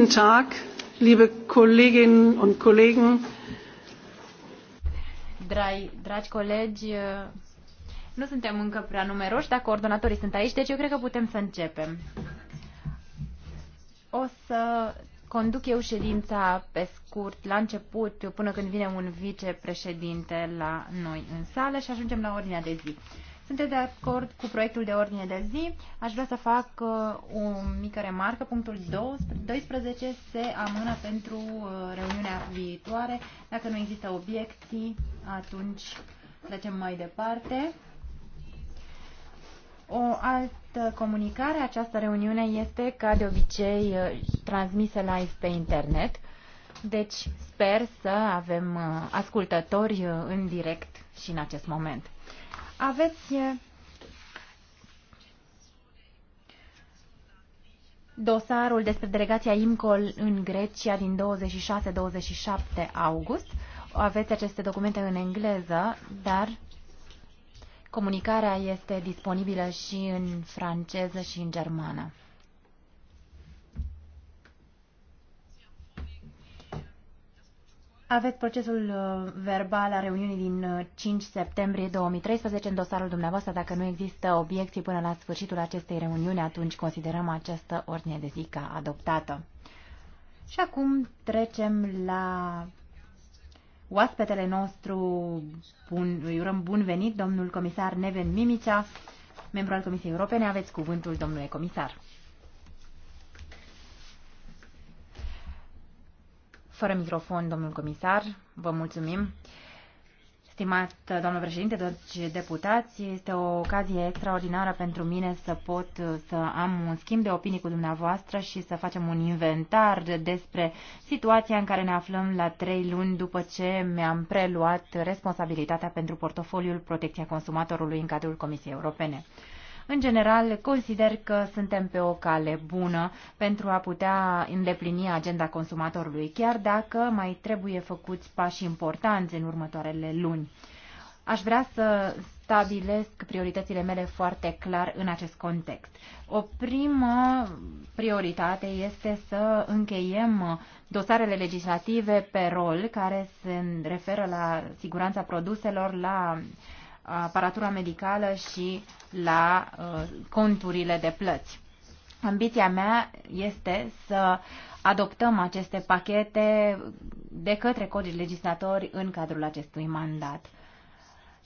Guten Tag, liebe Kolleginnen und Kollegen. Dragi, dragi colegi, nu suntem încă prea numeroși, dar coordonatorii sunt aici, deci eu cred că putem să începem. O să conduc eu ședința pe scurt, la început, până când vine un vicepreședinte la noi în sală și ajungem la ordinea de zi. Sunteți de acord cu proiectul de ordine de zi? Aș vrea să fac uh, o mică remarcă. Punctul 12 se amână pentru uh, reuniunea viitoare. Dacă nu există obiecții, atunci trecem mai departe. O altă comunicare, această reuniune este, ca de obicei, uh, transmisă live pe internet. Deci sper să avem ascultători în direct și în acest moment. Aveți dosarul despre delegația IMCOL în Grecia din 26-27 august. Aveți aceste documente în engleză, dar comunicarea este disponibilă și în franceză și în germană. Aveți procesul uh, verbal a reuniunii din 5 uh, septembrie 2013 în dosarul dumneavoastră. Dacă nu există obiecții până la sfârșitul acestei reuniuni, atunci considerăm această ordine de zi ca adoptată. Și acum trecem la oaspetele nostru, bun, îi urăm bun venit, domnul comisar Neven Mimicea, membru al Comisiei Europene. Aveți cuvântul, domnule comisar. Fără microfon, domnul comisar, vă mulțumim. Stimat domnul președinte, doamne deputați, este o ocazie extraordinară pentru mine să pot să am un schimb de opinii cu dumneavoastră și să facem un inventar despre situația în care ne aflăm la trei luni după ce mi-am preluat responsabilitatea pentru portofoliul protecția consumatorului în cadrul Comisiei Europene. În general, consider că suntem pe o cale bună pentru a putea îndeplini agenda consumatorului, chiar dacă mai trebuie făcuți pași importanți în următoarele luni. Aș vrea să stabilesc prioritățile mele foarte clar în acest context. O primă prioritate este să încheiem dosarele legislative pe rol care se referă la siguranța produselor, la uh, aparatura medicală și la uh, conturile de plăți. Ambiția mea este să adoptăm aceste pachete de către codii legislatori în cadrul acestui mandat.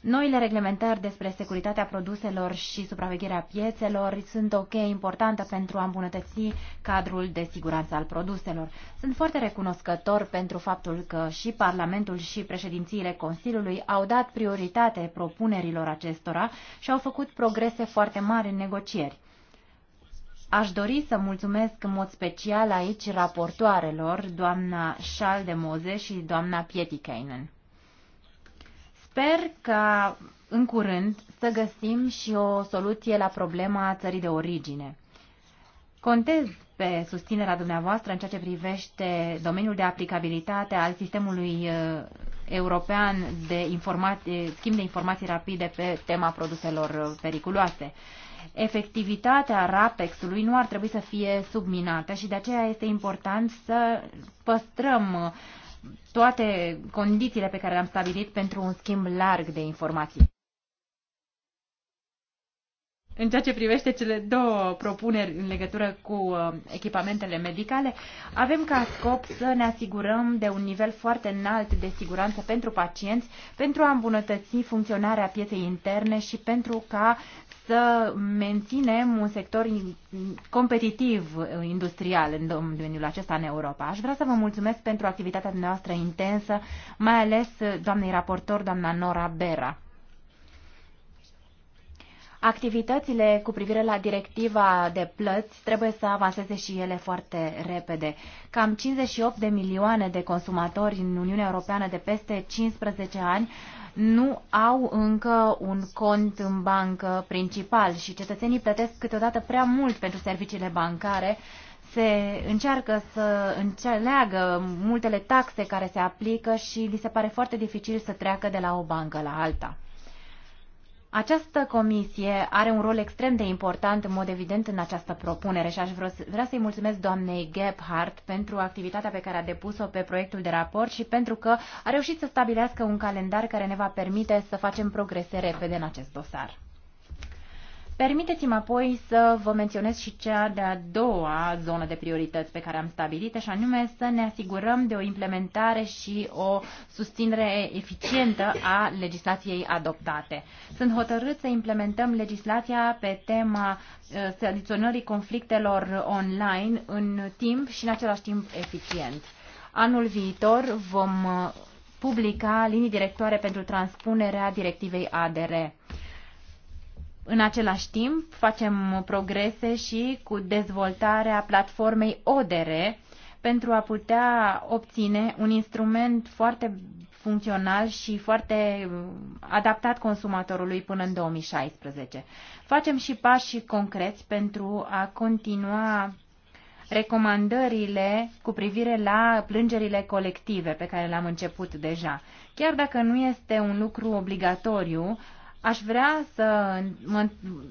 Noile reglementări despre securitatea produselor și supravegherea piețelor sunt o cheie importantă pentru a îmbunătăți cadrul de siguranță al produselor. Sunt foarte recunoscător pentru faptul că și Parlamentul și președințiile Consiliului au dat prioritate propunerilor acestora și au făcut progrese foarte mari în negocieri. Aș dori să mulțumesc în mod special aici raportoarelor, doamna Moze și doamna Pietikainen. Sper că în curând să găsim și o soluție la problema țării de origine. Contez pe susținerea dumneavoastră în ceea ce privește domeniul de aplicabilitate al sistemului uh, european de informații, schimb de informații rapide pe tema produselor uh, periculoase. Efectivitatea RAPEX-ului nu ar trebui să fie subminată și de aceea este important să păstrăm uh, toate condițiile pe care le-am stabilit pentru un schimb larg de informații. În ceea ce privește cele două propuneri în legătură cu uh, echipamentele medicale, avem ca scop să ne asigurăm de un nivel foarte înalt de siguranță pentru pacienți, pentru a îmbunătăți funcționarea pieței interne și pentru ca să menținem un sector competitiv uh, industrial în domeniul acesta în Europa. Aș vrea să vă mulțumesc pentru activitatea noastră intensă, mai ales uh, doamnei raportor, doamna Nora Bera. Activitățile cu privire la directiva de plăți trebuie să avanseze și ele foarte repede. Cam 58 de milioane de consumatori în Uniunea Europeană de peste 15 ani nu au încă un cont în bancă principal și cetățenii plătesc câteodată prea mult pentru serviciile bancare. Se încearcă să înțeleagă multele taxe care se aplică și li se pare foarte dificil să treacă de la o bancă la alta. Această comisie are un rol extrem de important, în mod evident, în această propunere și aș vrea să-i mulțumesc doamnei Gebhardt pentru activitatea pe care a depus-o pe proiectul de raport și pentru că a reușit să stabilească un calendar care ne va permite să facem progrese repede în acest dosar. Permiteți-mi apoi să vă menționez și cea de-a doua zonă de priorități pe care am stabilit, și anume să ne asigurăm de o implementare și o susținere eficientă a legislației adoptate. Sunt hotărât să implementăm legislația pe tema uh, soluționării conflictelor online în timp și în același timp eficient. Anul viitor vom uh, publica linii directoare pentru transpunerea directivei ADR. În același timp, facem progrese și cu dezvoltarea platformei ODR pentru a putea obține un instrument foarte funcțional și foarte uh, adaptat consumatorului până în 2016. Facem și pași concreți pentru a continua recomandările cu privire la plângerile colective pe care le-am început deja. Chiar dacă nu este un lucru obligatoriu, Aș vrea să, mă,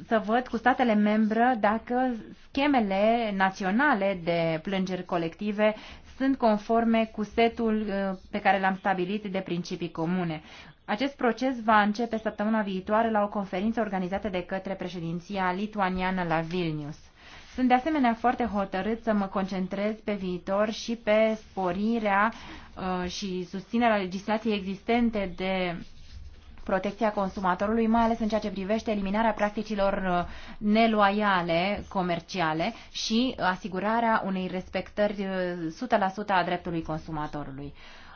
să văd cu statele membre dacă schemele naționale de plângeri colective sunt conforme cu setul uh, pe care l-am stabilit de principii comune. Acest proces va începe săptămâna viitoare la o conferință organizată de către președinția lituaniană la Vilnius. Sunt de asemenea foarte hotărât să mă concentrez pe viitor și pe sporirea uh, și susținerea legislației existente de protecția consumatorului, mai ales în ceea ce privește eliminarea practicilor uh, neloiale comerciale și asigurarea unei respectări 100% uh, a dreptului consumatorului.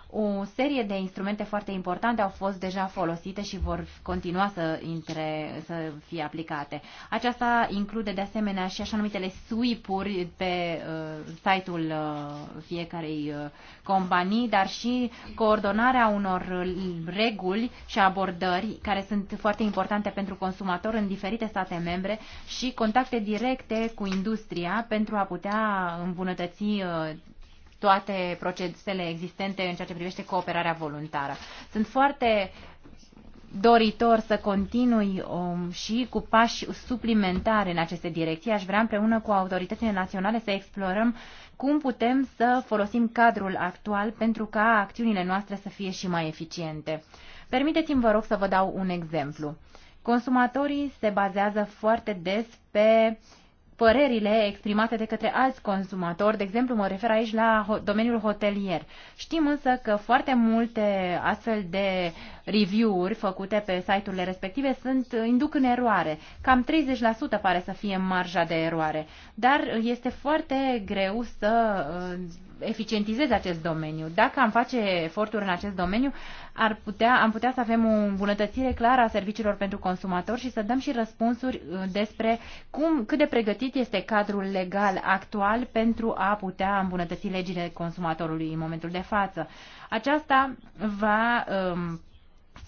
O serie de instrumente foarte importante au fost deja folosite și vor continua să, intre, să fie aplicate. Aceasta include de asemenea și așa numitele sweep-uri pe uh, site-ul uh, fiecarei uh, companii, dar și coordonarea unor uh, reguli și abordări care sunt foarte importante pentru consumator în diferite state membre și contacte directe cu industria pentru a putea îmbunătăți uh, toate procesele existente în ceea ce privește cooperarea voluntară. Sunt foarte doritor să continui um, și cu pași suplimentare în aceste direcții. Aș vrea împreună cu autoritățile naționale să explorăm cum putem să folosim cadrul actual pentru ca acțiunile noastre să fie și mai eficiente. Permiteți-mi, vă rog, să vă dau un exemplu. Consumatorii se bazează foarte des pe uh, părerile exprimate de către alți consumatori, de exemplu mă refer aici la domeniul hotelier. Știm însă că foarte multe astfel de review-uri făcute pe site-urile respective sunt, induc în eroare. Cam 30% pare să fie marja de eroare, dar este foarte greu să eficientizeze acest domeniu. Dacă am face eforturi în acest domeniu, ar putea, am putea să avem o îmbunătățire clară a serviciilor pentru consumatori și să dăm și răspunsuri uh, despre cum, cât de pregătit este cadrul legal actual pentru a putea îmbunătăți legile consumatorului în momentul de față. Aceasta va um,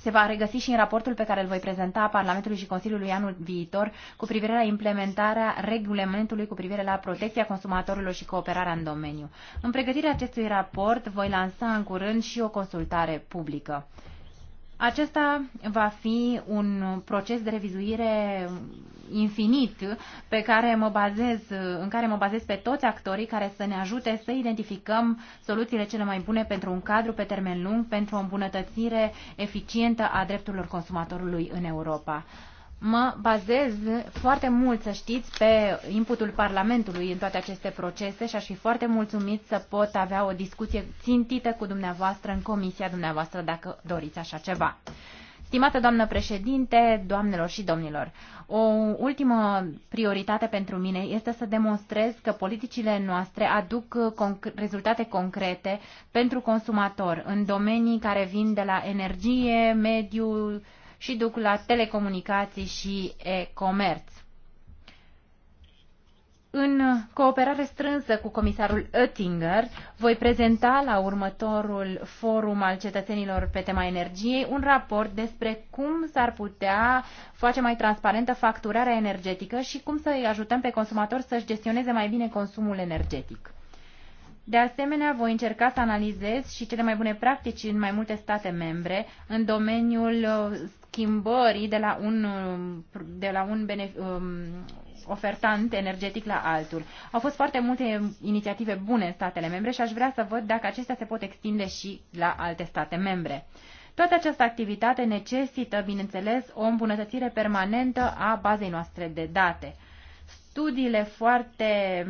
se va regăsi și în raportul pe care îl voi prezenta Parlamentului și Consiliului anul viitor cu privire la implementarea regulamentului cu privire la protecția consumatorilor și cooperarea în domeniu. În pregătirea acestui raport voi lansa în curând și o consultare publică. Acesta va fi un proces de revizuire infinit pe care mă bazez, în care mă bazez pe toți actorii care să ne ajute să identificăm soluțiile cele mai bune pentru un cadru pe termen lung, pentru o îmbunătățire eficientă a drepturilor consumatorului în Europa. Mă bazez foarte mult, să știți, pe inputul Parlamentului în toate aceste procese și aș fi foarte mulțumit să pot avea o discuție țintită cu dumneavoastră în comisia dumneavoastră, dacă doriți așa ceva. Stimată doamnă președinte, doamnelor și domnilor, o ultimă prioritate pentru mine este să demonstrez că politicile noastre aduc conc- rezultate concrete pentru consumator în domenii care vin de la energie, mediu, și duc la telecomunicații și e-comerț. În cooperare strânsă cu comisarul Oettinger, voi prezenta la următorul forum al cetățenilor pe tema energiei un raport despre cum s-ar putea face mai transparentă facturarea energetică și cum să îi ajutăm pe consumatori să-și gestioneze mai bine consumul energetic. De asemenea, voi încerca să analizez și cele mai bune practici în mai multe state membre în domeniul uh, schimbării de la un, uh, de la un benef- um, ofertant energetic la altul. Au fost foarte multe inițiative bune în statele membre și aș vrea să văd dacă acestea se pot extinde și la alte state membre. Toată această activitate necesită, bineînțeles, o îmbunătățire permanentă a bazei noastre de date. Studiile foarte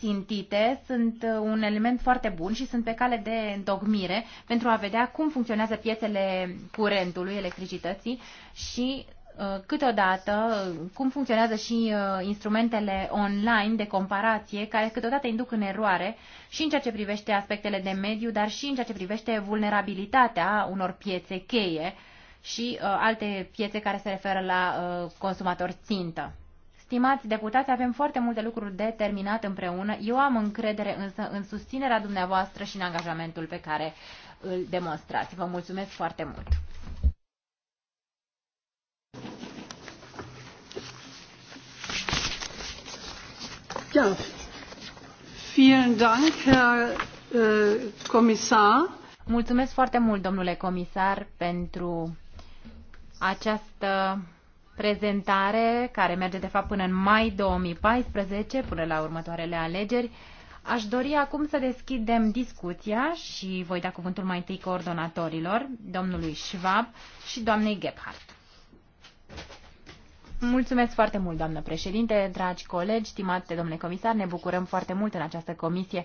țintite sunt uh, un element foarte bun și sunt pe cale de întocmire pentru a vedea cum funcționează piețele curentului, electricității și uh, câteodată cum funcționează și uh, instrumentele online de comparație care câteodată induc în eroare și în ceea ce privește aspectele de mediu, dar și în ceea ce privește vulnerabilitatea unor piețe cheie și alte piețe care se referă la consumatori țintă. Stimați deputați, avem foarte multe lucruri de terminat împreună. Eu am încredere însă în susținerea dumneavoastră și în angajamentul pe care îl demonstrați. Vă mulțumesc foarte mult! Ja, vielen Dank, Herr äh, Kommissar. Mulțumesc foarte mult, domnule comisar, pentru această prezentare care merge de fapt până în mai 2014, până la următoarele alegeri. Aș dori acum să deschidem discuția și voi da cuvântul mai întâi coordonatorilor, domnului Schwab și doamnei Gebhardt. Mulțumesc foarte mult, doamnă președinte, dragi colegi, stimate domnule comisar, ne bucurăm foarte mult în această comisie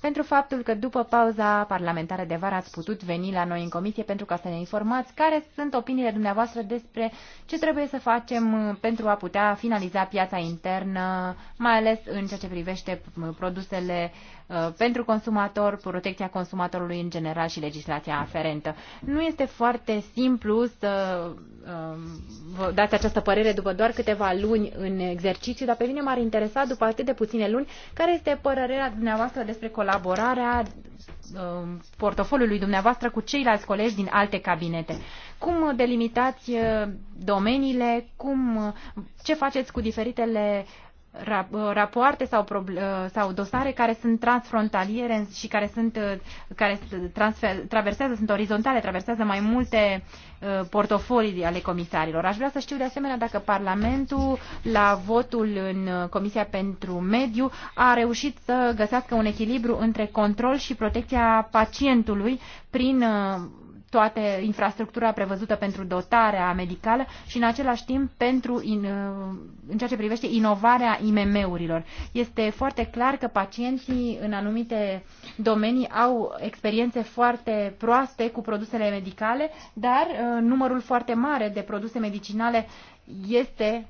pentru faptul că după pauza parlamentară de vară ați putut veni la noi în comisie pentru ca să ne informați care sunt opiniile dumneavoastră despre ce trebuie să facem uh, pentru a putea finaliza piața internă, mai ales în ceea ce privește uh, produsele Uh, pentru consumator, protecția consumatorului în general și legislația aferentă. Nu este foarte simplu să um, vă dați această părere după doar câteva luni în exercițiu, dar pe mine m-ar interesa după atât de puține luni care este părerea dumneavoastră despre colaborarea um, portofoliului dumneavoastră cu ceilalți colegi din alte cabinete. Cum delimitați uh, domeniile, cum, uh, ce faceți cu diferitele uh, Uh, rapoarte sau, uh, sau dosare care sunt transfrontaliere și care sunt uh, care transfer, traversează, sunt orizontale, traversează mai multe portofolii ale comisarilor. Aș vrea să știu de asemenea dacă Parlamentul la votul în Comisia pentru Mediu a reușit să găsească un echilibru între control și protecția pacientului prin toată infrastructura prevăzută pentru dotarea medicală și în același timp pentru in, în ceea ce privește inovarea IMM-urilor. Este foarte clar că pacienții în anumite domenii au experiențe foarte proaste cu produsele medicale, dar uh, numărul foarte mare de produse medicinale este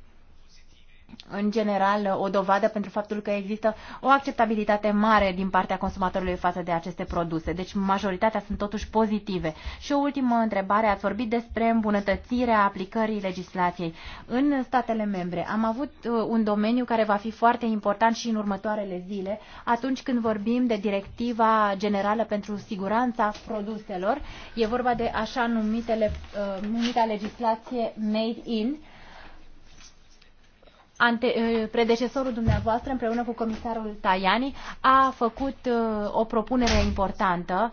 în general o dovadă pentru faptul că există o acceptabilitate mare din partea consumatorului față de aceste produse. Deci majoritatea sunt totuși pozitive. Și o ultimă întrebare, ați vorbit despre îmbunătățirea aplicării legislației în statele membre. Am avut uh, un domeniu care va fi foarte important și în următoarele zile, atunci când vorbim de directiva generală pentru siguranța produselor. E vorba de așa numitele, uh, numita legislație Made in, ante, eh, predecesorul dumneavoastră împreună cu comisarul Tajani a făcut eh, o propunere importantă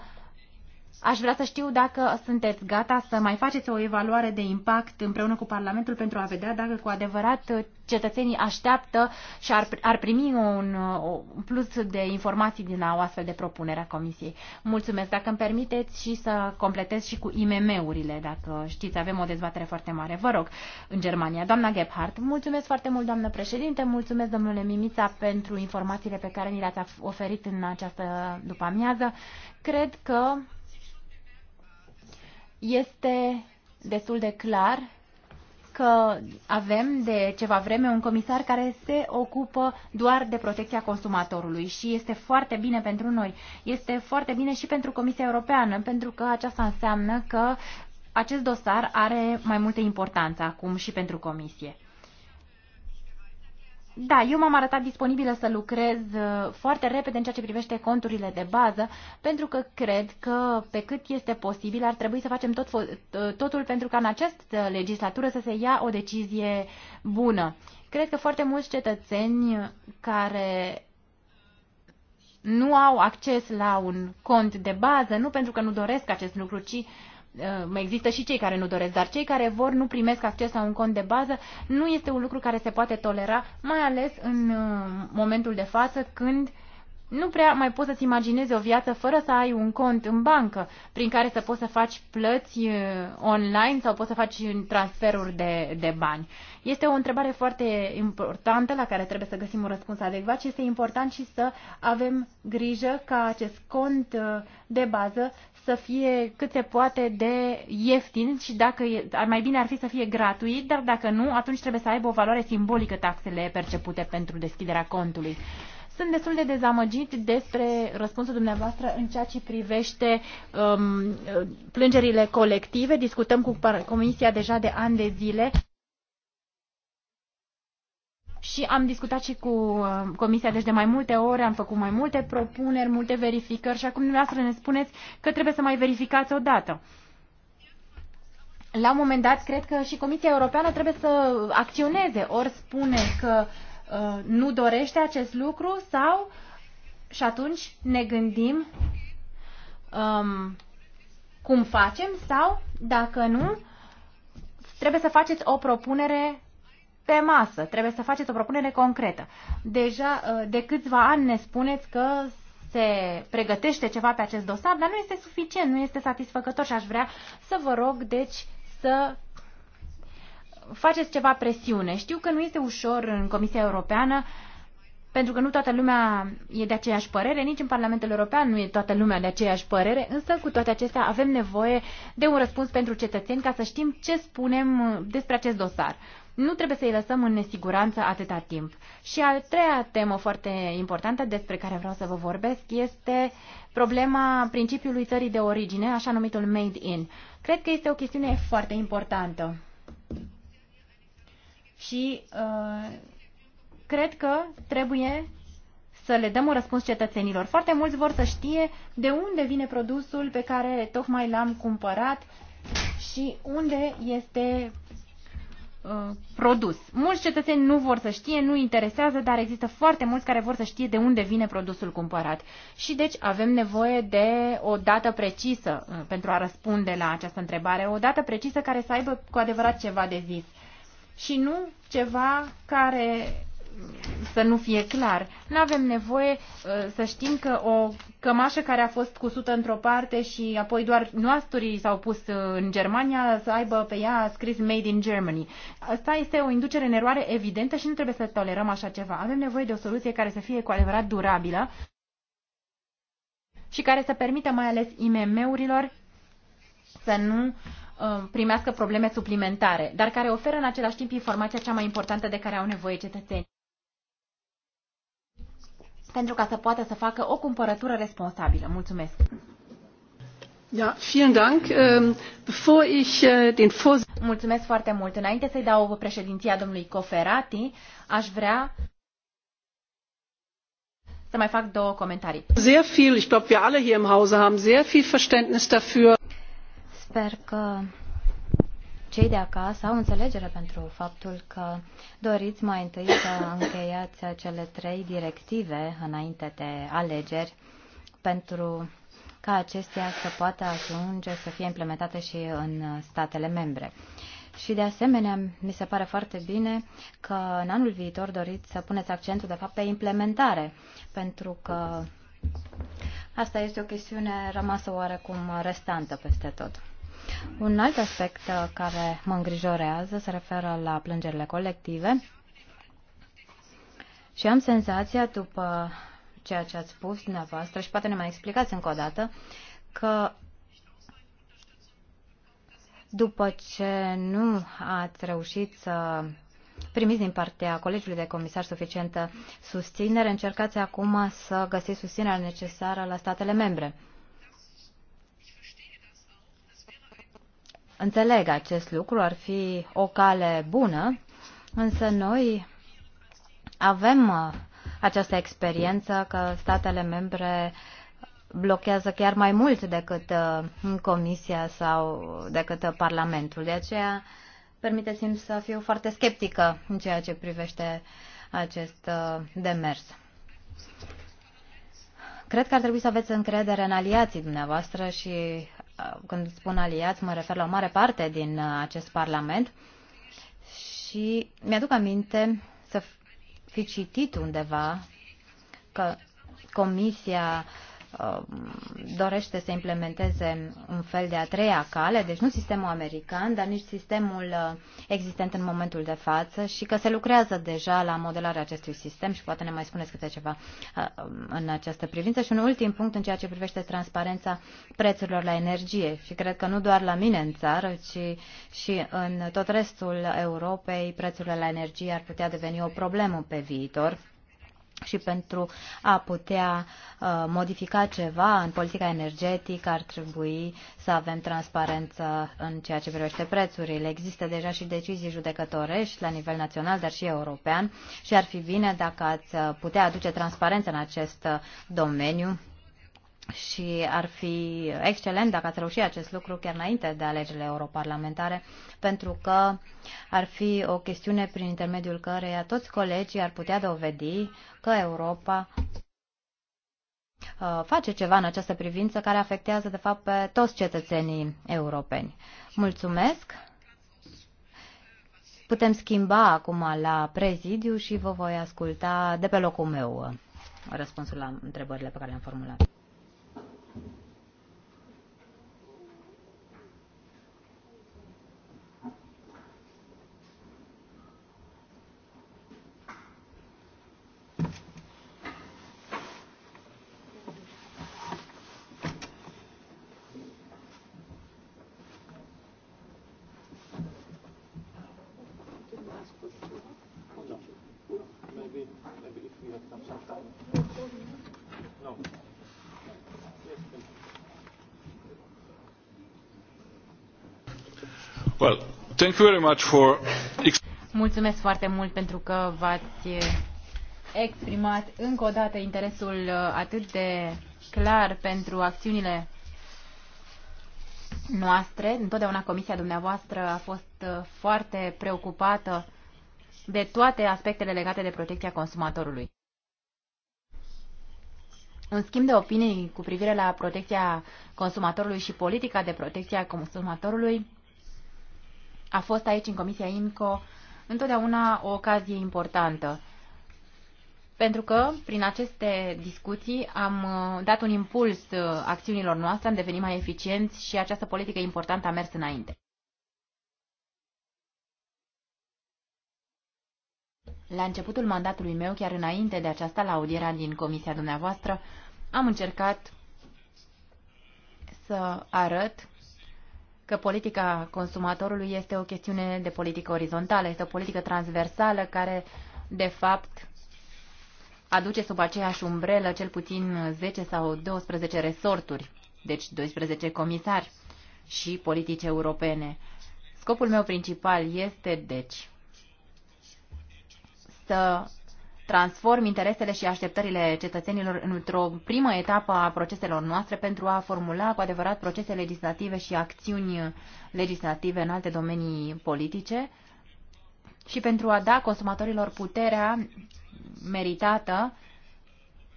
Aș vrea să știu dacă sunteți gata să mai faceți o evaluare de impact împreună cu Parlamentul pentru a vedea dacă cu adevărat cetățenii așteaptă și ar, ar primi un, un plus de informații din o astfel de propunere a Comisiei. Mulțumesc. Dacă îmi permiteți și să completez și cu IMM-urile, dacă știți, avem o dezbatere foarte mare. Vă rog, în Germania. Doamna Gebhardt, mulțumesc foarte mult, doamnă președinte, mulțumesc, domnule Mimița, pentru informațiile pe care ni le-ați oferit în această după amiază. Cred că este destul de clar că avem de ceva vreme un comisar care se ocupă doar de protecția consumatorului și este foarte bine pentru noi. Este foarte bine și pentru Comisia Europeană, pentru că aceasta înseamnă că acest dosar are mai multă importanță acum și pentru Comisie. Da, eu m-am arătat disponibilă să lucrez uh, foarte repede în ceea ce privește conturile de bază, pentru că cred că pe cât este posibil ar trebui să facem tot, uh, totul pentru ca în această legislatură să se ia o decizie bună. Cred că foarte mulți cetățeni care nu au acces la un cont de bază, nu pentru că nu doresc acest lucru, ci uh, Eh, mai există și cei care nu doresc, dar cei care vor nu primesc acces la un cont de bază, nu este un lucru care se poate tolera, mai ales în eh, momentul de față când uh, nu prea mai poți să-ți imaginezi o viață fără să ai un cont în bancă prin care să poți să faci plăți uh, online sau poți să faci uh, transferuri de, de bani. Este o întrebare foarte importantă la care trebuie să găsim un răspuns adecvat și este important și să avem grijă ca acest cont uh, de bază să fie cât se poate de ieftin și dacă mai bine ar fi să fie gratuit, dar dacă nu, atunci trebuie să aibă o valoare simbolică taxele percepute pentru deschiderea contului. Sunt destul de dezamăgit despre răspunsul dumneavoastră în ceea ce privește um, plângerile colective. Discutăm cu Comisia deja de ani de zile. Și am discutat și cu um, comisia, deci de mai multe ore am făcut mai multe propuneri, multe verificări și acum dumneavoastră ne spuneți că trebuie să mai verificați o dată. La un moment dat, cred că și Comisia Europeană trebuie să acționeze. Ori spune că Uh, nu dorește acest lucru sau și atunci ne gândim um, cum facem sau dacă nu trebuie să faceți o propunere pe masă, trebuie să faceți o propunere concretă. Deja uh, de câțiva ani ne spuneți că se pregătește ceva pe acest dosar, dar nu este suficient, nu este satisfăcător și aș vrea să vă rog, deci, să faceți ceva presiune. Știu că nu este ușor în Comisia Europeană, pentru că nu toată lumea e de aceeași părere, nici în Parlamentul European nu e toată lumea de aceeași părere, însă cu toate acestea avem nevoie de un răspuns pentru cetățeni ca să știm ce spunem despre acest dosar. Nu trebuie să-i lăsăm în nesiguranță atâta timp. Și a treia temă foarte importantă despre care vreau să vă vorbesc este problema principiului țării de origine, așa numitul made in. Cred că este o chestiune foarte importantă și uh, cred că trebuie să le dăm un răspuns cetățenilor. Foarte mulți vor să știe de unde vine produsul pe care tocmai l-am cumpărat și unde este uh, produs. Mulți cetățeni nu vor să știe, nu interesează, dar există foarte mulți care vor să știe de unde vine produsul cumpărat. Și deci avem nevoie de o dată precisă uh, pentru a răspunde la această întrebare, o dată precisă care să aibă cu adevărat ceva de zis și nu ceva care să nu fie clar. Nu avem nevoie uh, să știm că o cămașă care a fost cusută într-o parte și apoi doar noasturii s-au pus uh, în Germania să aibă pe ea scris Made in Germany. Asta este o inducere în eroare evidentă și nu trebuie să tolerăm așa ceva. Avem nevoie de o soluție care să fie cu adevărat durabilă și care să permită mai ales IMM-urilor să nu Um, primească probleme suplimentare, dar care oferă în același timp informația cea mai importantă de care au nevoie cetățenii pentru ca să poată să facă o cumpărătură responsabilă. Mulțumesc! Ja, vielen Dank. Ähm, bevor ich äh, den Vors Mulțumesc foarte mult. Înainte să-i dau președinția domnului Coferati, aș vrea să mai fac două comentarii. Sehr viel, ich glaube, wir alle hier im Hause haben sehr viel Verständnis dafür. Sper că cei de acasă au înțelegere pentru faptul că doriți mai întâi să încheiați cele trei directive înainte de alegeri pentru ca acestea să poată ajunge să fie implementate și în statele membre. Și de asemenea, mi se pare foarte bine că în anul viitor doriți să puneți accentul, de fapt, pe implementare, pentru că asta este o chestiune rămasă oarecum restantă peste tot. Un alt aspect uh, care mă îngrijorează se referă la plângerile colective și am senzația, după ceea ce ați spus dumneavoastră, și poate ne mai explicați încă o dată, că după ce nu ați reușit să primiți din partea Colegiului de Comisar suficientă susținere, încercați acum să găsiți susținerea necesară la statele membre. înțeleg acest lucru, ar fi o cale bună, însă noi avem uh, această experiență că statele membre blochează chiar mai mult decât uh, Comisia sau decât uh, Parlamentul. De aceea, permiteți-mi să fiu foarte sceptică în ceea ce privește acest demers. Cred că ar trebui să aveți încredere în aliații dumneavoastră și Uh, când spun aliați, mă refer la o mare parte din uh, acest Parlament și mi-aduc aminte să fi citit undeva că Comisia uh, Uh, dorește să implementeze un fel de a treia cale, deci nu sistemul american, dar nici sistemul uh, existent în momentul de față și că se lucrează deja la modelarea acestui sistem și poate ne mai spuneți câte ceva uh, în această privință. Și un ultim punct în ceea ce privește transparența prețurilor la energie și cred că nu doar la mine în țară, ci și în tot restul Europei prețurile la energie ar putea deveni o problemă pe viitor și pentru a putea uh, modifica ceva în politica energetică ar trebui să avem transparență în ceea ce privește prețurile. Există deja și decizii judecătorești la nivel național, dar și european și ar fi bine dacă ați putea aduce transparență în acest domeniu și ar fi excelent dacă ați reușit acest lucru chiar înainte de alegerile europarlamentare, pentru că ar fi o chestiune prin intermediul căreia toți colegii ar putea dovedi că Europa uh, face ceva în această privință care afectează, de fapt, pe toți cetățenii europeni. Mulțumesc! Putem schimba acum la prezidiu și vă voi asculta de pe locul meu uh, răspunsul la întrebările pe care le-am formulat. Mulțumesc foarte mult pentru că v-ați exprimat încă o dată interesul uh, atât de clar pentru acțiunile noastre. Întotdeauna comisia dumneavoastră a fost uh, foarte preocupată de toate aspectele legate de protecția consumatorului. În schimb de opinii cu privire la protecția consumatorului și politica de protecție a consumatorului, a fost aici, în Comisia IMCO, întotdeauna o ocazie importantă. Pentru că, prin aceste discuții, am uh, dat un impuls uh, acțiunilor noastre, am devenit mai eficienți și această politică importantă a mers înainte. La începutul mandatului meu, chiar înainte de aceasta, la audierea din comisia dumneavoastră, am încercat să arăt că politica consumatorului este o chestiune de politică orizontală, este o politică transversală care, de fapt, aduce sub aceeași umbrelă cel puțin 10 sau 12 resorturi, deci 12 comisari și politici europene. Scopul meu principal este, deci, să transform interesele și așteptările cetățenilor într-o primă etapă a proceselor noastre pentru a formula cu adevărat procese legislative și acțiuni legislative în alte domenii politice și pentru a da consumatorilor puterea meritată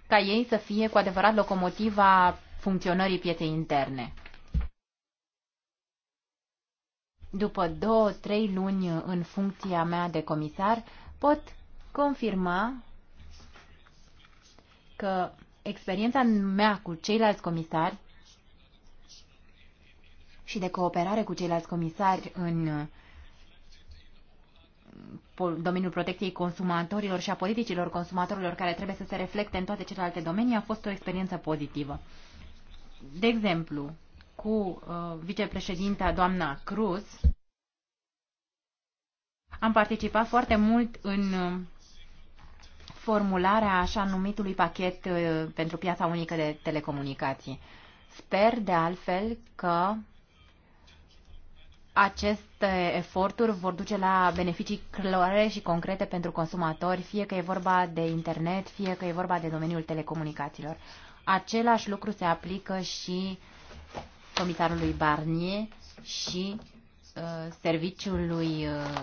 ca ei să fie cu adevărat locomotiva funcționării pieței interne. După două, trei luni în funcția mea de comisar, pot confirma că experiența mea cu ceilalți comisari și de cooperare cu ceilalți comisari în domeniul protecției consumatorilor și a politicilor consumatorilor care trebuie să se reflecte în toate celelalte domenii a fost o experiență pozitivă. De exemplu, cu uh, vicepreședinta doamna Cruz am participat foarte mult în uh, formularea așa numitului pachet uh, pentru piața unică de telecomunicații. Sper, de altfel, că aceste eforturi vor duce la beneficii clare și concrete pentru consumatori, fie că e vorba de internet, fie că e vorba de domeniul telecomunicațiilor. Același lucru se aplică și comisarului Barnier și uh, serviciului uh,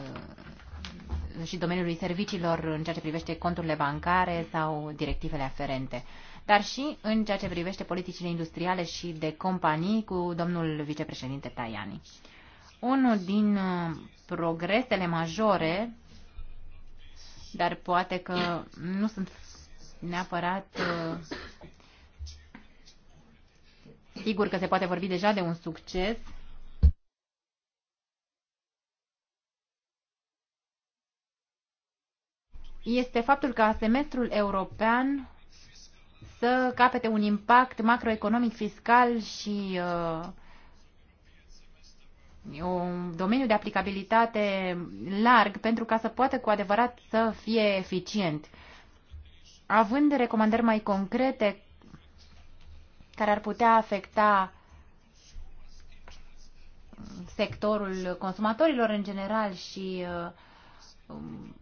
și domeniului serviciilor în ceea ce privește conturile bancare sau directivele aferente, dar și în ceea ce privește politicile industriale și de companii cu domnul vicepreședinte Tajani. Unul din uh, progresele majore, dar poate că nu sunt neapărat uh, sigur că se poate vorbi deja de un succes, este faptul ca semestrul european să capete un impact macroeconomic fiscal și uh, un domeniu de aplicabilitate larg pentru ca să poată cu adevărat să fie eficient. Având recomandări mai concrete care ar putea afecta sectorul consumatorilor în general și uh, um,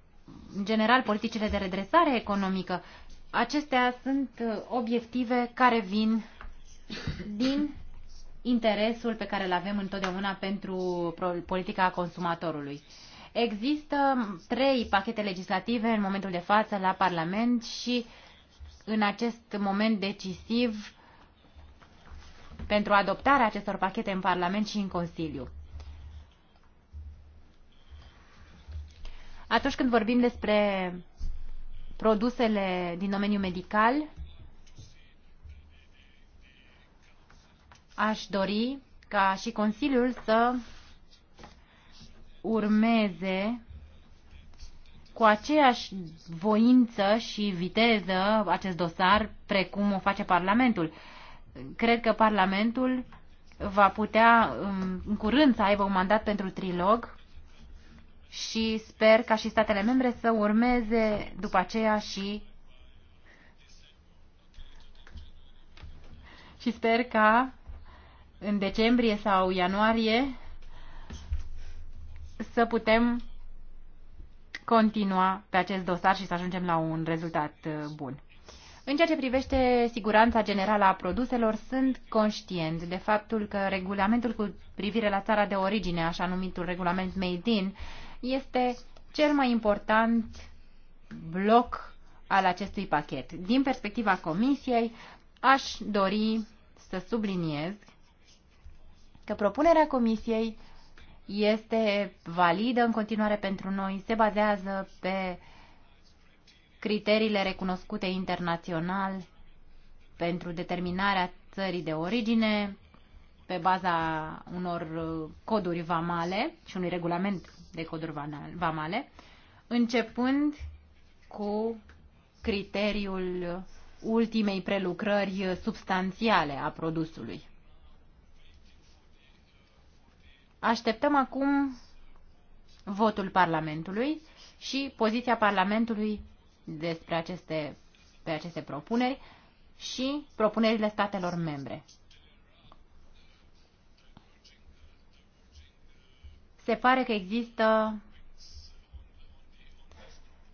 general politicile de redresare economică. Acestea sunt uh, obiective care vin din interesul pe care îl avem întotdeauna pentru politica consumatorului. Există trei pachete legislative în momentul de față la Parlament și în acest moment decisiv pentru adoptarea acestor pachete în Parlament și în Consiliu. Atunci când vorbim despre produsele din domeniul medical, aș dori ca și Consiliul să urmeze cu aceeași voință și viteză acest dosar precum o face Parlamentul. Cred că Parlamentul va putea în curând să aibă un mandat pentru trilog și sper ca și statele membre să urmeze după aceea și și sper ca în decembrie sau ianuarie să putem continua pe acest dosar și să ajungem la un rezultat uh, bun. În ceea ce privește siguranța generală a produselor, sunt conștient de faptul că regulamentul cu privire la țara de origine, așa numitul regulament Made in, este cel mai important bloc al acestui pachet. Din perspectiva Comisiei, aș dori să subliniez că propunerea Comisiei este validă în continuare pentru noi, se bazează pe criteriile recunoscute internațional pentru determinarea țării de origine, pe baza unor coduri vamale și unui regulament de coduri vamale, începând cu criteriul ultimei prelucrări substanțiale a produsului. Așteptăm acum votul Parlamentului și poziția Parlamentului despre aceste, pe aceste propuneri și propunerile statelor membre. se pare că există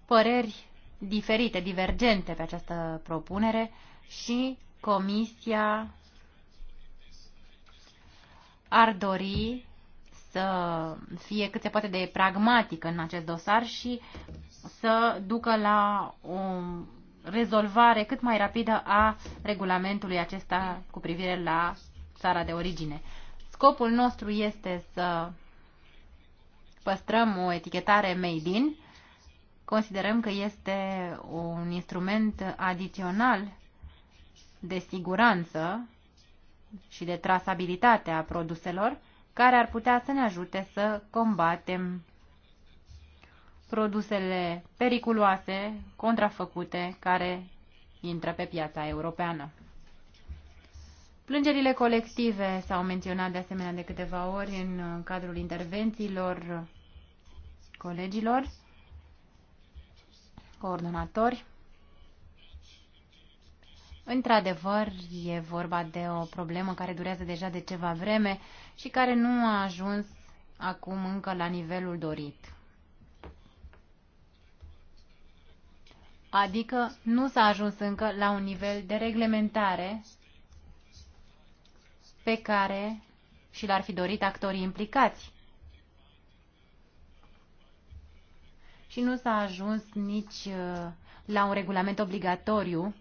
păreri diferite, divergente pe această propunere și Comisia ar dori să fie cât se poate de pragmatică în acest dosar și să ducă la o rezolvare cât mai rapidă a regulamentului acesta cu privire la țara de origine. Scopul nostru este să păstrăm o etichetare made in, considerăm că este un instrument adițional de siguranță și de trasabilitate a produselor, care ar putea să ne ajute să combatem produsele periculoase, contrafăcute, care intră pe piața europeană. Plângerile colective s-au menționat de asemenea de câteva ori în uh, cadrul intervențiilor colegilor, coordonatori. Într-adevăr, e vorba de o problemă care durează deja de ceva vreme și care nu a ajuns acum încă la nivelul dorit. Adică nu s-a ajuns încă la un nivel de reglementare pe care și l-ar fi dorit actorii implicați. Și nu s-a ajuns nici uh, la un regulament obligatoriu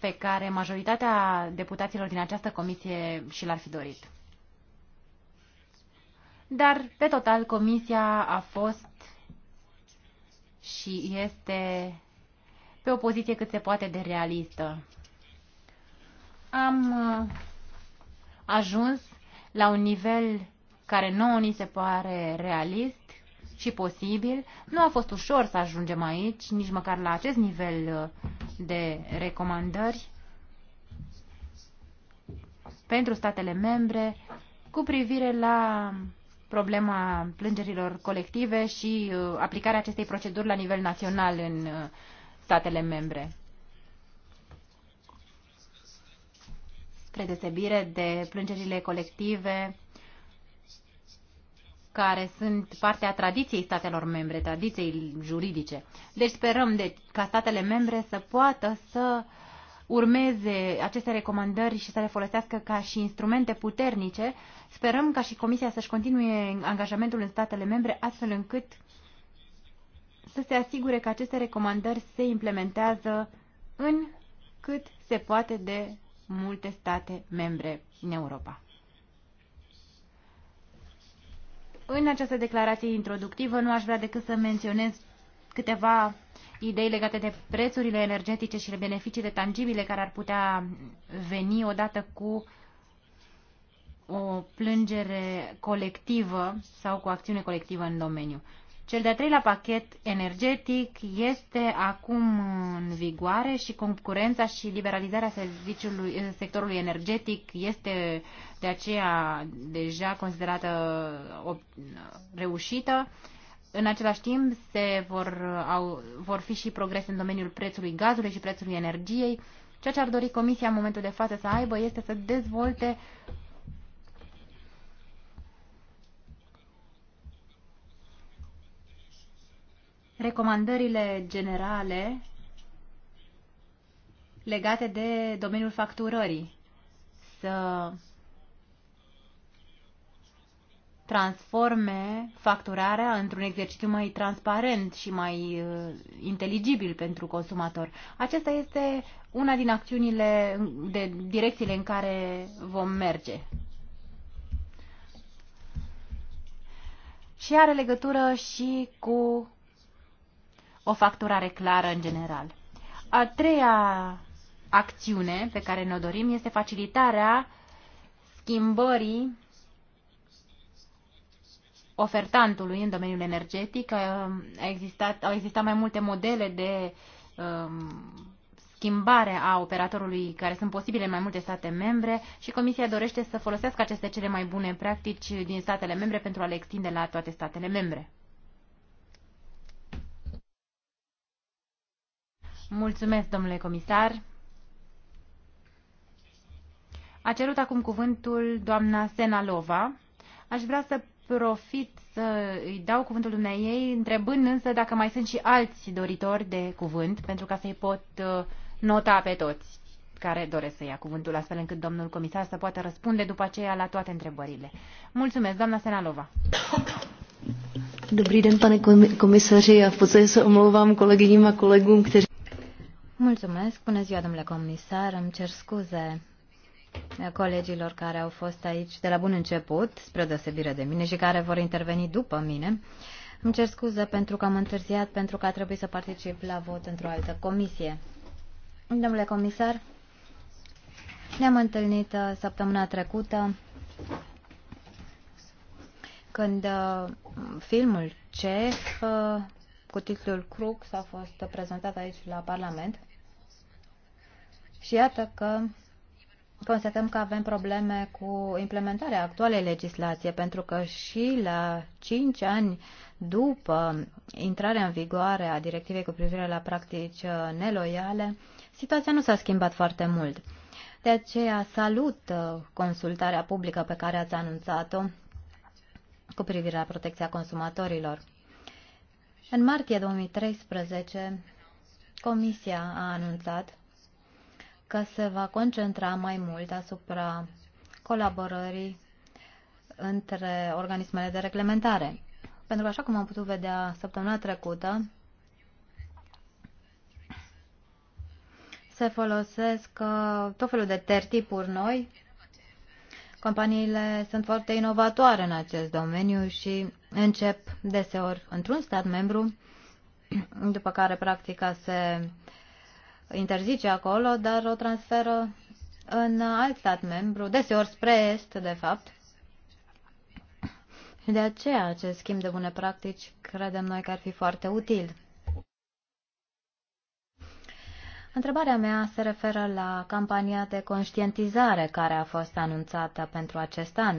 pe care majoritatea deputaților din această comisie și l-ar fi dorit. Dar, pe total, comisia a fost și este pe o poziție cât se poate de realistă am uh, ajuns la un nivel care nouă ni se pare realist și posibil. Nu a fost ușor să ajungem aici, nici măcar la acest nivel uh, de recomandări pentru statele membre cu privire la problema plângerilor colective și uh, aplicarea acestei proceduri la nivel național în statele membre. spre desebire de plângerile colective care sunt parte a tradiției statelor membre, tradiției juridice. Deci sperăm de, ca statele membre să poată să urmeze aceste recomandări și să le folosească ca și instrumente puternice. Sperăm ca și Comisia să-și continue angajamentul în statele membre astfel încât să se asigure că aceste recomandări se implementează în cât se poate de multe state membre în Europa. În această declarație introductivă nu aș vrea decât să menționez câteva idei legate de prețurile energetice și de beneficiile tangibile care ar putea veni odată cu o plângere colectivă sau cu acțiune colectivă în domeniu. Cel de-al treilea pachet energetic este acum în vigoare și concurența și liberalizarea serviciului, eh, sectorului energetic este de aceea deja considerată o reușită. În același timp se vor, au, vor fi și progrese în domeniul prețului gazului și prețului energiei. Ceea ce ar dori Comisia în momentul de față să aibă este să dezvolte recomandările generale legate de domeniul facturării. Să transforme facturarea într-un exercițiu mai transparent și mai uh, inteligibil pentru consumator. Aceasta este una din acțiunile, de direcțiile în care vom merge. Și are legătură și cu o facturare clară în general. A treia acțiune pe care ne-o dorim este facilitarea schimbării ofertantului în domeniul energetic. A existat, au existat mai multe modele de um, schimbare a operatorului care sunt posibile în mai multe state membre și Comisia dorește să folosească aceste cele mai bune practici din statele membre pentru a le extinde la toate statele membre. Mulțumesc, domnule comisar. A cerut acum cuvântul doamna Senalova. Aș vrea să profit să îi dau cuvântul ei, întrebând însă dacă mai sunt și alți doritori de cuvânt, pentru ca să-i pot uh, nota pe toți care doresc să ia cuvântul, astfel încât domnul comisar să poată răspunde după aceea la toate întrebările. Mulțumesc, doamna Senalova. Dobrý den, pane komisaři. Já v podstatě se omlouvám kolegyním a kolegům, kteří... Mulțumesc. Bună ziua, domnule comisar. Îmi cer scuze colegilor care au fost aici de la bun început, spre deosebire de mine, și care vor interveni după mine. Îmi cer scuze pentru că am întârziat, pentru că a trebuit să particip la vot într-o altă comisie. Domnule comisar, ne-am întâlnit uh, săptămâna trecută când uh, filmul CEF uh, cu titlul Crux a fost prezentat aici la Parlament. Și iată că constatăm că avem probleme cu implementarea actualei legislație, pentru că și la 5 ani după intrarea în vigoare a directivei cu privire la practici uh, neloiale, situația nu s-a schimbat foarte mult. De aceea salut uh, consultarea publică pe care ați anunțat-o cu privire la protecția consumatorilor. În martie 2013, Comisia a anunțat că se va concentra mai mult asupra colaborării între organismele de reglementare. Pentru că, așa cum am putut vedea săptămâna trecută, se folosesc uh, tot felul de tertipuri noi. Companiile sunt foarte inovatoare în acest domeniu și încep deseori într-un stat membru, după care practica se interzice acolo, dar o transferă în alt stat membru, deseori spre est, de fapt. Și de aceea acest schimb de bune practici credem noi că ar fi foarte util. Întrebarea mea se referă la campania de conștientizare care a fost anunțată pentru acest an.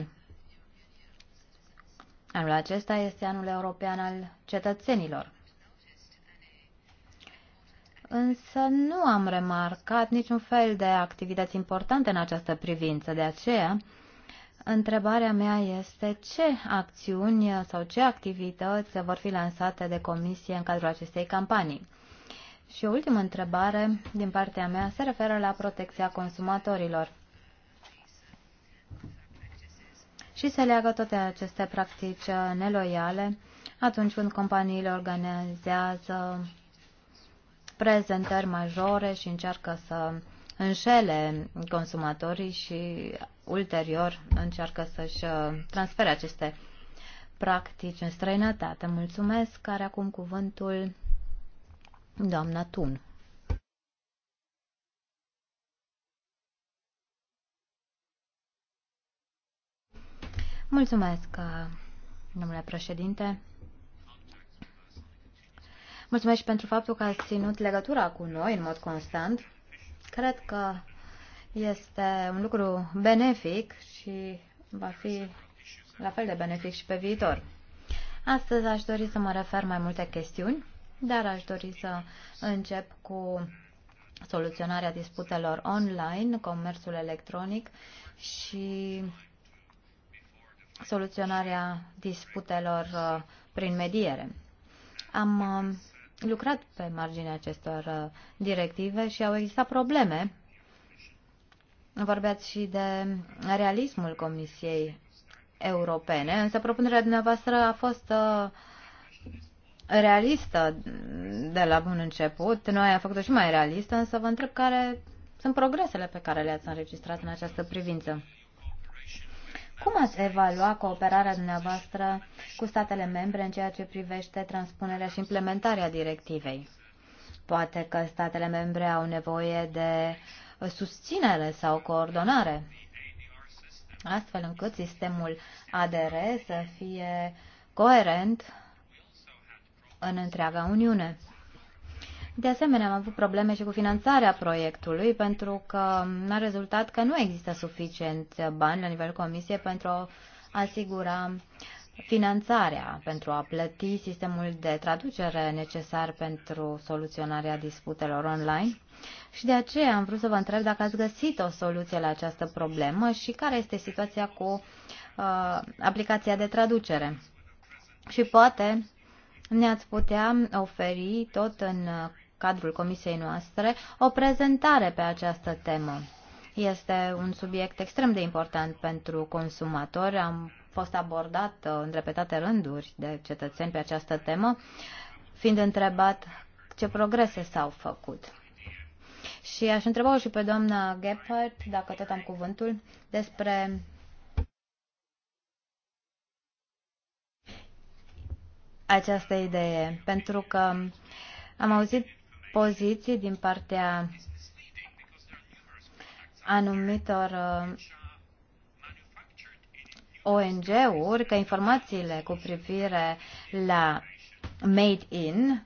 Anul acesta este anul european al cetățenilor. Însă nu am remarcat niciun fel de activități importante în această privință. De aceea, întrebarea mea este ce acțiuni sau ce activități vor fi lansate de comisie în cadrul acestei campanii. Și o ultimă întrebare din partea mea se referă la protecția consumatorilor. Și se leagă toate aceste practici neloiale atunci când companiile organizează prezentări majore și încearcă să înșele consumatorii și ulterior încearcă să-și uh, transfere aceste practici în străinătate. Mulțumesc, care acum cuvântul doamna Tun. Mulțumesc, uh, domnule președinte. Mulțumesc și pentru faptul că ați ținut legătura cu noi în mod constant. Cred că este un lucru benefic și va fi la fel de benefic și pe viitor. Astăzi aș dori să mă refer mai multe chestiuni, dar aș dori să încep cu soluționarea disputelor online, comerțul electronic și soluționarea disputelor uh, prin mediere. Am uh, lucrat pe marginea acestor uh, directive și au existat probleme. Vorbeați și de realismul Comisiei Europene, însă propunerea dumneavoastră a fost uh, realistă de la bun început. Noi am făcut-o și mai realistă, însă vă întreb care sunt progresele pe care le-ați înregistrat în această privință. Cum ați evalua cooperarea dumneavoastră cu statele membre în ceea ce privește transpunerea și implementarea directivei? Poate că statele membre au nevoie de susținere sau coordonare, astfel încât sistemul ADR să fie coerent în întreaga Uniune. De asemenea, am avut probleme și cu finanțarea proiectului, pentru că a rezultat că nu există suficient bani la nivelul comisiei pentru a asigura finanțarea, pentru a plăti sistemul de traducere necesar pentru soluționarea disputelor online. Și de aceea am vrut să vă întreb dacă ați găsit o soluție la această problemă și care este situația cu uh, aplicația de traducere. Și poate ne-ați putea oferi tot în cadrul comisiei noastre o prezentare pe această temă. Este un subiect extrem de important pentru consumatori. Am fost abordat în repetate rânduri de cetățeni pe această temă, fiind întrebat ce progrese s-au făcut. Și aș întreba și pe doamna Gephardt, dacă tot am cuvântul, despre această idee, pentru că am auzit poziții din partea anumitor uh, ONG-uri că informațiile cu privire la made in,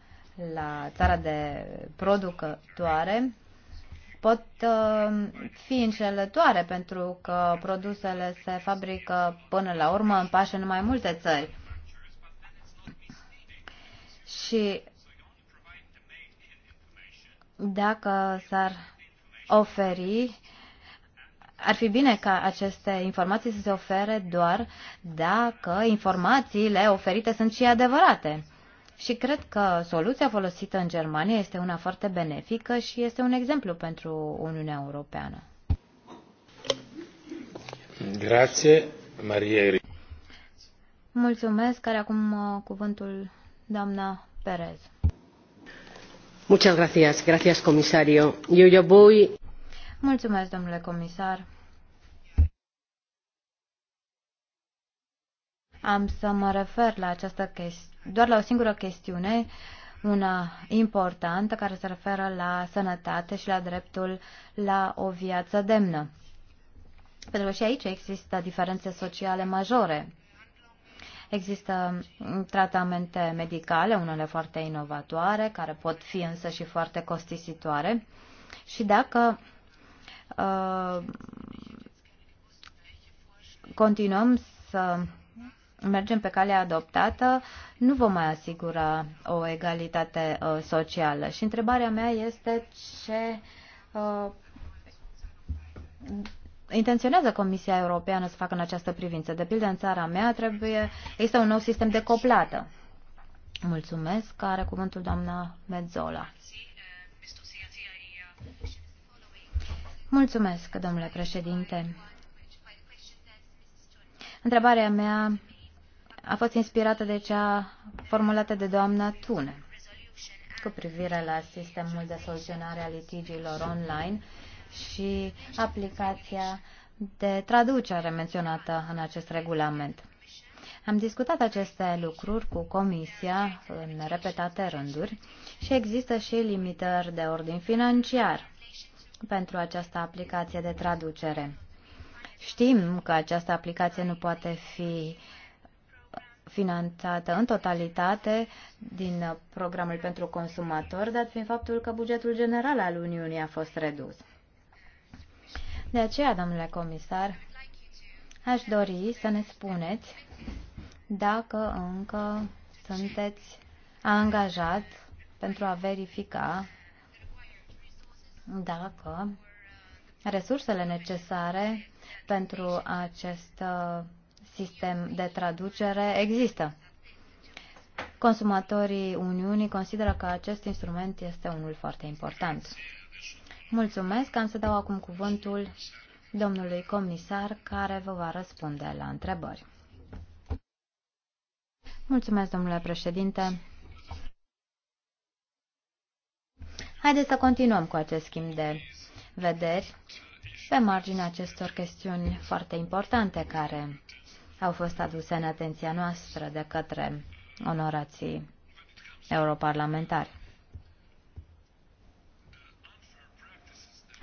la țara de producătoare, pot uh, fi înșelătoare pentru că produsele se fabrică până la urmă în pași în mai multe țări. Și dacă s-ar oferi, ar fi bine ca aceste informații să se ofere doar dacă informațiile oferite sunt și adevărate. Și cred că soluția folosită în Germania este una foarte benefică și este un exemplu pentru Uniunea Europeană. Grazie, Maria. Mulțumesc, care acum uh, cuvântul doamna Perez. Eu, eu voi... Mulțumesc, domnule comisar. Am să mă refer la această doar la o singură chestiune, una importantă, care se referă la sănătate și la dreptul la o viață demnă. Pentru că și aici există diferențe sociale majore Există mm, tratamente medicale, unele foarte inovatoare, care pot fi însă și foarte costisitoare. Și dacă uh, continuăm să mergem pe calea adoptată, nu vom mai asigura o egalitate uh, socială. Și întrebarea mea este ce uh, intenționează Comisia Europeană să facă în această privință? De pildă, în țara mea trebuie, există un nou sistem de coplată. Mulțumesc. Are cuvântul doamna Medzola. Mulțumesc, domnule președinte. Întrebarea mea a fost inspirată de cea formulată de doamna Tune cu privire la sistemul de soluționare a litigiilor online și aplicația de traducere menționată în acest regulament. Am discutat aceste lucruri cu Comisia în repetate rânduri și există și limitări de ordin financiar pentru această aplicație de traducere. Știm că această aplicație nu poate fi finanțată în totalitate din programul pentru consumator, dat fiind faptul că bugetul general al Uniunii a fost redus. De aceea, domnule comisar, aș dori să ne spuneți dacă încă sunteți angajat pentru a verifica dacă resursele necesare pentru acest uh, sistem de traducere există. Consumatorii Uniunii consideră că acest instrument este unul foarte important. Mulțumesc. Am să dau acum cuvântul domnului comisar care vă va răspunde la întrebări. Mulțumesc, domnule președinte. Haideți să continuăm cu acest schimb de vederi pe marginea acestor chestiuni foarte importante care au fost aduse în atenția noastră de către onorații europarlamentari.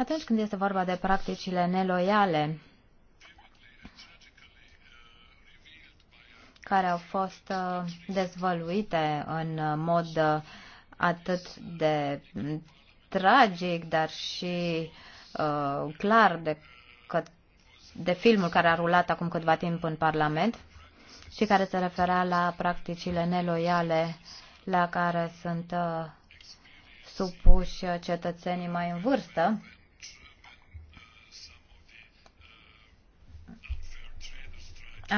atunci când este vorba de practicile neloiale care au fost uh, dezvăluite în mod uh, atât de tragic, dar și uh, clar de, că, de filmul care a rulat acum câtva timp în Parlament și care se referea la practicile neloiale la care sunt uh, supuși cetățenii mai în vârstă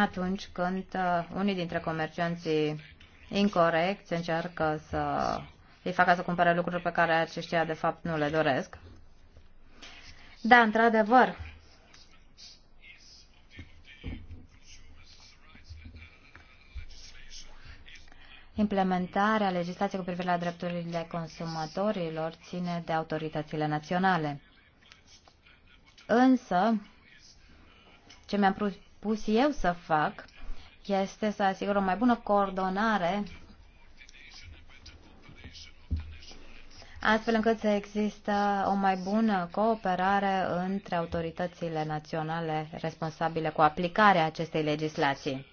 atunci când uh, unii dintre comercianții incorrect, încearcă să îi facă să cumpere lucruri pe care aceștia de fapt nu le doresc. Da, într-adevăr, Implementarea legislației cu privire la drepturile consumatorilor ține de autoritățile naționale. Însă, ce mi-am propus eu să fac este să asigur o mai bună coordonare astfel încât să există o mai bună cooperare între autoritățile naționale responsabile cu aplicarea acestei legislații.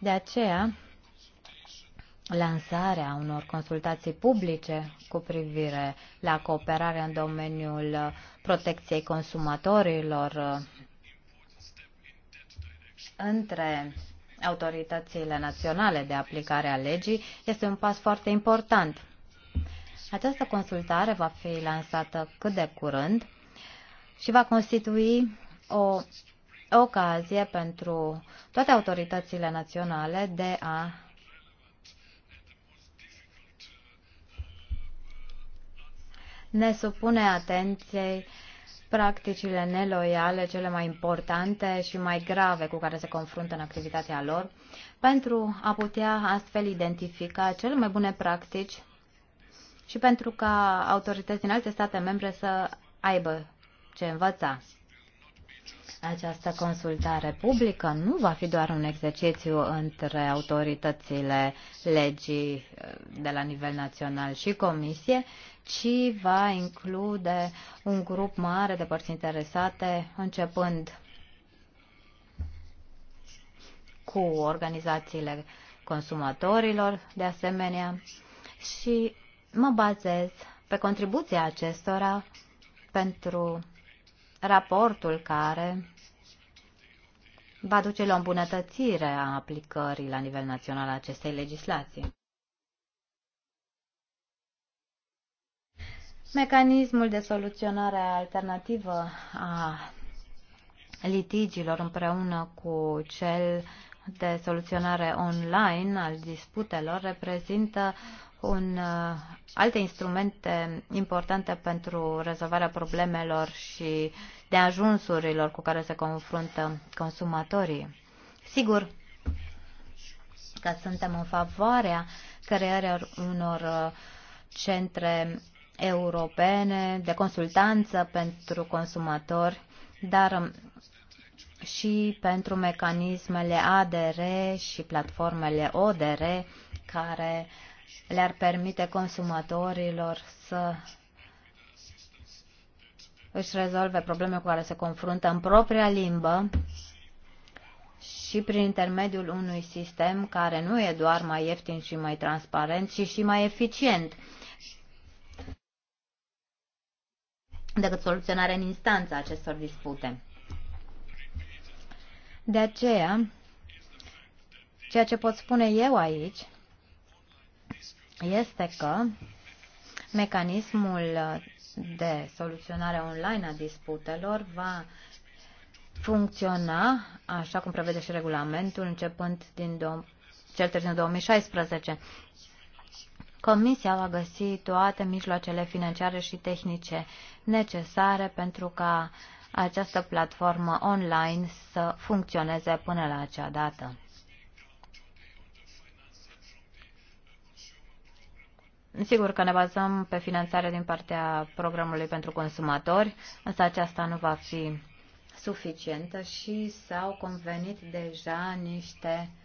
De aceea, lansarea unor consultații publice cu privire la cooperarea în domeniul protecției consumatorilor uh, între autoritățile naționale de aplicare a legii este un pas foarte important. Această consultare va fi lansată cât de curând și va constitui o ocazie pentru toate autoritățile naționale de a ne supune atenției practicile neloiale cele mai importante și mai grave cu care se confruntă în activitatea lor, pentru a putea astfel identifica cele mai bune practici și pentru ca autorități din alte state membre să aibă ce învăța. Această consultare publică nu va fi doar un exercițiu între autoritățile legii de la nivel național și comisie, ci va include un grup mare de părți interesate, începând cu organizațiile consumatorilor, de asemenea, și mă bazez pe contribuția acestora pentru raportul care va duce la îmbunătățire a aplicării la nivel național a acestei legislații. Mecanismul de soluționare alternativă a litigiilor împreună cu cel de soluționare online al disputelor reprezintă un uh, alte instrumente importante pentru rezolvarea problemelor și de ajunsurilor cu care se confruntă consumatorii. Sigur că suntem în favoarea creării unor uh, centre europene de consultanță pentru consumatori, dar um, și pentru mecanismele ADR și platformele ODR care le-ar permite consumatorilor să își rezolve probleme cu care se confruntă în propria limbă și prin intermediul unui sistem care nu e doar mai ieftin și mai transparent, ci și mai eficient decât soluționarea în instanță a acestor dispute. De aceea, ceea ce pot spune eu aici este că mecanismul de soluționare online a disputelor va funcționa, așa cum prevede și regulamentul, începând din cel târziu 2016. Comisia va găsi toate mijloacele financiare și tehnice necesare pentru ca această platformă online să funcționeze până la acea dată. Sigur că ne bazăm pe finanțare din partea programului pentru consumatori, însă aceasta nu va fi suficientă și s-au convenit deja niște uh,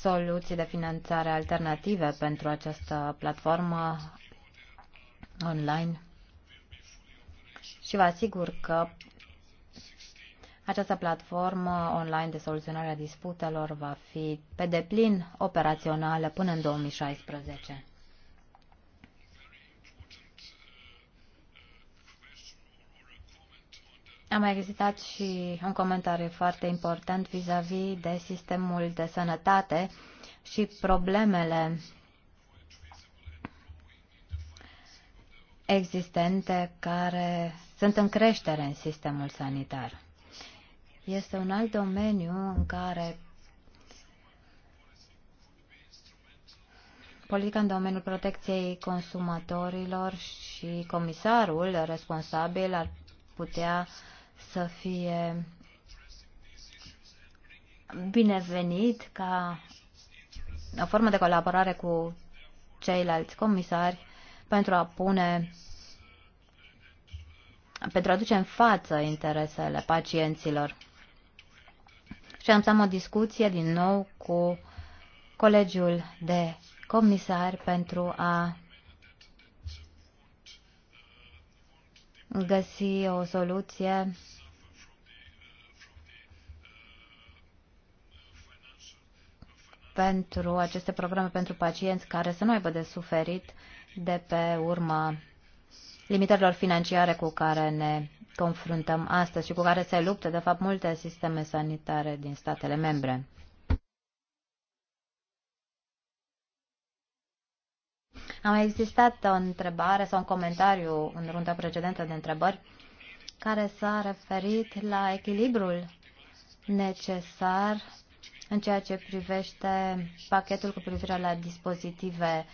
soluții de finanțare alternative pentru această platformă online și vă asigur că această platformă online de soluționare a disputelor va fi pe deplin operațională până în 2016. Am mai existat și un comentariu foarte important vis-a-vis -vis de sistemul de sănătate și problemele existente care sunt în creștere în sistemul sanitar. Este un alt domeniu în care politica în domeniul protecției consumatorilor și comisarul responsabil ar putea uh, să fie binevenit ca o formă de colaborare cu ceilalți comisari pentru a pune pentru a duce în față interesele pacienților. Și am să am o discuție din nou cu colegiul de comisari pentru a găsi o soluție pentru aceste programe pentru pacienți care să nu aibă de suferit de pe urma limitărilor financiare cu care ne confruntăm astăzi și cu care se luptă, de fapt, multe sisteme sanitare din statele membre. Am mai existat o întrebare sau un comentariu în runda precedentă de întrebări care s-a referit la echilibrul necesar în ceea ce privește pachetul cu privire la dispozitive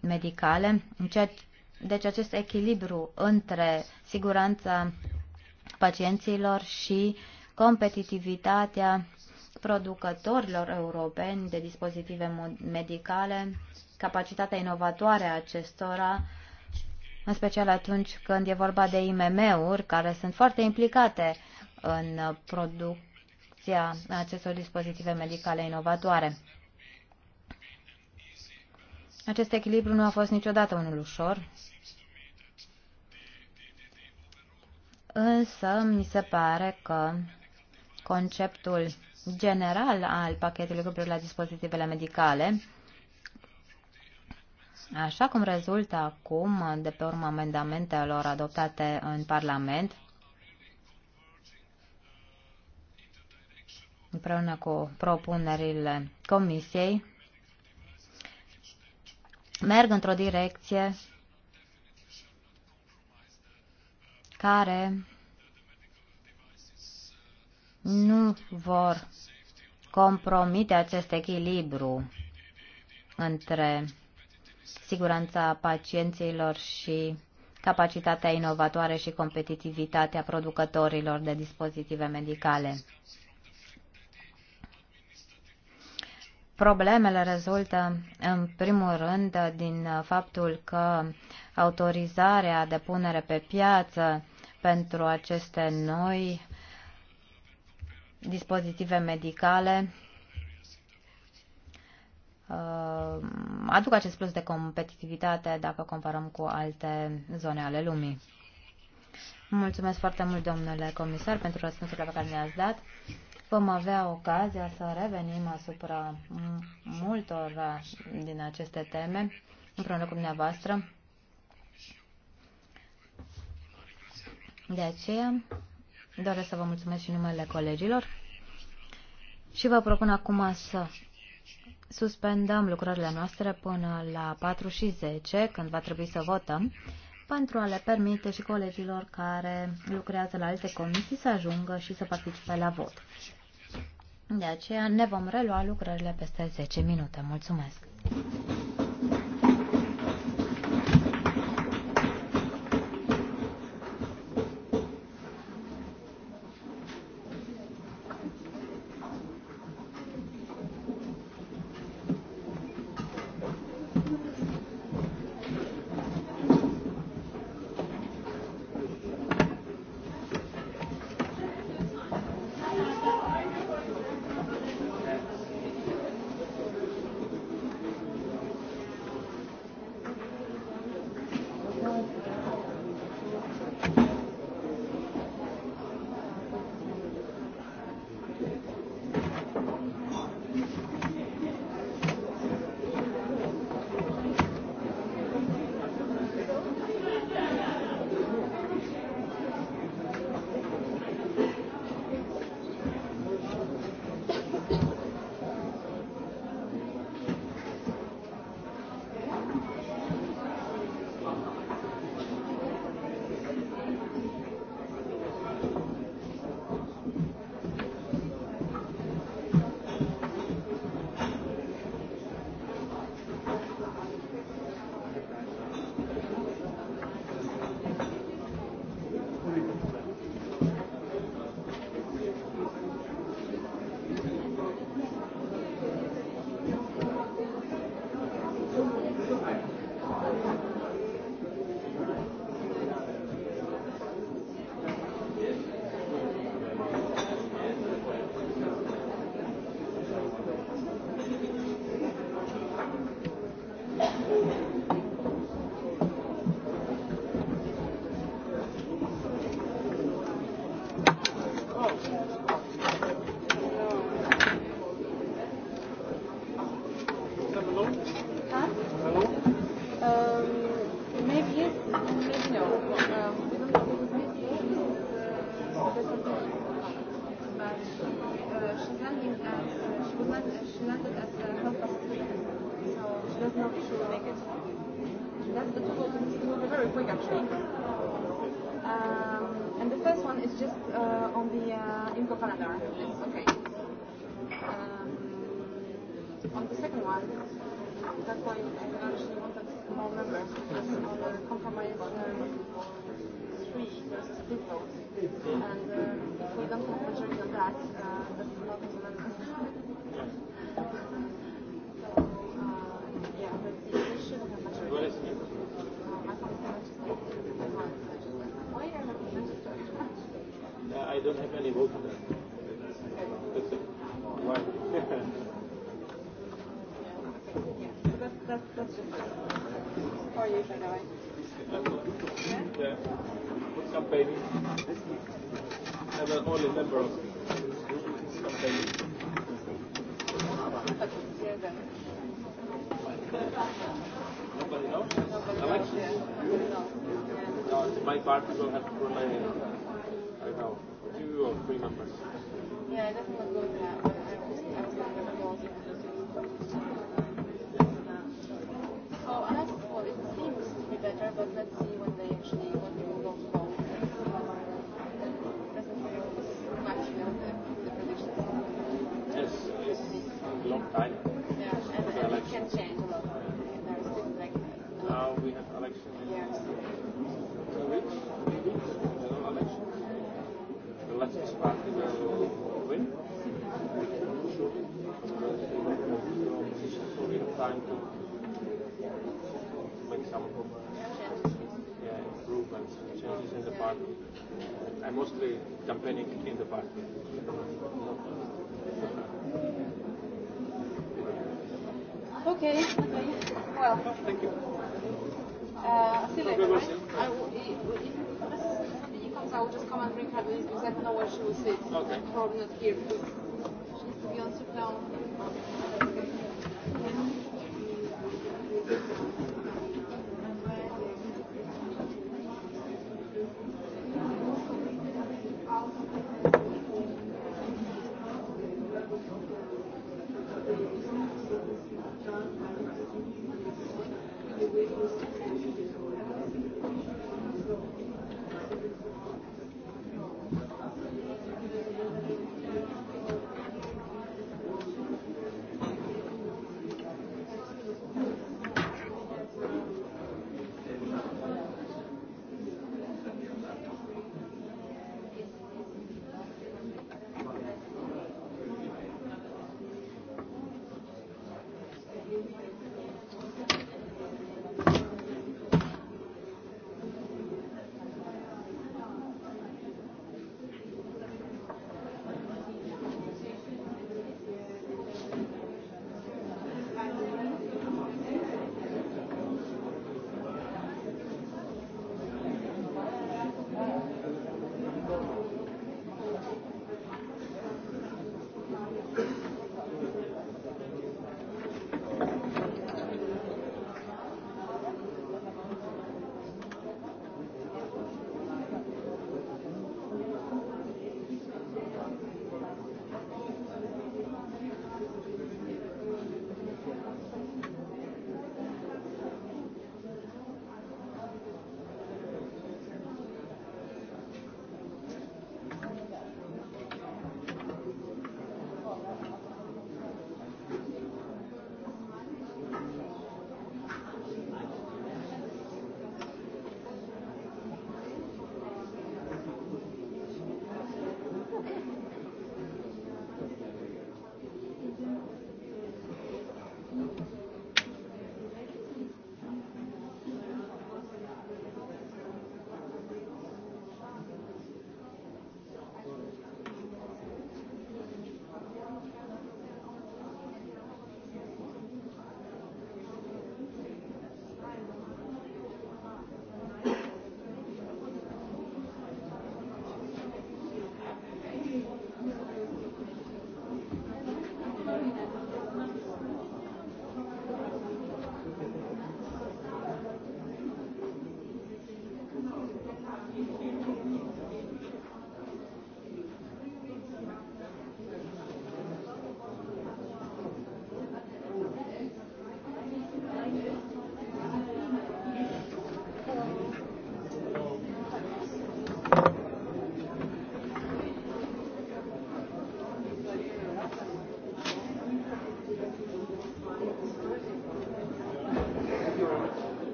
medicale. Deci acest echilibru între siguranța pacienților și competitivitatea producătorilor europeni de dispozitive medicale capacitatea inovatoare a acestora, în special atunci când e vorba de IMM-uri care sunt foarte implicate în producția acestor dispozitive medicale inovatoare. Acest echilibru nu a fost niciodată unul ușor, însă mi se pare că conceptul general al pachetului cu la dispozitivele medicale Așa cum rezultă acum de pe urma amendamentelor adoptate în Parlament, împreună cu propunerile Comisiei, merg într-o direcție care nu vor compromite acest echilibru între siguranța pacienților și capacitatea inovatoare și competitivitatea producătorilor de dispozitive medicale. Problemele rezultă, în primul rând, din faptul că autorizarea de punere pe piață pentru aceste noi dispozitive medicale Uh, aduc acest plus de competitivitate dacă comparăm cu alte zone ale lumii. Mulțumesc foarte mult, domnule comisar, pentru răspunsurile pe care ne ați dat. Vom avea ocazia să revenim asupra multor din aceste teme împreună cu dumneavoastră. De aceea, doresc să vă mulțumesc și numele colegilor și vă propun acum să suspendăm lucrările noastre până la 4 și 10, când va trebui să votăm, pentru a le permite și colegilor care lucrează la alte comisii să ajungă și să participe la vot. De aceea ne vom relua lucrările peste 10 minute. Mulțumesc! hard. have to rely I don't know, two or three members. Yeah, it doesn't look good.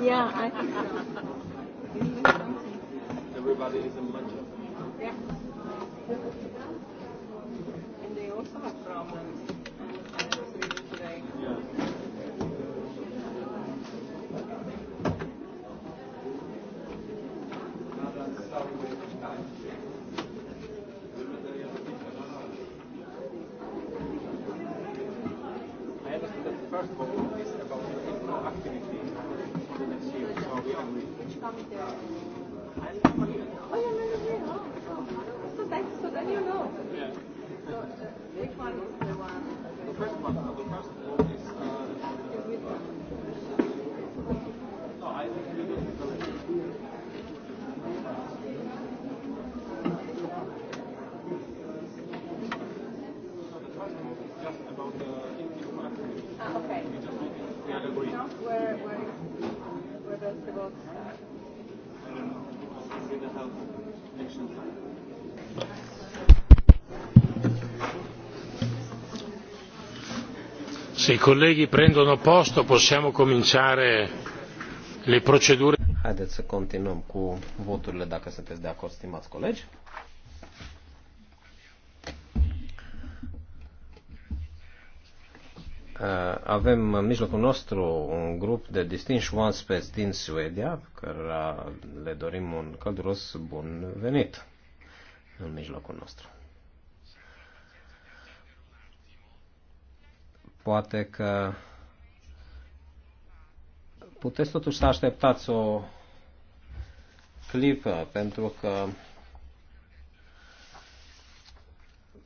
Yeah, I think so. Everybody is a muncher. Yeah. se i colleghi prendono posto possiamo cominciare le procedure. Haideți să continuăm cu voturile dacă sunteți de acord, stimați colegi. Uh, avem în mijlocul nostru un grup de distinși oaspeți din Suedia, care le dorim un călduros bun venit în mijlocul nostru. Poate că puteți totuși să așteptați o clipă, pentru că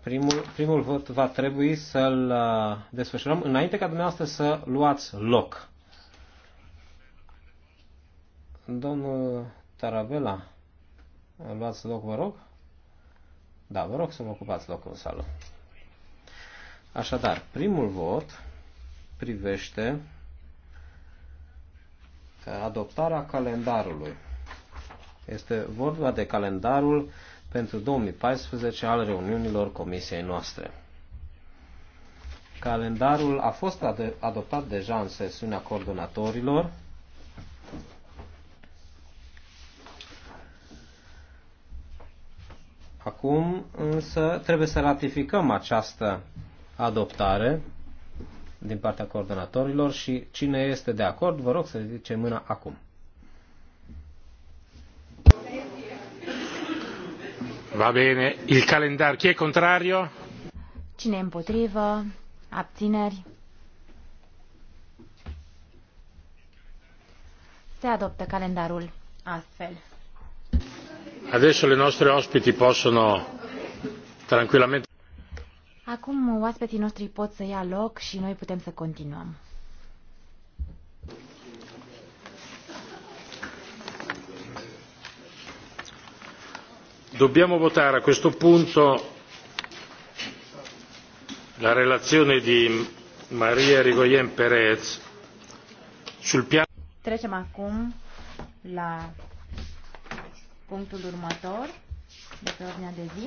primul, primul vot va trebui să-l uh, desfășurăm înainte ca dumneavoastră să luați loc. Domnul Tarabela, luați loc, vă rog. Da, vă rog să vă ocupați locul în sală. Așadar, primul vot privește adoptarea calendarului. Este vorba de calendarul pentru 2014 al reuniunilor comisiei noastre. Calendarul a fost ad adoptat deja în sesiunea coordonatorilor. Acum însă trebuie să ratificăm această adoptare din partea coordonatorilor și cine este de acord, vă rog să ridice mâna acum. Va bene, il calendar, chi e contrario? Cine e împotrivă? Abțineri? Se adoptă calendarul astfel. Adesso le nostre ospiti possono tranquillamente Acum oaspeții noștri pot să ia loc și noi putem să continuăm. Dobbiamo votare a questo punto la relazione di Maria Rigoyen Perez sul piano. Trecem acum la punctul următor de pe ordinea de zi.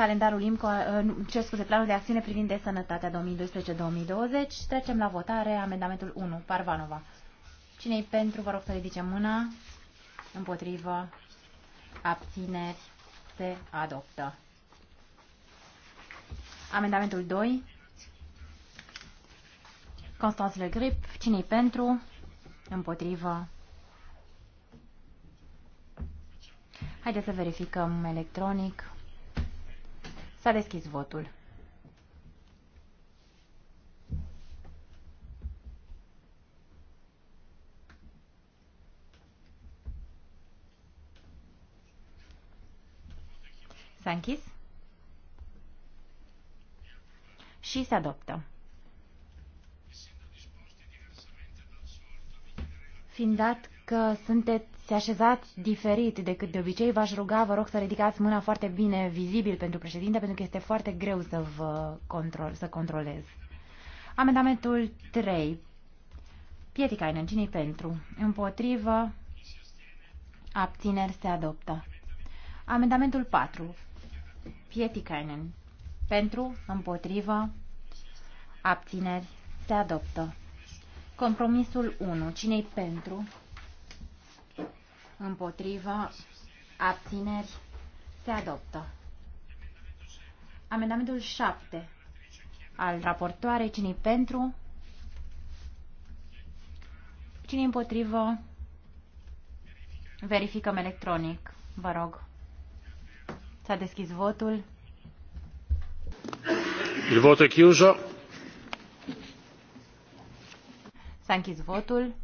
calendarul IMCO, uh, ce scuze, planul de acțiune privind de sănătatea 2012-2020. Trecem la votare amendamentul 1, Parvanova. Cine-i pentru, vă rog să ridice mâna. Împotrivă, abțineri, se adoptă. Amendamentul 2, Constanț Le Grip, cine-i pentru, împotrivă, Haideți să verificăm electronic. S-a deschis votul. S-a închis și se adoptă. Fiind dat că sunteți se așezați diferit decât de obicei. V-aș ruga, vă rog să ridicați mâna foarte bine vizibil pentru președinte, pentru că este foarte greu să vă control, să controlez. Amendamentul 3. Pieticainen, cine pentru? Împotrivă. Abțineri se adoptă. Amendamentul 4. Pietikainen. Pentru, împotrivă, abțineri se adoptă. Compromisul 1. Cine-i pentru? împotrivă, abțineri, se adoptă. Amendamentul 7 al raportoarei, cine pentru, cine împotrivă, verificăm electronic, vă rog. S-a deschis votul. Il voto è chiuso. S-a închis votul.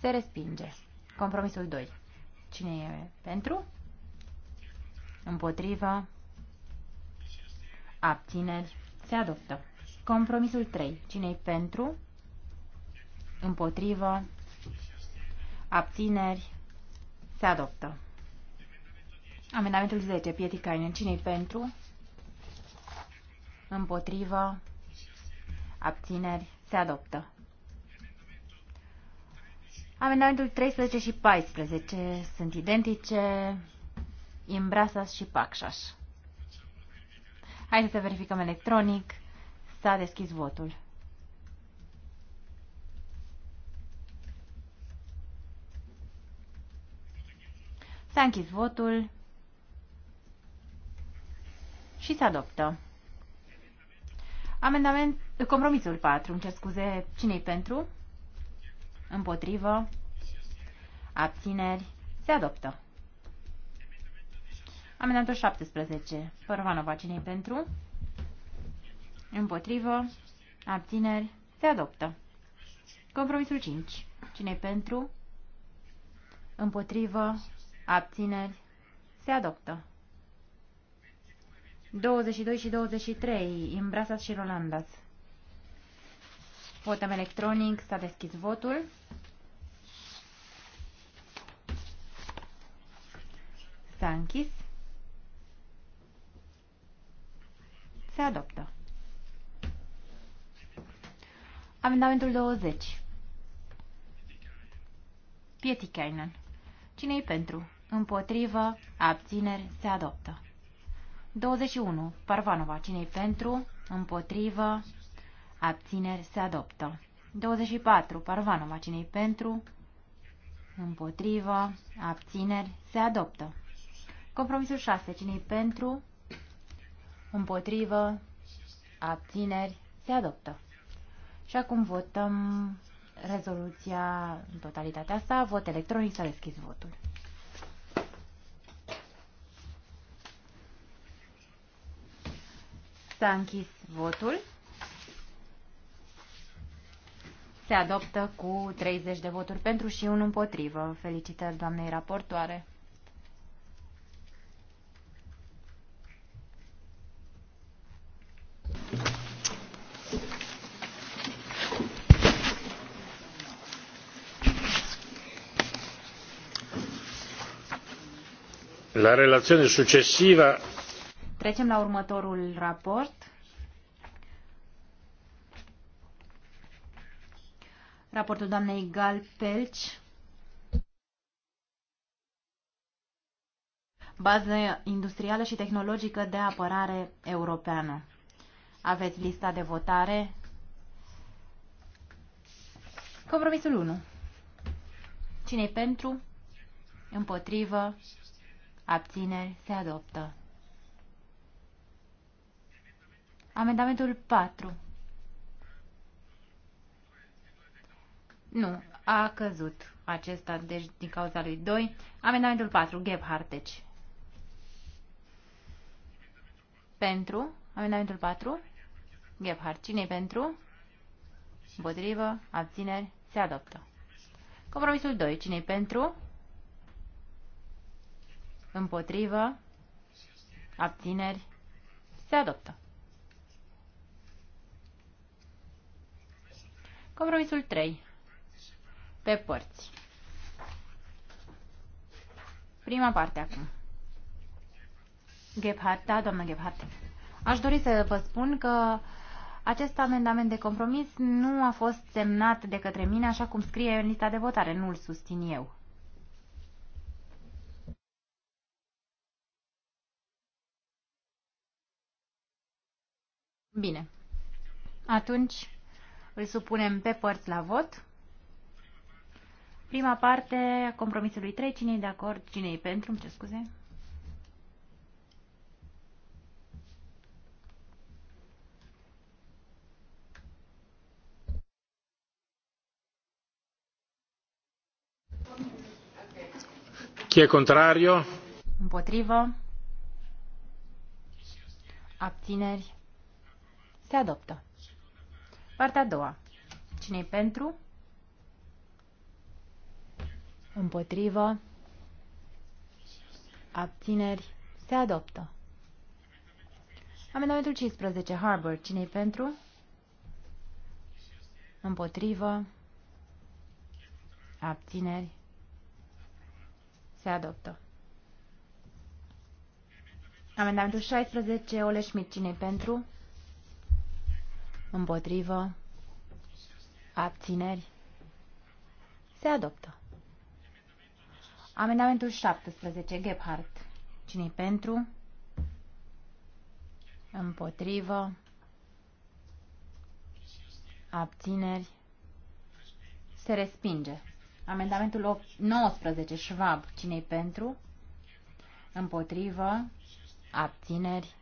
Se respinge. Compromisul 2. Cine e pentru? Împotrivă. Abțineri. Se adoptă. Compromisul 3. cine e pentru? Împotrivă. Abțineri. Se adoptă. Amendamentul 10. Pieticainen. cine e pentru? Împotrivă. Abțineri. Se adoptă. Amendamentul 13 și 14 sunt identice. Imbrasas și Pacșaș. Haideți să verificăm electronic. S-a deschis votul. S-a închis votul și se adoptă. Amendament, compromisul 4, îmi cer scuze, cine pentru? Împotrivă. Abțineri. Se adoptă. Amendamentul 17. Părvanova, cine pentru? Împotrivă. Abțineri. Se adoptă. Compromisul 5. cine pentru? Împotrivă. Abțineri. Se adoptă. 22 și 23. Imbrasas și Rolandas. Votăm electronic, s-a deschis votul. S-a închis. Se adoptă. Amendamentul 20. Pietikainen. Cine-i pentru? Împotrivă, abțineri, se adoptă. 21. Parvanova. Cine-i pentru? Împotrivă, Abțineri se adoptă. 24. Parvanul macinei pentru. Împotrivă. Abțineri se adoptă. Compromisul 6. Cine pentru? Împotrivă. Abțineri se adoptă. Și acum votăm rezoluția în totalitatea sa. Vot electronic s-a deschis votul. S-a închis votul. se adoptă cu 30 de voturi pentru și un împotrivă. Felicitări doamnei raportoare. La relazione successiva Trecem la următorul raport. raportul doamnei Gal Pelci, bază industrială și tehnologică de apărare europeană. Aveți lista de votare. Compromisul 1. Cine-i pentru? Împotrivă? Abțineri? Se adoptă. Amendamentul 4. Nu, a căzut acesta, deci din cauza lui 2. Amendamentul 4, Gebhardt, deci. Pentru, amendamentul 4, Gebhardt. cine pentru? Împotrivă, abțineri, se adoptă. Compromisul 2, cine pentru? Împotrivă, abțineri, se adoptă. Compromisul 3 pe părți. Prima parte acum. Gebhardt, da, doamnă Gebhardt. Aș dori să vă spun că acest amendament de compromis nu a fost semnat de către mine așa cum scrie în lista de votare, nu îl susțin eu. Bine. Atunci îl supunem pe părți la vot. Prima parte a compromisului 3, cine e de acord, cine e pentru, îmi ce scuze? Chi e contrario? Împotrivă? Abțineri? Se adoptă. Partea a doua. Cine-i pentru? Împotrivă. Abțineri. Se adoptă. Amendamentul 15. Harbour. cine pentru? Împotrivă. Abțineri. Se adoptă. Amendamentul 16. Ole Schmidt. cine pentru? Împotrivă. Abțineri. Se adoptă. Amendamentul 17, Gebhardt. Cine-i pentru? Împotrivă. Abțineri. Se respinge. Amendamentul 19, Schwab. Cine-i pentru? Împotrivă. Abțineri.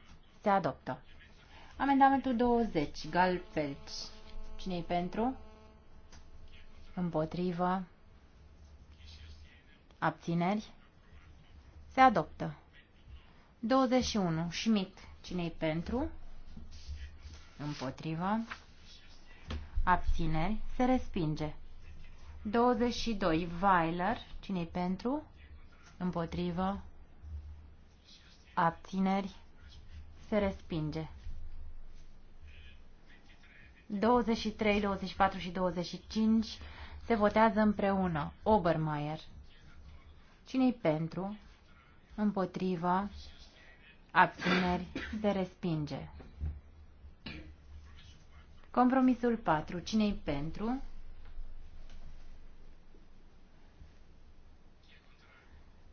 Se adoptă. Amendamentul 20, Galpelci. Cine-i pentru? Împotrivă. Abțineri. Se adoptă. 21. Schmidt. Cine-i pentru? împotriva. Abțineri. Se respinge. 22. Weiler. Cine-i pentru? Împotrivă. Abțineri. Se respinge. 23, 24 și 25 se votează împreună. Obermeier cine pentru? Împotrivă? Abțineri? Se respinge. Compromisul 4. cine pentru?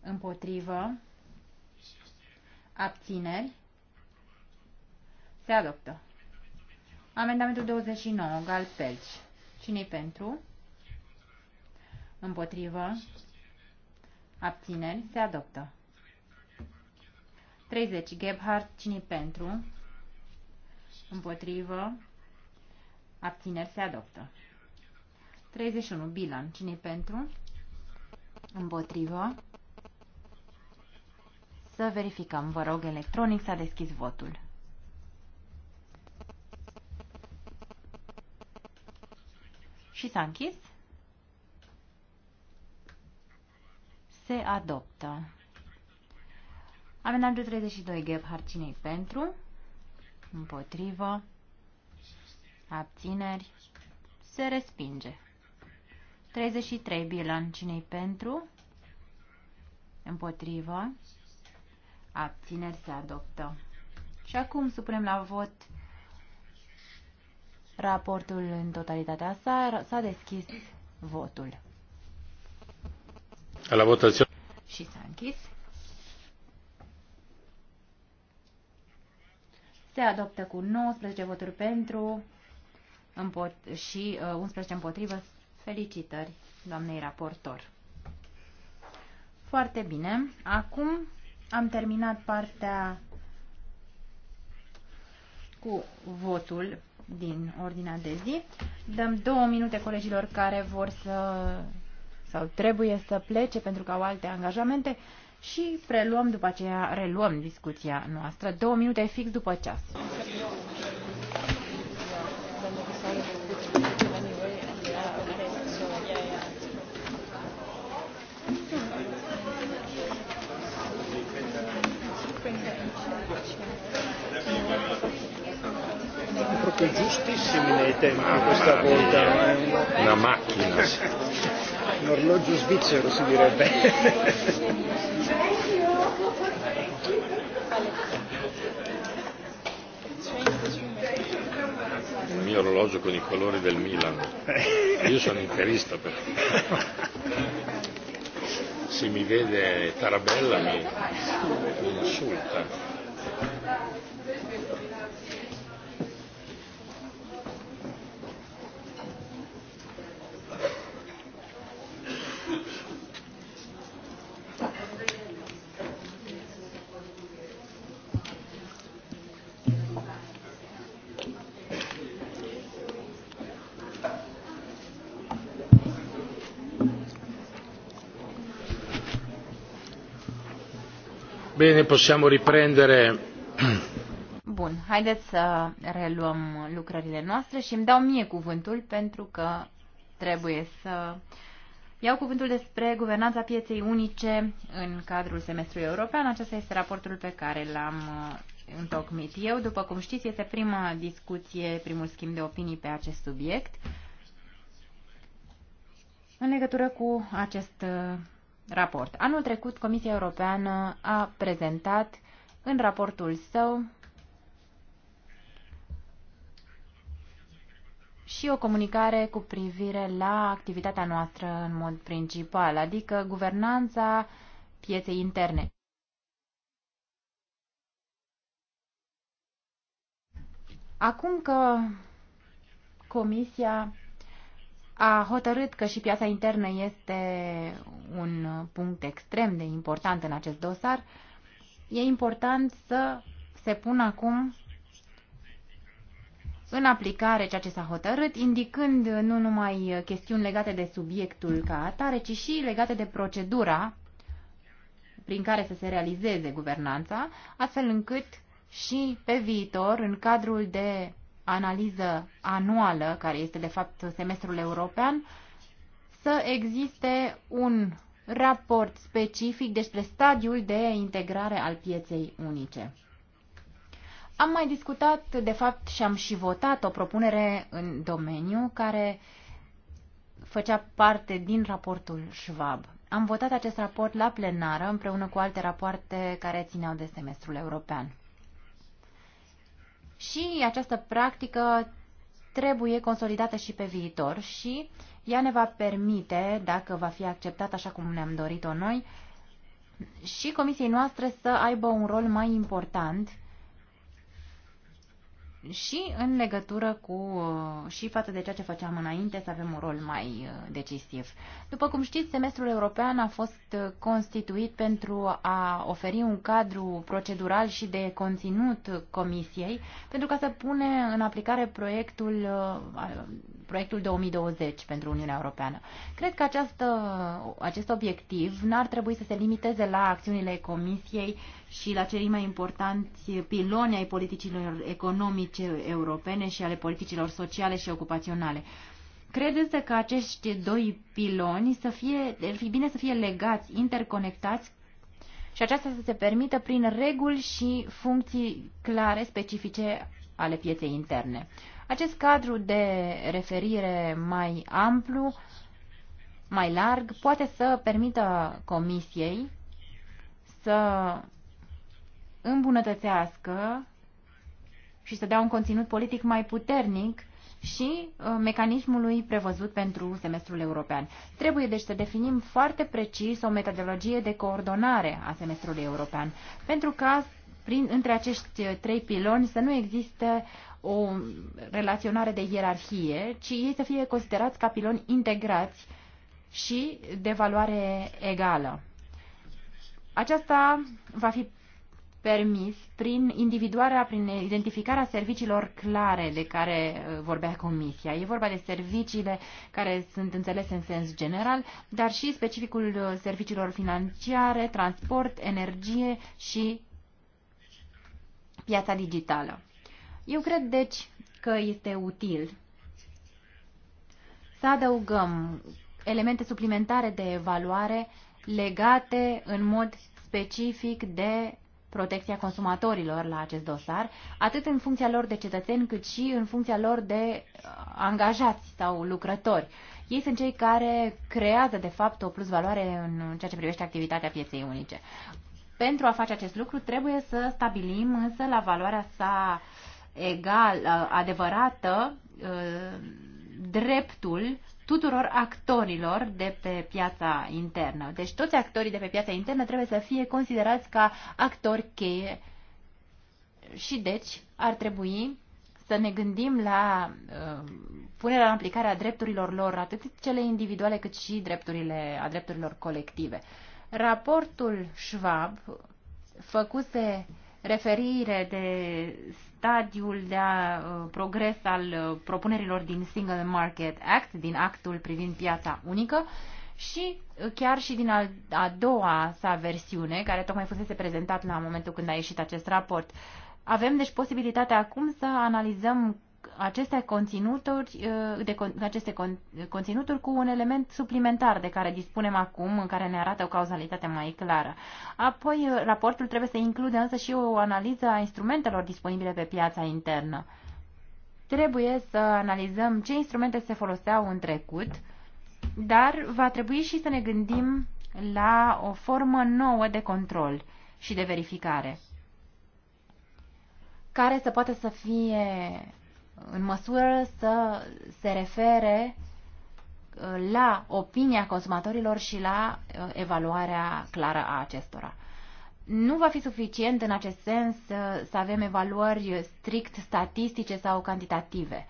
Împotrivă? Abțineri? Se adoptă. Amendamentul 29, Galpelci. Cine-i pentru? Împotrivă? Abțineri. Se adoptă. 30. Gebhardt. cine pentru? Împotrivă. Abțineri. Se adoptă. 31. Bilan. cine pentru? Împotrivă. Să verificăm. Vă rog, electronic s-a deschis votul. Și s-a închis. se adoptă. Amenajul 32, Gebhard, cine pentru? Împotrivă. Abțineri. Se respinge. 33, Bilan, cine pentru? Împotrivă. Abțineri se adoptă. Și acum supunem la vot raportul în totalitatea sa. S-a deschis votul. La Și s-a închis. Se adoptă cu 19 voturi pentru și 11 uh, împotrivă. Felicitări, doamnei raportor. Foarte bine. Acum am terminat partea cu votul din ordinea de zi. Dăm două minute colegilor care vor să sau trebuie să plece pentru că au alte angajamente și preluăm după aceea, reluăm discuția noastră două minute fix după ceas. Proprio giustissimi nei tempi questa volta, è una macchina un orologio svizzero si direbbe. Il mio orologio con i colori del Milan. Io sono interista però. Se mi vede Tarabella mi, mi insulta. Bine, possiamo riprendere. Bun, haideți să reluăm lucrările noastre și îmi dau mie cuvântul pentru că trebuie să iau cuvântul despre guvernanța pieței unice în cadrul semestrului european. Acesta este raportul pe care l-am uh, întocmit eu. După cum știți, este prima discuție, primul schimb de opinii pe acest subiect. În legătură cu acest uh, raport. Anul trecut, Comisia Europeană a prezentat în raportul său și o comunicare cu privire la activitatea noastră în mod principal, adică guvernanța pieței interne. Acum că Comisia a hotărât că și piața internă este un punct extrem de important în acest dosar, e important să se pună acum în aplicare ceea ce s-a hotărât, indicând nu numai chestiuni legate de subiectul ca atare, ci și legate de procedura prin care să se realizeze guvernanța, astfel încât și pe viitor, în cadrul de analiză anuală, care este de fapt semestrul european, să existe un raport specific despre stadiul de integrare al pieței unice. Am mai discutat, de fapt, și am și votat o propunere în domeniu care făcea parte din raportul Schwab. Am votat acest raport la plenară împreună cu alte rapoarte care țineau de semestrul european și această practică trebuie consolidată și pe viitor și ea ne va permite, dacă va fi acceptată așa cum ne-am dorit-o noi, și comisiei noastre să aibă un rol mai important și în legătură cu uh, și față de ceea ce făceam înainte să avem un rol mai uh, decisiv. După cum știți, semestrul european a fost uh, constituit pentru a oferi un cadru procedural și de conținut comisiei pentru ca să pune în aplicare proiectul, proiectul 2020 pentru Uniunea Europeană. Cred că această, acest obiectiv n-ar trebui să se limiteze la acțiunile comisiei și la cei mai importanți piloni ai politicilor economice europene și ale politicilor sociale și ocupaționale. Credeți că acești doi piloni să fie, ar fi bine să fie legați, interconectați și aceasta să se permită prin reguli și funcții clare, specifice ale pieței interne. Acest cadru de referire mai amplu, mai larg, poate să permită Comisiei să îmbunătățească și să dea un conținut politic mai puternic și uh, mecanismului prevăzut pentru semestrul european. Trebuie deci să definim foarte precis o metodologie de coordonare a semestrului european, pentru ca prin, între acești trei piloni să nu existe o relaționare de ierarhie, ci ei să fie considerați ca piloni integrați și de valoare egală. Aceasta va fi permis prin individuarea, prin identificarea serviciilor clare de care uh, vorbea Comisia. E vorba de serviciile care sunt înțelese în sens general, dar și specificul uh, serviciilor financiare, transport, energie și piața digitală. Eu cred, deci, că este util să adăugăm elemente suplimentare de evaluare legate în mod specific de protecția consumatorilor la acest dosar, atât în funcția lor de cetățeni, cât și în funcția lor de uh, angajați sau lucrători. Ei sunt cei care creează, de fapt, o plusvaloare în ceea ce privește activitatea pieței unice. Pentru a face acest lucru, trebuie să stabilim însă la valoarea sa egal, uh, adevărată, uh, dreptul tuturor actorilor de pe piața internă. Deci toți actorii de pe piața internă trebuie să fie considerați ca actori cheie și deci ar trebui să ne gândim la uh, punerea în aplicare a drepturilor lor, atât cele individuale cât și drepturile, a drepturilor colective. Raportul Schwab făcuse referire de stadiul de a, uh, progres al uh, propunerilor din Single Market Act, din actul privind piața unică, și uh, chiar și din a, a doua sa versiune, care tocmai fusese prezentat la momentul când a ieșit acest raport. Avem deci posibilitatea acum să analizăm aceste conținuturi, uh, de, aceste conținuturi cu un element suplimentar de care dispunem acum, în care ne arată o cauzalitate mai clară. Apoi, uh, raportul trebuie să includă însă și o analiză a instrumentelor disponibile pe piața internă. Trebuie să analizăm ce instrumente se foloseau în trecut, dar va trebui și să ne gândim la o formă nouă de control și de verificare care să poată să fie în măsură să se refere uh, la opinia consumatorilor și la uh, evaluarea clară a acestora. Nu va fi suficient în acest sens uh, să avem evaluări strict statistice sau cantitative.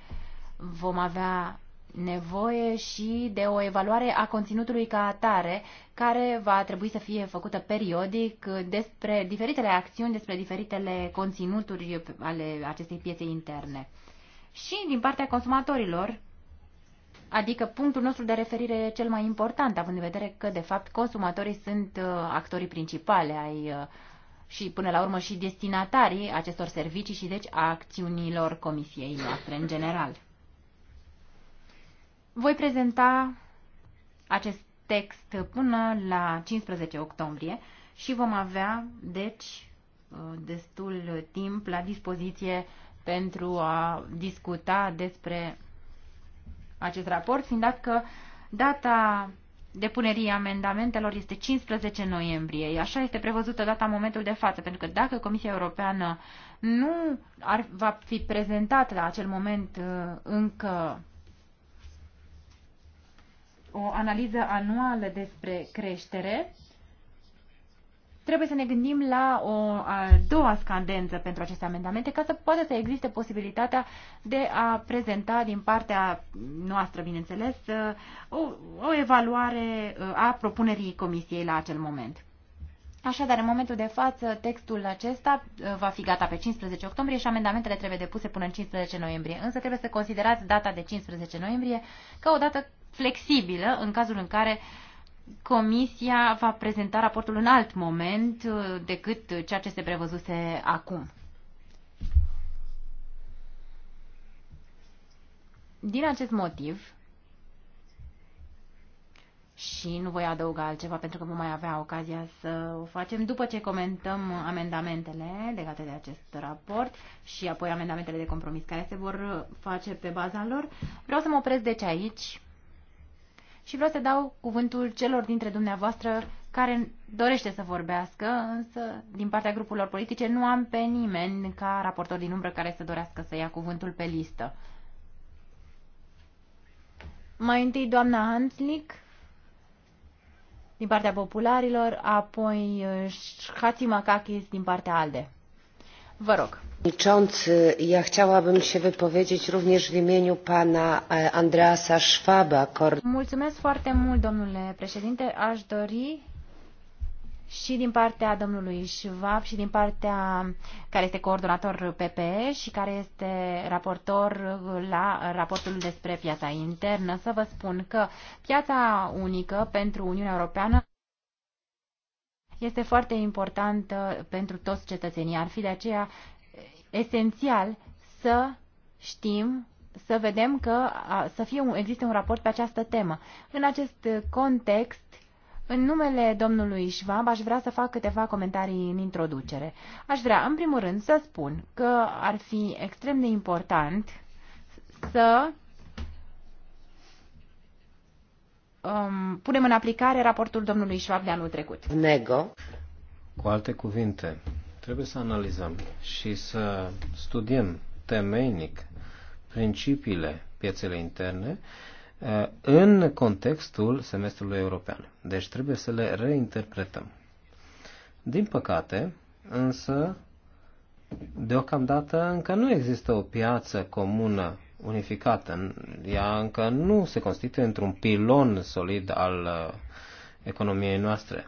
Vom avea nevoie și de o evaluare a conținutului ca atare, care va trebui să fie făcută periodic despre diferitele acțiuni, despre diferitele conținuturi ale acestei piețe interne și din partea consumatorilor, adică punctul nostru de referire cel mai important, având în vedere că, de fapt, consumatorii sunt uh, actorii principale ai uh, și, până la urmă, și destinatarii acestor servicii și, deci, a acțiunilor Comisiei noastre în general. Voi prezenta acest text până la 15 octombrie și vom avea, deci, uh, destul timp la dispoziție pentru a discuta despre acest raport, fiind dat că data depunerii amendamentelor este 15 noiembrie. Așa este prevăzută data în momentul de față, pentru că dacă Comisia Europeană nu ar, va fi prezentat la acel moment uh, încă o analiză anuală despre creștere, Trebuie să ne gândim la o a doua scandență pentru aceste amendamente ca să poată să existe posibilitatea de a prezenta din partea noastră, bineînțeles, o, o evaluare a propunerii Comisiei la acel moment. Așadar, în momentul de față, textul acesta va fi gata pe 15 octombrie și amendamentele trebuie depuse până în 15 noiembrie. Însă trebuie să considerați data de 15 noiembrie ca o dată flexibilă în cazul în care uh, Comisia va prezenta raportul în alt moment uh, decât ceea ce se prevăzuse acum. Din acest motiv, și nu voi adăuga altceva pentru că vom mai avea ocazia să o facem după ce comentăm amendamentele legate de acest raport și apoi amendamentele de compromis care se vor face pe baza lor. Vreau să mă opresc deci aici și vreau să dau cuvântul celor dintre dumneavoastră care dorește să vorbească, însă din partea grupurilor politice nu am pe nimeni ca raportor din umbră care să dorească să ia cuvântul pe listă. Mai întâi doamna Hanslick din partea popularilor, apoi eh, Hatzimakakis din partea ALDE. Vă rog. Przewodniczący, ja chciałabym się wypowiedzieć również w imieniu pana Andreasa Schwaba. Mulțumesc foarte mult, domnule președinte. Aș dori și din partea domnului Schwab și din partea care este coordonator PPE și care este raportor la raportul despre piața internă să vă spun că piața unică pentru Uniunea Europeană este foarte important pentru toți cetățenii. Ar fi de aceea esențial să știm să vedem că să fie un, există un raport pe această temă. În acest context, în numele domnului Schwab, aș vrea să fac câteva comentarii în introducere. Aș vrea, în primul rând, să spun că ar fi extrem de important să um, punem în aplicare raportul domnului Schwab de anul trecut. Nego. Cu alte cuvinte, trebuie să analizăm și să studiem temeinic principiile piețele interne eh, în contextul semestrului european. Deci trebuie să le reinterpretăm. Din păcate, însă, deocamdată încă nu există o piață comună unificată. Ea încă nu se constituie într-un pilon solid al uh, economiei noastre.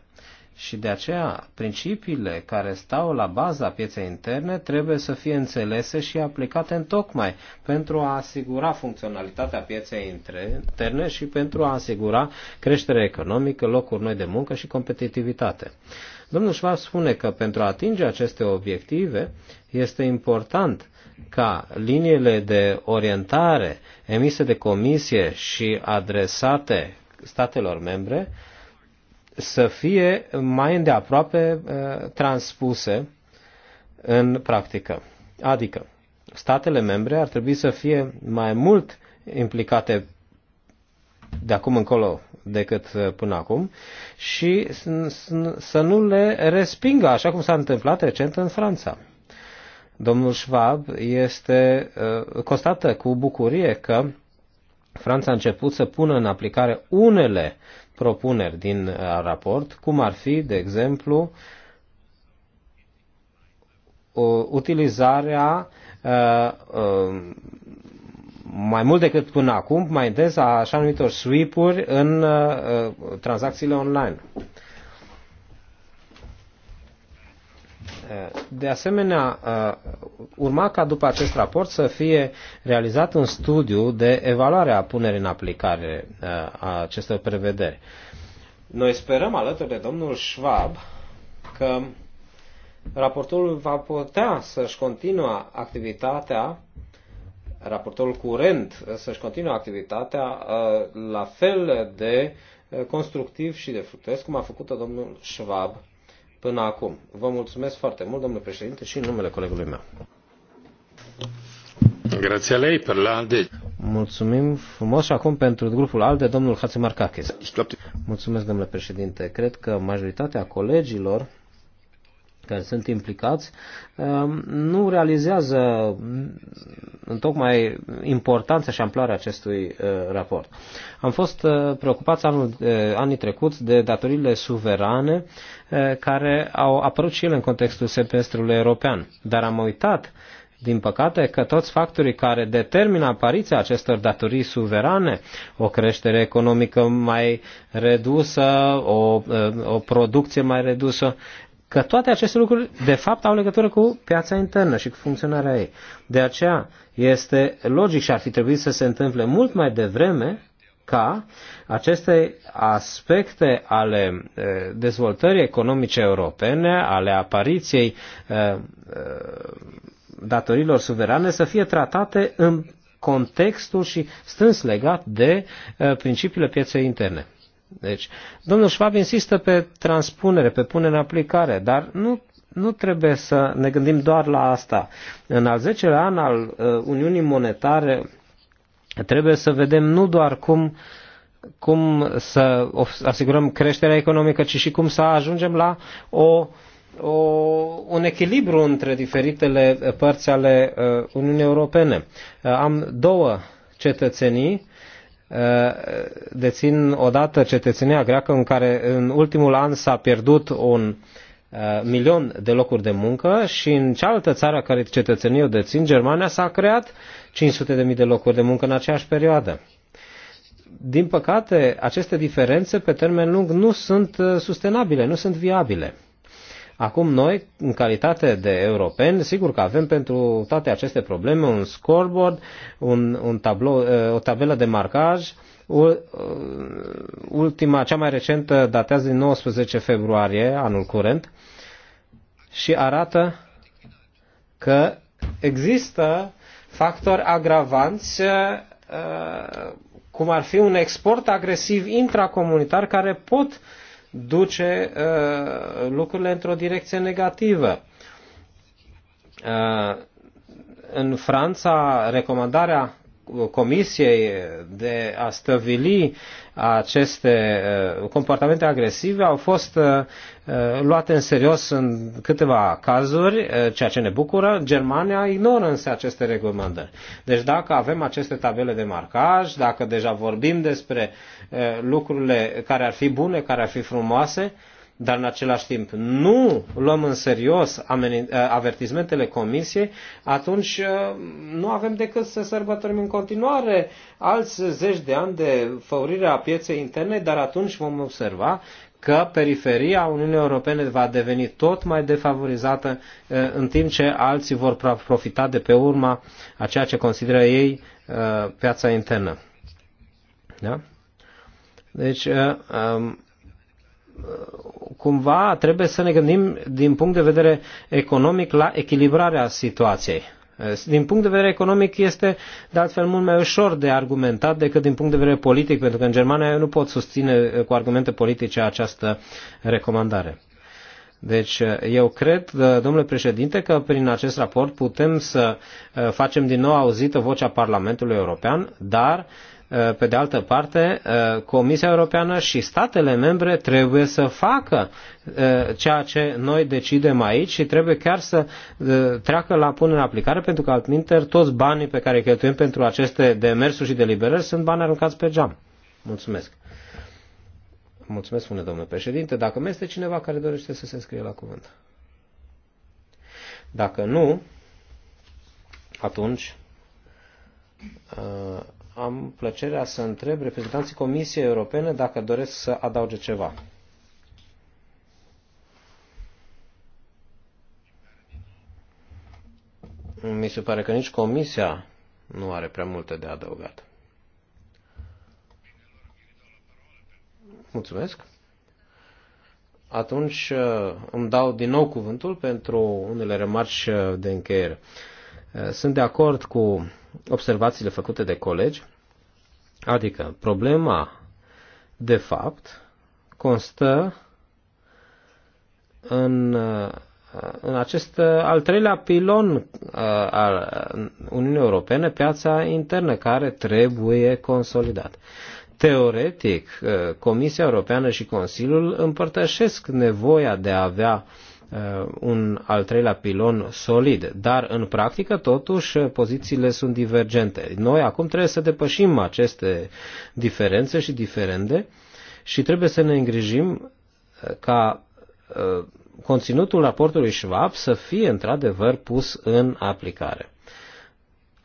Și de aceea, principiile care stau la baza pieței interne trebuie să fie înțelese și aplicate în tocmai pentru a asigura funcționalitatea pieței interne și pentru a asigura creștere economică, locuri noi de muncă și competitivitate. Domnul Schwab spune că pentru a atinge aceste obiective este important ca liniile de orientare emise de comisie și adresate statelor membre să fie mai îndeaproape uh, transpuse în practică. Adică, statele membre ar trebui să fie mai mult implicate de acum încolo decât uh, până acum și să nu le respingă, așa cum s-a întâmplat recent în Franța. Domnul Schwab este, uh, constată cu bucurie că Franța a început să pună în aplicare unele propuneri din uh, raport, cum ar fi, de exemplu, uh, utilizarea mai mult decât până acum, mai des a așa numitor sweep-uri în tranzacțiile online. De asemenea, uh, urma ca după acest raport să fie realizat un studiu de evaluare a punerii în aplicare uh, a acestor prevederi. Noi sperăm alături de domnul Schwab că raportul va putea să-și continua activitatea raportorul curent să-și continue activitatea uh, la fel de constructiv și de fructuos cum a făcut-o domnul Schwab până acum. Vă mulțumesc foarte mult, domnule președinte, și în numele colegului meu. Grazie a lei per Mulțumim frumos și acum pentru grupul ALDE, domnul Hatzimarkakis. Mulțumesc, domnule președinte. Cred că majoritatea colegilor care sunt implicați, um, nu realizează în tocmai importanța și amploarea acestui uh, raport. Am fost uh, preocupați anul, uh, anii trecuți de datoriile suverane care au apărut și ele în contextul semestrului european, dar am uitat din păcate că toți factorii care determină apariția acestor datorii suverane, o creștere economică mai redusă, o, o producție mai redusă, că toate aceste lucruri, de fapt, au legătură cu piața internă și cu funcționarea ei. De aceea este logic și ar fi trebuit să se întâmple mult mai devreme ca aceste aspecte ale dezvoltării economice europene, ale apariției datorilor suverane să fie tratate în contextul și strâns legat de principiile pieței interne. Deci, domnul Schwab insistă pe transpunere, pe punere în aplicare, dar nu, nu trebuie să ne gândim doar la asta. În al 10-lea an al uh, Uniunii Monetare trebuie să vedem nu doar cum, cum să asigurăm creșterea economică, ci și cum să ajungem la o, o, un echilibru între diferitele părți ale uh, Uniunii Europene. Uh, am două cetățenii Eh, dețin odată cetățenia greacă în care în ultimul an s-a pierdut un eh, milion de locuri de muncă și în cealaltă țară care cetățenie o dețin, Germania, s-a creat 500.000 de locuri de muncă în aceeași perioadă. Din păcate, aceste diferențe pe termen lung nu sunt eh, sustenabile, nu sunt viabile. Acum noi, în calitate de europeni, sigur că avem pentru toate aceste probleme un scoreboard, un, un tablou, eh, o tabelă de marcaj, eh, ultima, cea mai recentă, datează din 19 februarie, anul curent, și arată că există factori agravanți, eh, cum ar fi un export agresiv intracomunitar, care pot uh, duce uh, lucrurile într-o direcție negativă. Uh, în Franța, recomandarea Comisiei de a stăvili aceste uh, comportamente agresive au fost uh, uh, luate în serios în câteva cazuri, ceea ce ne bucură. Germania ignoră însă aceste recomandări. Deci dacă avem aceste tabele de marcaj, dacă deja vorbim despre lucrurile care ar fi bune, care ar fi frumoase, dar în același timp nu luăm în serios eh, avertismentele comisiei, atunci eh, nu avem decât să sărbătorim în continuare alți zeci de ani de făurire a pieței interne, dar atunci vom observa că periferia Uniunii Europene va deveni tot mai defavorizată eh, în timp ce alții vor profita de pe urma a ceea ce consideră ei piața internă. Da? Deci, cumva trebuie să ne gândim din punct de vedere economic la echilibrarea situației. Din punct de vedere economic este de altfel mult mai ușor de argumentat decât din punct de vedere politic, pentru că în Germania eu nu pot susține cu argumente politice această recomandare. Deci eu cred, domnule președinte, că prin acest raport putem să eh, facem din nou auzită vocea Parlamentului European, dar uh, Uh, pe de altă parte, uh, Comisia Europeană și statele membre trebuie să facă uh, ceea ce noi decidem aici și trebuie chiar să treacă la punere în aplicare, pentru că altminteri toți banii pe care îi cheltuim pentru aceste demersuri și deliberări sunt bani aruncați pe geam. Mulțumesc. Mulțumesc, spune domnule președinte. Dacă mai este cineva care dorește să se scrie la cuvânt. Dacă nu, atunci am plăcerea să întreb reprezentanții Comisiei Europene dacă doresc să adauge ceva. Mi se pare că nici Comisia nu are prea multe de adăugat. Mulțumesc. Atunci uh, îmi dau din nou cuvântul pentru unele remarci uh, de încheiere. Uh, sunt de acord cu observațiile făcute de colegi, adică problema de fapt constă în, în acest al treilea pilon uh, al Uniunii Europene, piața internă, care trebuie consolidat. Teoretic, uh, Comisia Europeană și Consiliul împărtășesc nevoia de a avea uh, Uh, un al treilea pilon solid, dar în practică totuși uh, pozițiile sunt divergente. Noi acum trebuie să depășim aceste diferențe și diferende și trebuie să ne îngrijim uh, ca conținutul raportului Schwab să fie într-adevăr pus în aplicare.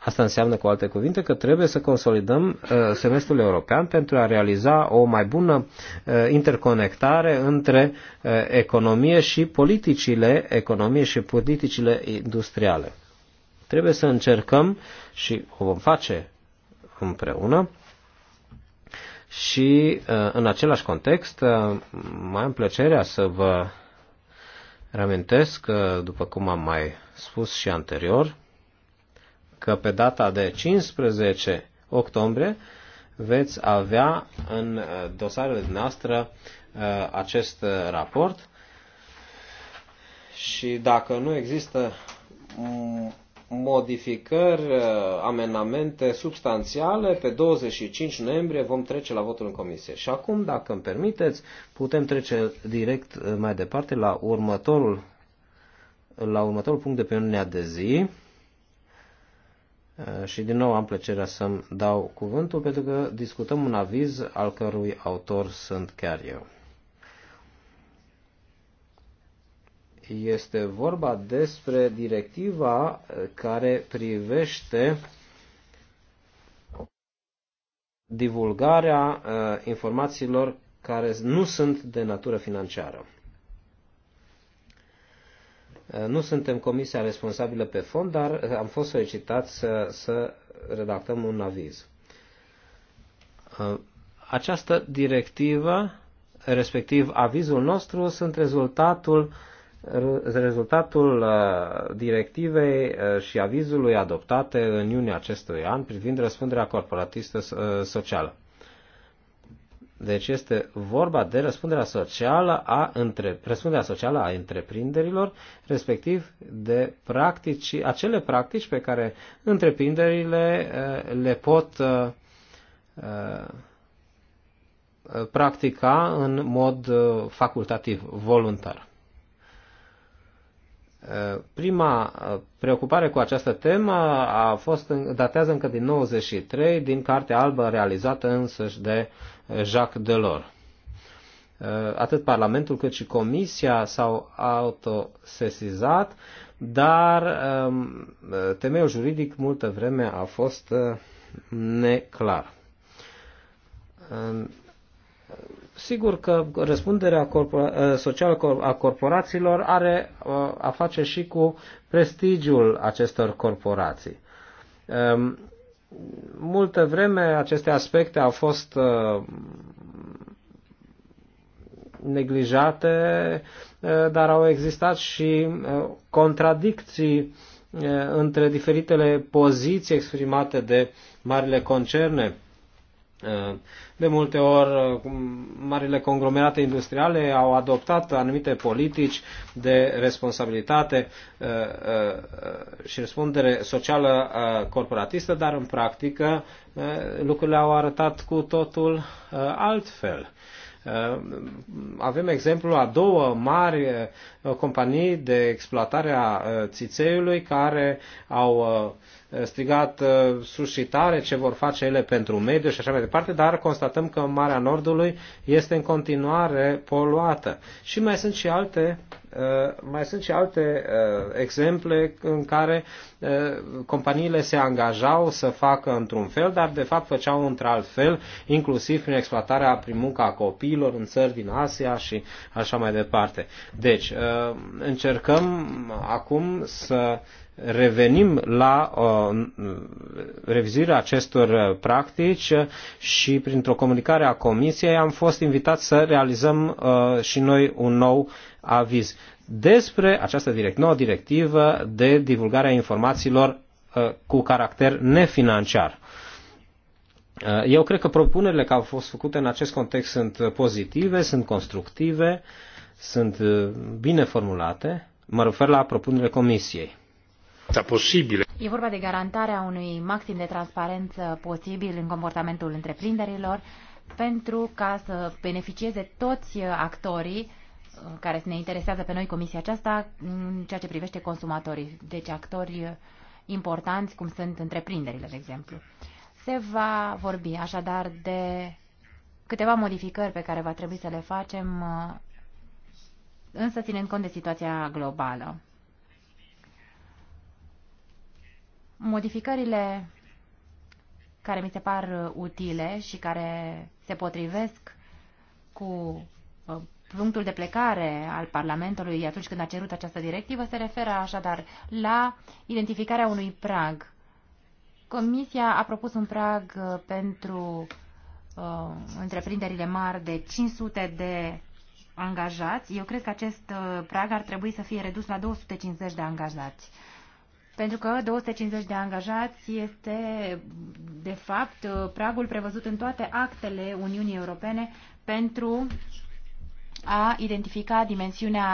Asta înseamnă, cu alte cuvinte, că trebuie să consolidăm uh, semestrul european pentru a realiza o mai bună uh, interconectare între uh, economie și politicile economie și politicile industriale. Trebuie să încercăm și o vom face împreună și în același context mai am plăcerea să vă reamintesc, după cum am mai spus și anterior, că pe data de 15 octombrie veți avea în uh, dosarele noastre uh, acest uh, raport și dacă nu există mm, modificări, amenamente substanțiale, pe 25 noiembrie vom trece la votul în comisie. Și acum, dacă îmi permiteți, putem trece direct mai departe la următorul, la următorul punct de pe ordinea de zi, Eh, și din nou am plăcerea să-mi dau cuvântul pentru că discutăm un aviz al cărui autor sunt chiar eu. Este vorba despre directiva eh, care privește divulgarea eh, informațiilor care nu sunt de natură financiară. Eh, nu suntem comisia responsabilă pe fond, dar eh, am fost solicitați să, să redactăm un aviz. Eh, această directivă, respectiv avizul nostru, sunt rezultatul, rezultatul directivei și avizului adoptate în iunie acestui an privind răspunderea corporatistă socială. Deci este vorba de răspunderea socială a, între, răspunderea socială a întreprinderilor, respectiv de practici, acele practici pe care întreprinderile eh, le pot eh, eh, practica în mod facultativ, voluntar. Prima preocupare cu această temă a fost, datează încă din 93, din Cartea Albă realizată însăși de Jacques Delors. Uh, atât Parlamentul cât și Comisia s-au autosesizat, dar um, temeiul juridic multă vreme a fost uh, neclar. Um, sigur că răspunderea corpora- uh, socială a corporațiilor are a face și cu prestigiul acestor corporații. Um, multă vreme aceste aspecte au fost uh, neglijate, uh, dar au existat și uh, contradicții între diferitele poziții exprimate de marile concerne de multe ori, uh, marile conglomerate industriale au adoptat anumite politici de responsabilitate uh, uh, și răspundere socială corporatistă, dar în practică lucrurile au arătat cu totul altfel. Avem exemplu a două mari companii de exploatare a țițeiului care au Eh, strigat eh, sus și tare ce vor face ele pentru mediu și așa mai departe, dar constatăm că Marea Nordului este în continuare poluată. Și mai sunt și alte, eh, mai sunt și alte exemple în care companiile se angajau să facă într-un fel, dar de fapt făceau într-alt fel, inclusiv prin exploatarea prin munca a copiilor în țări din Asia și așa mai departe. Deci, încercăm acum să revenim la uh, revizuirea acestor uh, practici și printr-o comunicare a Comisiei am fost invitați să realizăm uh, și noi un nou aviz despre această direct, nouă directivă de divulgare a informațiilor uh, cu caracter nefinanciar. Uh, eu cred că propunerile care au fost făcute în acest context sunt pozitive, sunt constructive, sunt bine formulate. Mă refer la propunerile Comisiei. Posibile. E vorba de garantarea unui maxim de transparență posibil în comportamentul întreprinderilor pentru ca să beneficieze toți actorii uh, care ne interesează pe noi comisia aceasta în ceea ce privește consumatorii, deci actori importanți cum sunt întreprinderile, de exemplu. Se va vorbi așadar de câteva modificări pe care va trebui să le facem, uh, însă ținând cont de situația globală. Modificările care mi se par uh, utile și care se potrivesc cu uh, punctul de plecare al Parlamentului atunci când a cerut această directivă se referă așadar la identificarea unui prag. Comisia a propus un prag uh, pentru uh, întreprinderile mari de 500 de angajați. Eu cred că acest prag ar trebui să fie redus la 250 de angajați. Uh, pentru că 250 de angajați este, de fapt, pragul prevăzut în toate actele Uniunii Europene pentru a identifica dimensiunea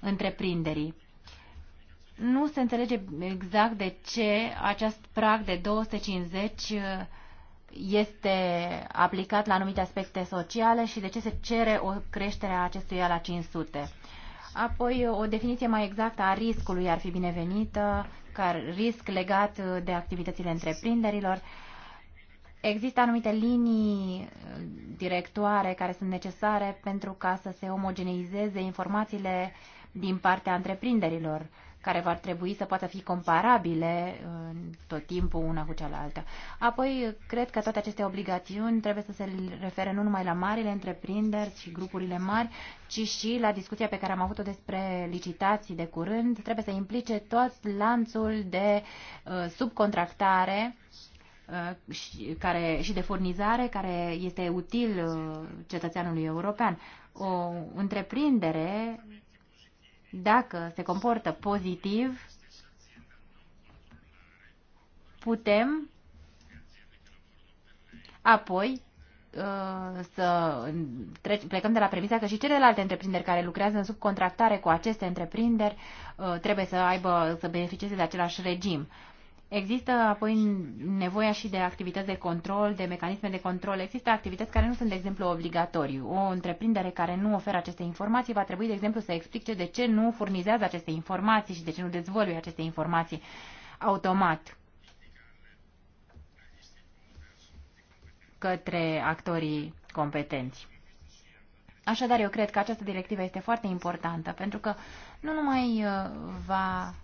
întreprinderii. Nu se înțelege exact de ce acest prag de 250 este aplicat la anumite aspecte sociale și de ce se cere o creștere a acestuia la 500. Apoi, o definiție mai exactă a riscului ar fi binevenită, ca risc legat de activitățile întreprinderilor. Există anumite linii directoare care sunt necesare pentru ca să se omogeneizeze informațiile din partea întreprinderilor care va trebui să poată fi comparabile în uh, tot timpul una cu cealaltă. Apoi, cred că toate aceste obligațiuni trebuie să se refere nu numai la marile întreprinderi și grupurile mari, ci și la discuția pe care am avut-o despre licitații de curând. Trebuie să implice tot lanțul de uh, subcontractare uh, și, care, și de furnizare care este util cetățeanului european. O întreprindere dacă se comportă pozitiv, putem apoi uh, să plecăm de la premisa că și celelalte întreprinderi care lucrează în subcontractare cu aceste întreprinderi uh, trebuie să aibă, să beneficieze de același regim. Există apoi nevoia și de activități de control, de mecanisme de control. Există activități care nu sunt, de exemplu, obligatoriu. O întreprindere care nu oferă aceste informații va trebui, de exemplu, să explice de ce nu furnizează aceste informații și de ce nu dezvăluie aceste informații automat către actorii competenți. Așadar, eu cred că această directivă este foarte importantă pentru că nu numai uh, va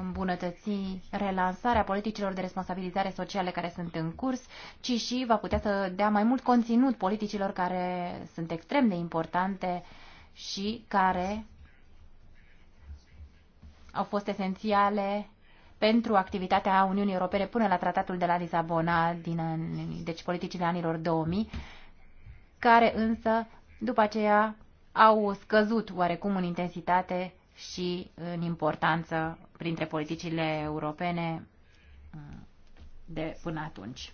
îmbunătăți relansarea politicilor de responsabilizare sociale care sunt în curs, ci și va putea să dea mai mult conținut politicilor care sunt extrem de importante și care au fost esențiale pentru activitatea Uniunii Europene până la tratatul de la Lisabona, din, deci politicile anilor 2000, care însă după aceea au scăzut oarecum în intensitate și în importanță printre politicile europene mm, de până atunci.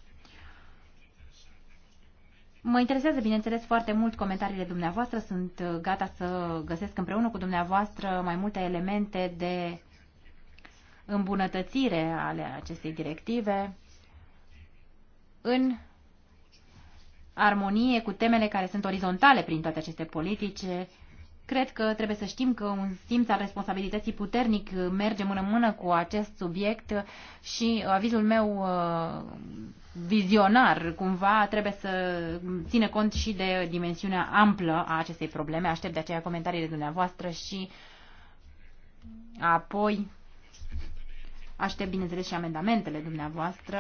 Mă interesează, bineînțeles, foarte mult comentariile dumneavoastră. Sunt gata să găsesc împreună cu dumneavoastră mai multe elemente de îmbunătățire ale acestei directive în armonie cu temele care sunt orizontale prin toate aceste politice, Cred că trebuie să știm că un simț al responsabilității puternic uh, merge mână-mână cu acest subiect și uh, avizul meu uh, vizionar cumva trebuie să ține cont și de dimensiunea amplă a acestei probleme. Aștept de aceea comentariile dumneavoastră și apoi aștept bineînțeles și amendamentele dumneavoastră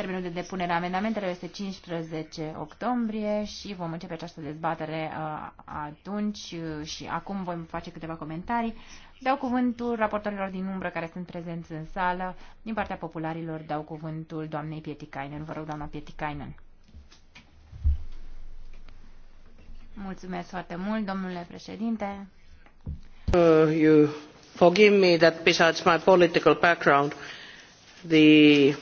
Termenul de depunere a amendamentelor este 15 octombrie și vom începe această dezbatere uh, atunci uh, și acum voi face câteva comentarii. Dau cuvântul raportorilor din umbră care sunt prezenți în sală. Din partea popularilor dau cuvântul doamnei Pietikainen. Vă rog, doamna Pietikainen. Mulțumesc foarte mult, domnule președinte. Uh, you forgive me that besides my political background, the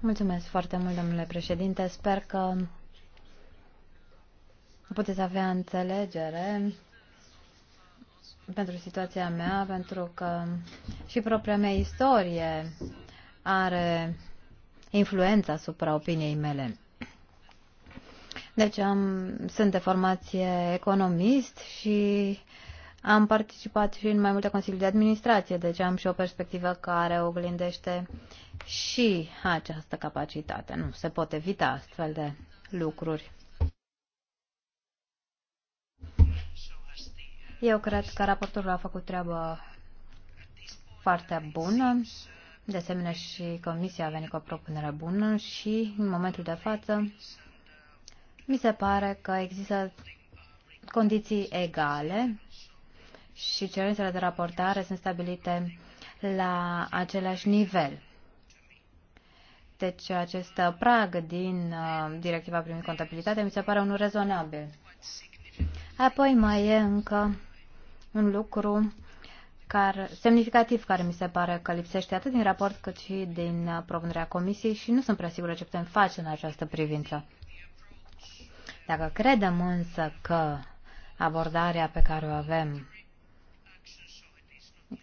Mulțumesc foarte mult, domnule președinte. Sper că puteți avea înțelegere pentru situația mea, pentru că și propria mea istorie are influența asupra opiniei mele. Deci am, sunt de formație economist și am participat și în mai multe consilii de administrație, deci am și o perspectivă care oglindește și această capacitate. Nu se pot evita astfel de lucruri. Eu cred că raportorul a făcut treabă foarte bună. De asemenea și Comisia a venit cu o propunere bună și în momentul de față mi se pare că există condiții egale și cerințele de raportare sunt stabilite la același nivel. Deci acest prag din uh, directiva privind contabilitatea mi se pare unul rezonabil. Apoi mai e încă un lucru care, semnificativ care mi se pare că lipsește atât din raport cât și din uh, propunerea comisiei și nu sunt prea sigură ce putem face în această privință. Dacă credem însă că abordarea pe care o avem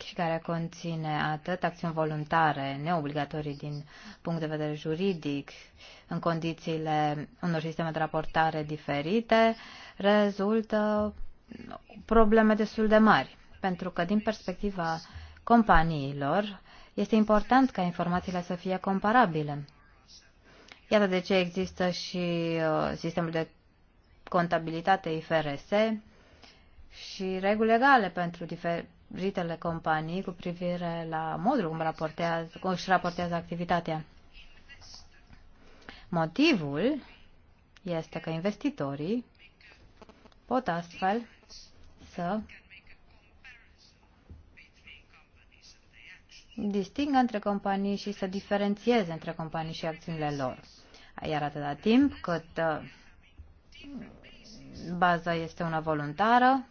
și care conține atât acțiuni voluntare, neobligatorii din punct de vedere juridic, în condițiile unor sisteme de raportare diferite, rezultă probleme destul de mari. Pentru că, din perspectiva companiilor, este important ca informațiile să fie comparabile. Iată de ce există și uh, sistemul de contabilitate IFRS și reguli legale pentru diferite maritele companii cu privire la modul cum, raportează, cum își raportează activitatea. Motivul este că investitorii pot astfel să distingă între companii și să diferențieze între companii și acțiunile lor. Iar atâta timp cât uh, baza este una voluntară,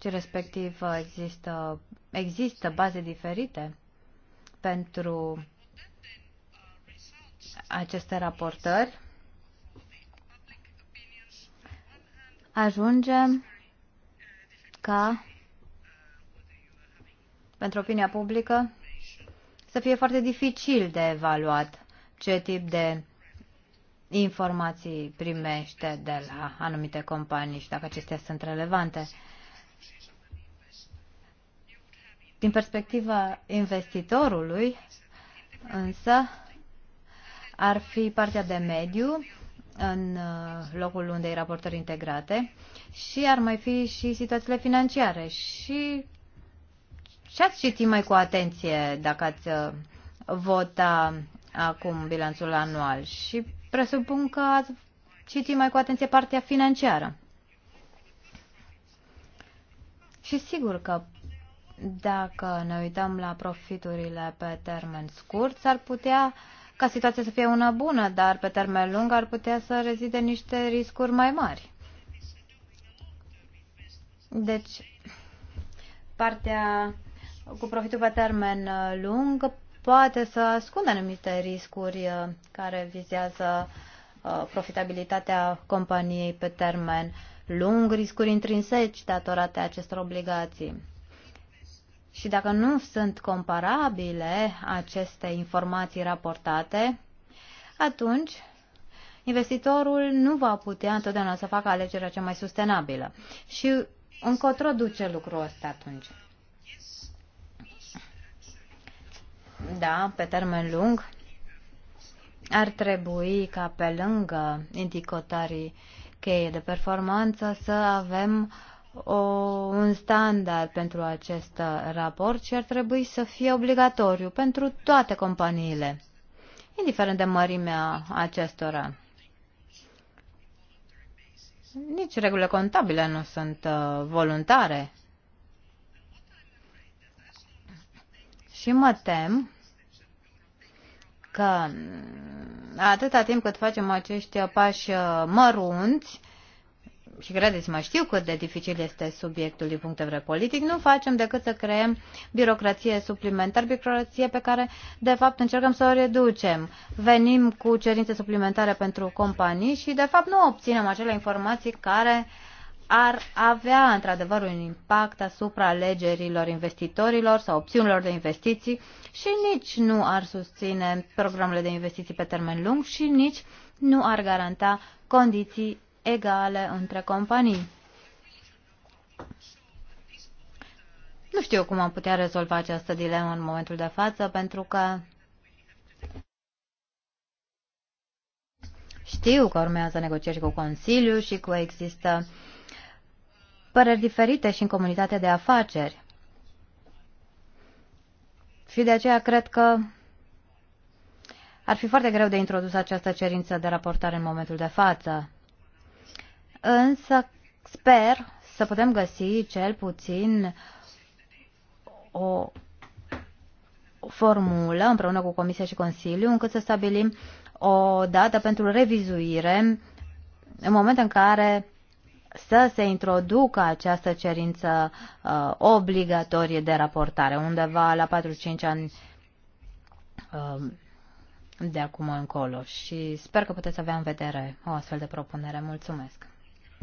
ce respectiv uh, există, există baze diferite pentru aceste raportări, ajungem ca pentru opinia publică să fie foarte dificil de evaluat ce tip de informații primește de la anumite companii și dacă acestea sunt relevante. Din perspectiva investitorului, însă, ar fi partea de mediu în uh, locul unde e raportări integrate și ar mai fi și situațiile financiare. Și ce ați citit mai cu atenție dacă ați uh, vota acum bilanțul anual și presupun că ați citit mai cu atenție partea financiară. Și sigur că dacă ne uităm la profiturile pe termen scurt, s-ar putea ca situația să fie una bună, dar pe termen lung ar putea să rezide niște riscuri mai mari. Deci, partea cu profitul pe termen uh, lung poate să ascundă anumite riscuri uh, care vizează uh, profitabilitatea companiei pe termen lung, riscuri intrinseci datorate acestor obligații. Și dacă nu sunt comparabile aceste informații raportate, atunci investitorul nu va putea întotdeauna să facă alegerea cea mai sustenabilă. Și încotro duce lucrul ăsta atunci. Da, pe termen lung, ar trebui ca pe lângă indicatorii cheie de performanță să avem o, un standard pentru acest raport și ar trebui să fie obligatoriu pentru toate companiile, indiferent de mărimea acestora. Nici regulile contabile nu sunt uh, voluntare. Și mă tem că atâta timp cât facem acești pași uh, mărunți, și credeți-mă, știu cât de dificil este subiectul din punct de vedere politic, nu facem decât să creăm birocrație suplimentară, birocrație pe care, de fapt, încercăm să o reducem. Venim cu cerințe suplimentare pentru companii și, de fapt, nu obținem acele informații care ar avea, într-adevăr, un impact asupra alegerilor investitorilor sau opțiunilor de investiții și nici nu ar susține programele de investiții pe termen lung și nici nu ar garanta condiții egale între companii. Nu știu cum am putea rezolva această dilemă în momentul de față, pentru că știu că urmează negocieri cu Consiliu și că există păreri diferite și în comunitatea de afaceri. Și de aceea cred că ar fi foarte greu de introdus această cerință de raportare în momentul de față însă sper să putem găsi cel puțin o formulă împreună cu Comisia și Consiliu încât să stabilim o dată pentru revizuire în momentul în care să se introducă această cerință uh, obligatorie de raportare undeva la 4-5 ani uh, de acum încolo și sper că puteți avea în vedere o astfel de propunere. Mulțumesc!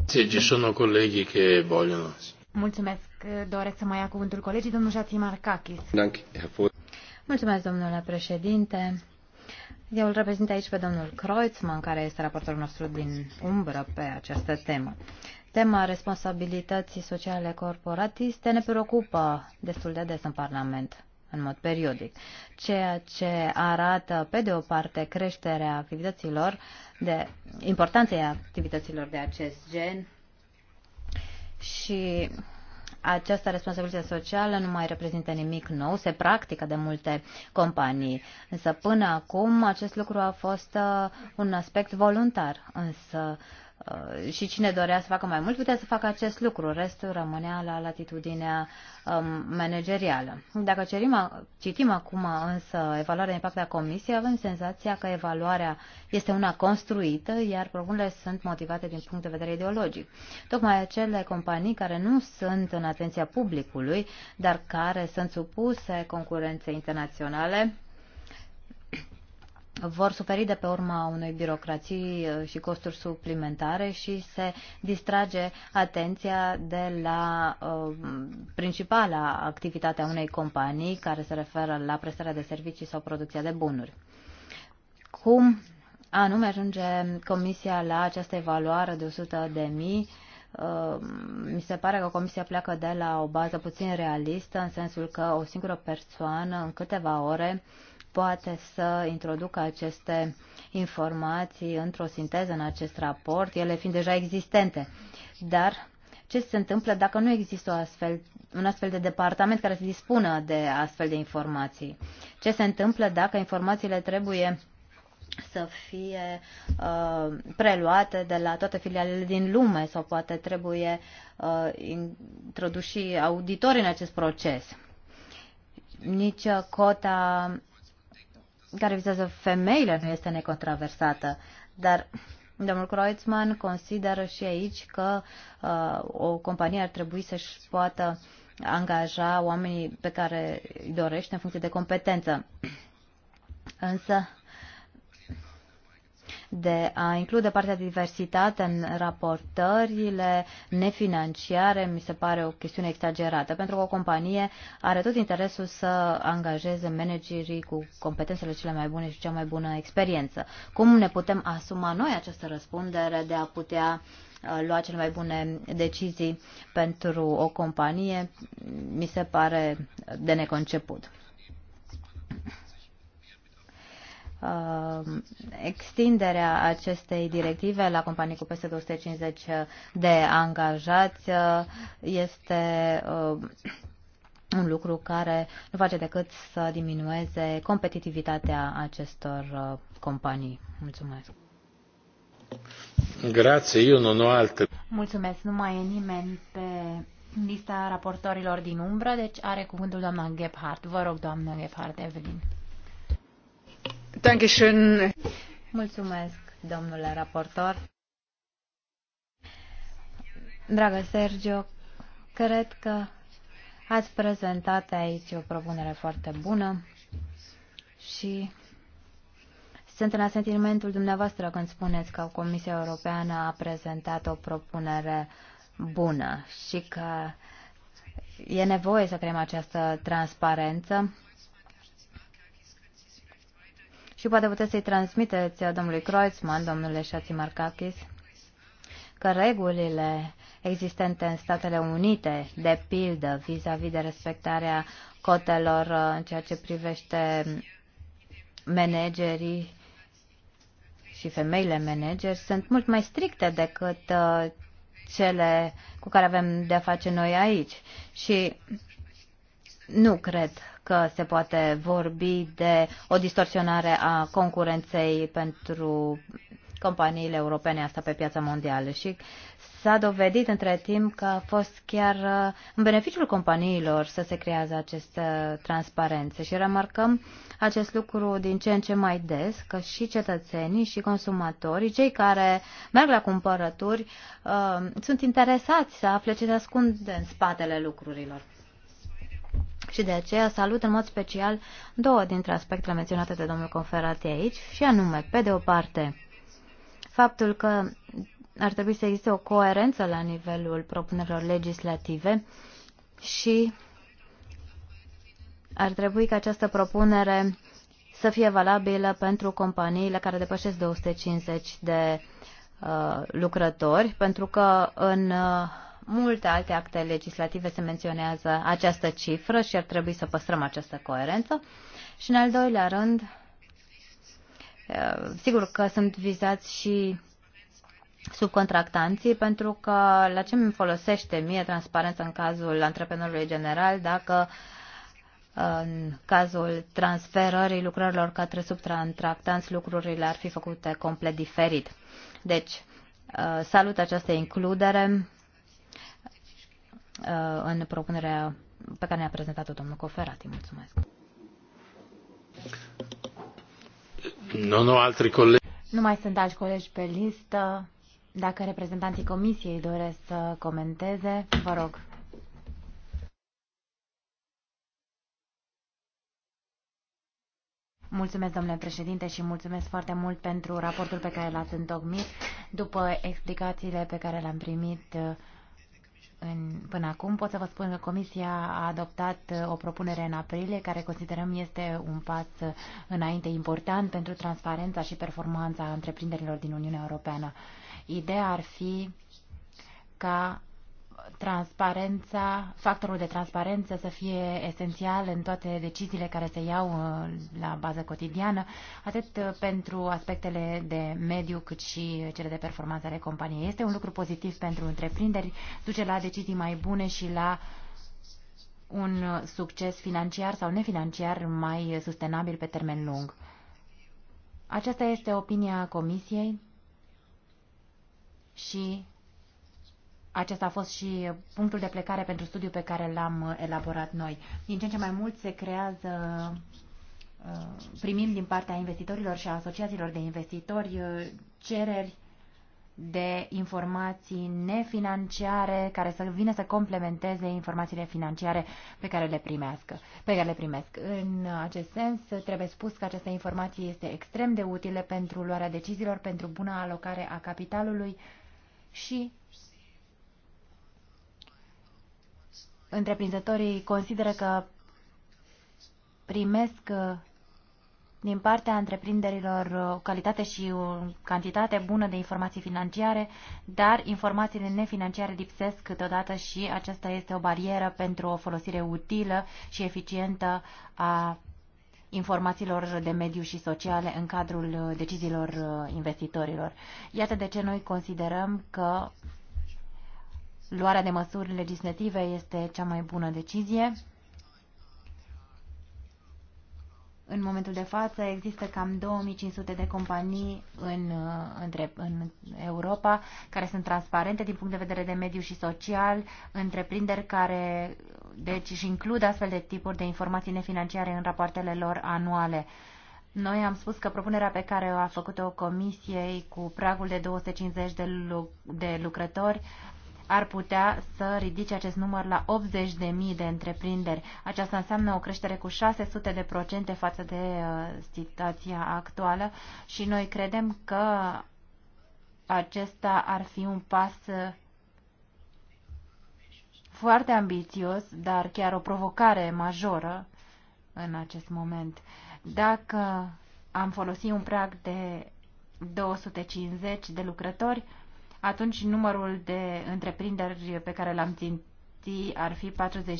Se ci sono colleghi che vogliono. Mulțumesc. Doresc să mai ia cuvântul colegii, domnul Jati Marcachis. Mulțumesc, domnule președinte. Eu îl reprezint aici pe domnul Kreutzmann, care este raportorul nostru din umbră pe această temă. Tema responsabilității sociale corporatiste ne preocupă destul de des în Parlament în mod periodic, ceea ce arată, pe de o parte, creșterea activităților, de, importanța activităților de acest gen și această responsabilitate socială nu mai reprezintă nimic nou, se practică de multe companii. Însă până acum acest lucru a fost uh, un aspect voluntar. Însă uh, Uh, și cine dorea să facă mai mult putea să facă acest lucru, restul rămânea la latitudinea um, managerială. Dacă cerim, citim acum însă evaluarea de impact a comisiei, avem senzația că evaluarea este una construită, iar propunerile sunt motivate din punct de vedere ideologic. Tocmai acele companii care nu sunt în atenția publicului, dar care sunt supuse concurenței internaționale, vor suferi de pe urma unei birocrații uh, și costuri suplimentare și se distrage atenția de la uh, principala activitate a unei companii care se referă la prestarea de servicii sau producția de bunuri. Cum anume ajunge Comisia la această evaluare de 100 de mii? Uh, mi se pare că Comisia pleacă de la o bază puțin realistă, în sensul că o singură persoană în câteva ore poate să introducă aceste informații într-o sinteză în acest raport, ele fiind deja existente. Dar ce se întâmplă dacă nu există o astfel, un astfel de departament care să dispună de astfel de informații? Ce se întâmplă dacă informațiile trebuie să fie uh, preluate de la toate filialele din lume sau poate trebuie uh, introduși auditori în acest proces? Nici cota care vizează femeile nu este necontroversată, dar domnul Kreuzmann consideră și aici că uh, o companie ar trebui să-și poată angaja oamenii pe care îi dorește în funcție de competență. Însă, de a include partea de diversitate în raportările nefinanciare mi se pare o chestiune exagerată, pentru că o companie are tot interesul să angajeze managerii cu competențele cele mai bune și cea mai bună experiență. Cum ne putem asuma noi această răspundere de a putea uh, lua cele mai bune decizii pentru o companie, mi se pare de neconceput. Um, extinderea acestei directive la companii cu peste 250 de angajați uh, este um, un lucru care nu face decât să diminueze competitivitatea acestor uh, companii. Mulțumesc. Grație, eu nu, nu altă. Mulțumesc, nu mai e nimeni pe lista raportorilor din umbră, deci are cuvântul doamna Gebhardt. Vă rog, doamna Gebhardt, Evelyn. Mulțumesc, domnule raportor. Dragă Sergio, cred că ați prezentat aici o propunere foarte bună și sunt în asentimentul dumneavoastră când spuneți că Comisia Europeană a prezentat o propunere bună și că e nevoie să creăm această transparență și poate puteți să-i transmiteți uh, domnului Kreuzmann, domnule Șațimarcachis, că regulile existente în Statele Unite, de pildă, vis-a-vis -vis de respectarea cotelor uh, în ceea ce privește managerii și femeile manageri, sunt mult mai stricte decât uh, cele cu care avem de-a face noi aici. Și nu cred că se poate vorbi de o distorsionare a concurenței pentru companiile europene, asta pe piața mondială. Și s-a dovedit între timp că a fost chiar uh, în beneficiul companiilor să se creează aceste transparențe și remarcăm acest lucru din ce în ce mai des, că și cetățenii și consumatorii, cei care merg la cumpărături, uh, sunt interesați să afle ce se ascunde în spatele lucrurilor. Și de aceea salut în mod special două dintre aspectele menționate de domnul Conferati aici, și anume, pe de o parte, faptul că ar trebui să existe o coerență la nivelul propunerilor legislative și ar trebui ca această propunere să fie valabilă pentru companiile care depășesc 250 de uh, lucrători, pentru că în uh, multe alte acte legislative se menționează această cifră și ar trebui să păstrăm această coerență. Și în al doilea rând, sigur că sunt vizați și subcontractanții, pentru că la ce îmi folosește mie transparența în cazul antreprenorului general dacă în cazul transferării lucrărilor către subcontractanți lucrurile ar fi făcute complet diferit. Deci, salut această includere Uh, în propunerea pe care ne-a prezentat-o domnul Coferati. Mulțumesc. Nu, nu, alți colegi. Nu mai sunt alți colegi pe listă. Dacă reprezentanții comisiei doresc să comenteze, vă rog. Mulțumesc, domnule președinte, și mulțumesc foarte mult pentru raportul pe care l-ați întocmit. După explicațiile pe care le-am primit, în, până acum. Pot să vă spun că Comisia a adoptat uh, o propunere în aprilie care considerăm este un pas uh, înainte important pentru transparența și performanța întreprinderilor din Uniunea Europeană. Ideea ar fi ca transparența, factorul de transparență să fie esențial în toate deciziile care se iau uh, la bază cotidiană, atât uh, pentru aspectele de mediu cât și cele de performanță ale companiei. Este un lucru pozitiv pentru întreprinderi, duce la decizii mai bune și la un uh, succes financiar sau nefinanciar mai sustenabil pe termen lung. Aceasta este opinia Comisiei și acesta a fost și punctul de plecare pentru studiul pe care l-am elaborat noi. Din ce în ce mai mult se creează uh, primim din partea investitorilor și a asociațiilor de investitori uh, cereri de informații nefinanciare care să vină să complementeze informațiile financiare pe care le, primească, pe care le primesc. În acest sens, trebuie spus că această informație este extrem de utilă pentru luarea deciziilor, pentru buna alocare a capitalului și întreprinzătorii consideră că primesc uh, din partea întreprinderilor o uh, calitate și o uh, cantitate bună de informații financiare, dar informațiile nefinanciare lipsesc câteodată și aceasta este o barieră pentru o folosire utilă și eficientă a informațiilor de mediu și sociale în cadrul deciziilor investitorilor. Iată de ce noi considerăm că luarea de măsuri legislative este cea mai bună decizie. În momentul de față există cam 2500 de companii în, uh, între, în Europa care sunt transparente din punct de vedere de mediu și social, întreprinderi care deci își includ astfel de tipuri de informații nefinanciare în rapoartele lor anuale. Noi am spus că propunerea pe care a făcut-o comisiei cu pragul de 250 de, lu- de lucrători ar putea să ridice acest număr la 80.000 de întreprinderi. Aceasta înseamnă o creștere cu 600 de procente față de uh, situația actuală și noi credem că acesta ar fi un pas uh, foarte ambițios, dar chiar o provocare majoră în acest moment. Dacă am folosit un prag de 250 de lucrători, atunci numărul de întreprinderi pe care l-am ținut ar fi 45.000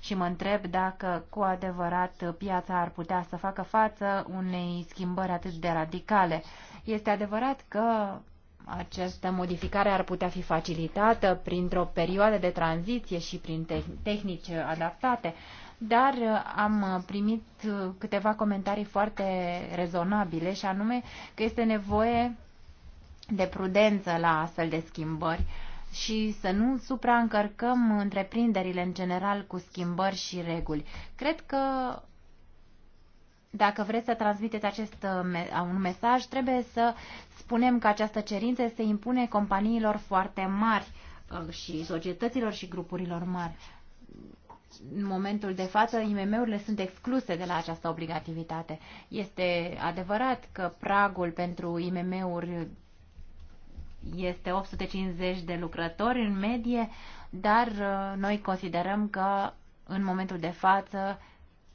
și mă întreb dacă cu adevărat piața ar putea să facă față unei schimbări atât de radicale. Este adevărat că această modificare ar putea fi facilitată printr-o perioadă de tranziție și prin tehnici adaptate, dar am primit câteva comentarii foarte rezonabile și anume că este nevoie de prudență la astfel de schimbări și să nu supraîncărcăm întreprinderile în general cu schimbări și reguli. Cred că dacă vreți să transmiteți acest un mesaj, trebuie să spunem că această cerință se impune companiilor foarte mari uh, și societăților și grupurilor mari. În momentul de față, IMM-urile sunt excluse de la această obligativitate. Este adevărat că pragul pentru IMM-uri este 850 de lucrători în medie, dar uh, noi considerăm că în momentul de față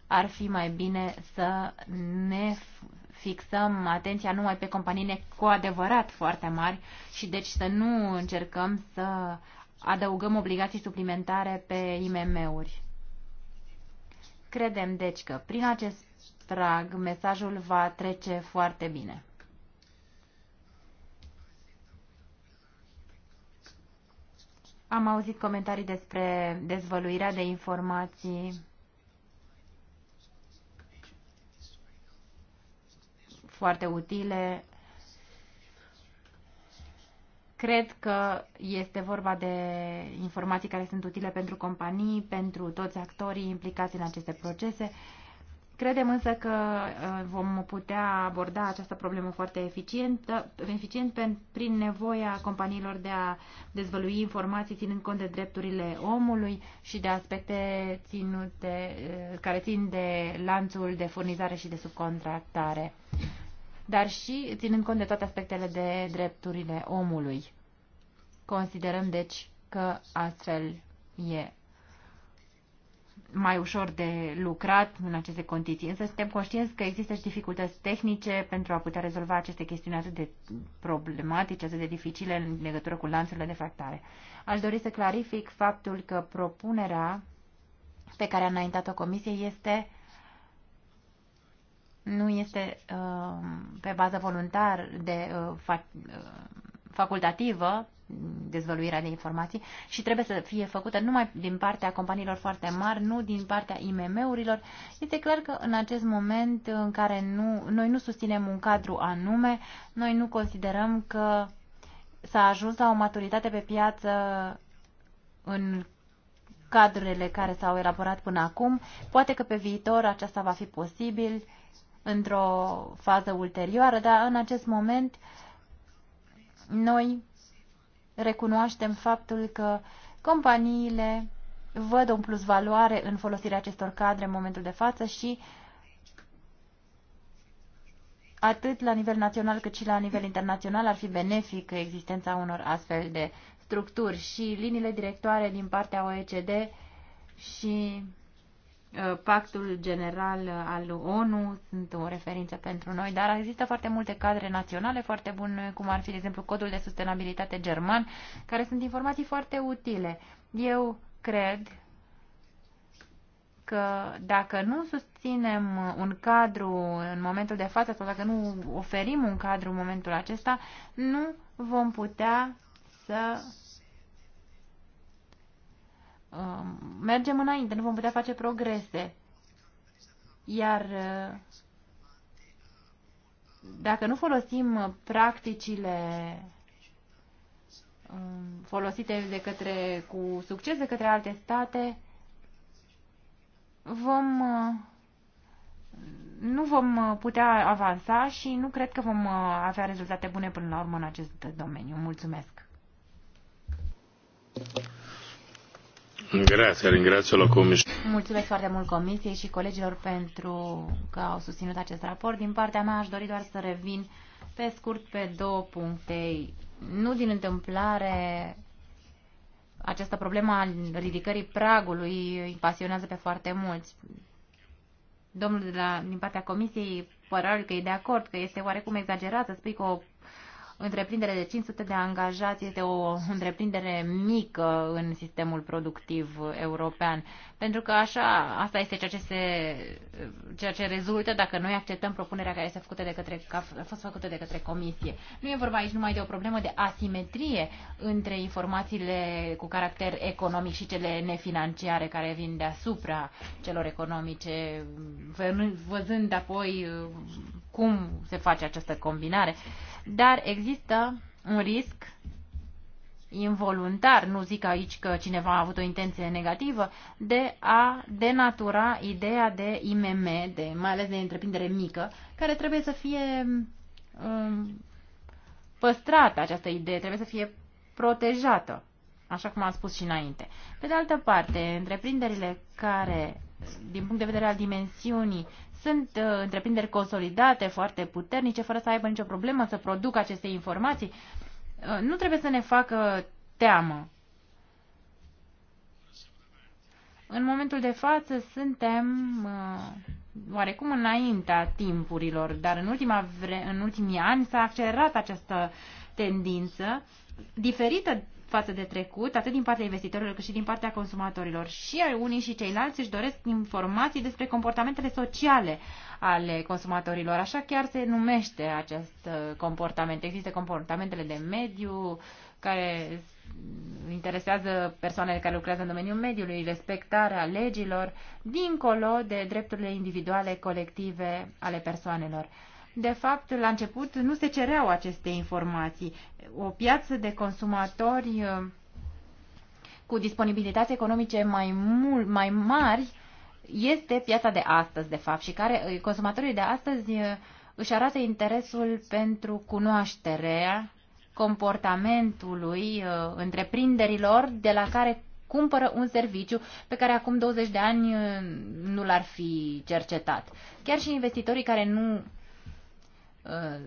ar fi mai bine să ne fixăm atenția numai pe companiile cu adevărat foarte mari și deci să nu încercăm să adăugăm obligații suplimentare pe IMM-uri. Credem, deci, că prin acest prag mesajul va trece foarte bine. Am auzit comentarii despre dezvăluirea de informații foarte utile. Cred că este vorba de informații care sunt utile pentru companii, pentru toți actorii implicați în aceste procese. Credem însă că uh, vom putea aborda această problemă foarte eficient, eficient prin nevoia companiilor de a dezvălui informații ținând cont de drepturile omului și de aspecte ținute, uh, care țin de lanțul de furnizare și de subcontractare, dar și ținând cont de toate aspectele de drepturile omului. Considerăm, deci, că astfel e mai ușor de lucrat în aceste condiții. Însă suntem conștienți că există și dificultăți tehnice pentru a putea rezolva aceste chestiuni atât de problematice, atât de dificile în legătură cu lanțurile de fractare. Aș dori să clarific faptul că propunerea pe care a înaintat-o comisie este nu este uh, pe bază voluntar de uh, fac, uh, facultativă, dezvăluirea de informații și trebuie să fie făcută numai din partea companiilor foarte mari, nu din partea IMM-urilor. Este clar că în acest moment în care nu, noi nu susținem un cadru anume, noi nu considerăm că s-a ajuns la o maturitate pe piață în cadrele care s-au elaborat până acum. Poate că pe viitor aceasta va fi posibil într-o fază ulterioară, dar în acest moment noi recunoaștem faptul că companiile văd un plus valoare în folosirea acestor cadre în momentul de față și atât la nivel național cât și la nivel internațional ar fi benefic existența unor astfel de structuri și liniile directoare din partea OECD și Uh, pactul general al ONU sunt o referință pentru noi, dar există foarte multe cadre naționale foarte bune, cum ar fi, de exemplu, codul de sustenabilitate german, care sunt informații foarte utile. Eu cred că dacă nu susținem un cadru în momentul de față sau dacă nu oferim un cadru în momentul acesta, nu vom putea să Um, mergem înainte, nu vom putea face progrese. Iar uh, dacă nu folosim practicile um, folosite de către, cu succes de către alte state, vom, uh, nu vom putea avansa și nu cred că vom uh, avea rezultate bune până la urmă în acest domeniu. Mulțumesc! Mulțumesc foarte mult Comisiei și colegilor pentru că au susținut acest raport. Din partea mea aș dori doar să revin pe scurt pe două puncte. Nu din întâmplare această problemă a ridicării pragului pasionează pe foarte mulți. Domnul de la, din partea Comisiei părea că e de acord, că este oarecum exagerat să spui că o întreprindere de 500 de angajați este o întreprindere mică în sistemul productiv european. Pentru că așa, asta este ceea ce, se, ceea ce rezultă dacă noi acceptăm propunerea care este făcută de către, a fost făcută de către comisie. Nu e vorba aici numai de o problemă de asimetrie între informațiile cu caracter economic și cele nefinanciare care vin deasupra celor economice, văzând apoi cum se face această combinare, dar există un risc involuntar, nu zic aici că cineva a avut o intenție negativă, de a denatura ideea de IMM, de, mai ales de întreprindere mică, care trebuie să fie um, păstrată această idee, trebuie să fie protejată, așa cum am spus și înainte. Pe de altă parte, întreprinderile care, din punct de vedere al dimensiunii, sunt uh, întreprinderi consolidate, foarte puternice, fără să aibă nicio problemă să producă aceste informații. Uh, nu trebuie să ne facă teamă. În momentul de față suntem uh, oarecum înaintea timpurilor, dar în, ultima vre- în ultimii ani s-a accelerat această tendință diferită față de trecut, atât din partea investitorilor cât și din partea consumatorilor. Și unii și ceilalți își doresc informații despre comportamentele sociale ale consumatorilor. Așa chiar se numește acest uh, comportament. Există comportamentele de mediu care interesează persoanele care lucrează în domeniul mediului, respectarea legilor, dincolo de drepturile individuale colective ale persoanelor de fapt, la început nu se cereau aceste informații. O piață de consumatori uh, cu disponibilități economice mai, mult, mai mari este piața de astăzi, de fapt, și care uh, consumatorii de astăzi uh, își arată interesul pentru cunoașterea comportamentului întreprinderilor de la care cumpără un serviciu pe care acum 20 de ani nu l-ar fi cercetat. Chiar și investitorii care nu Uh,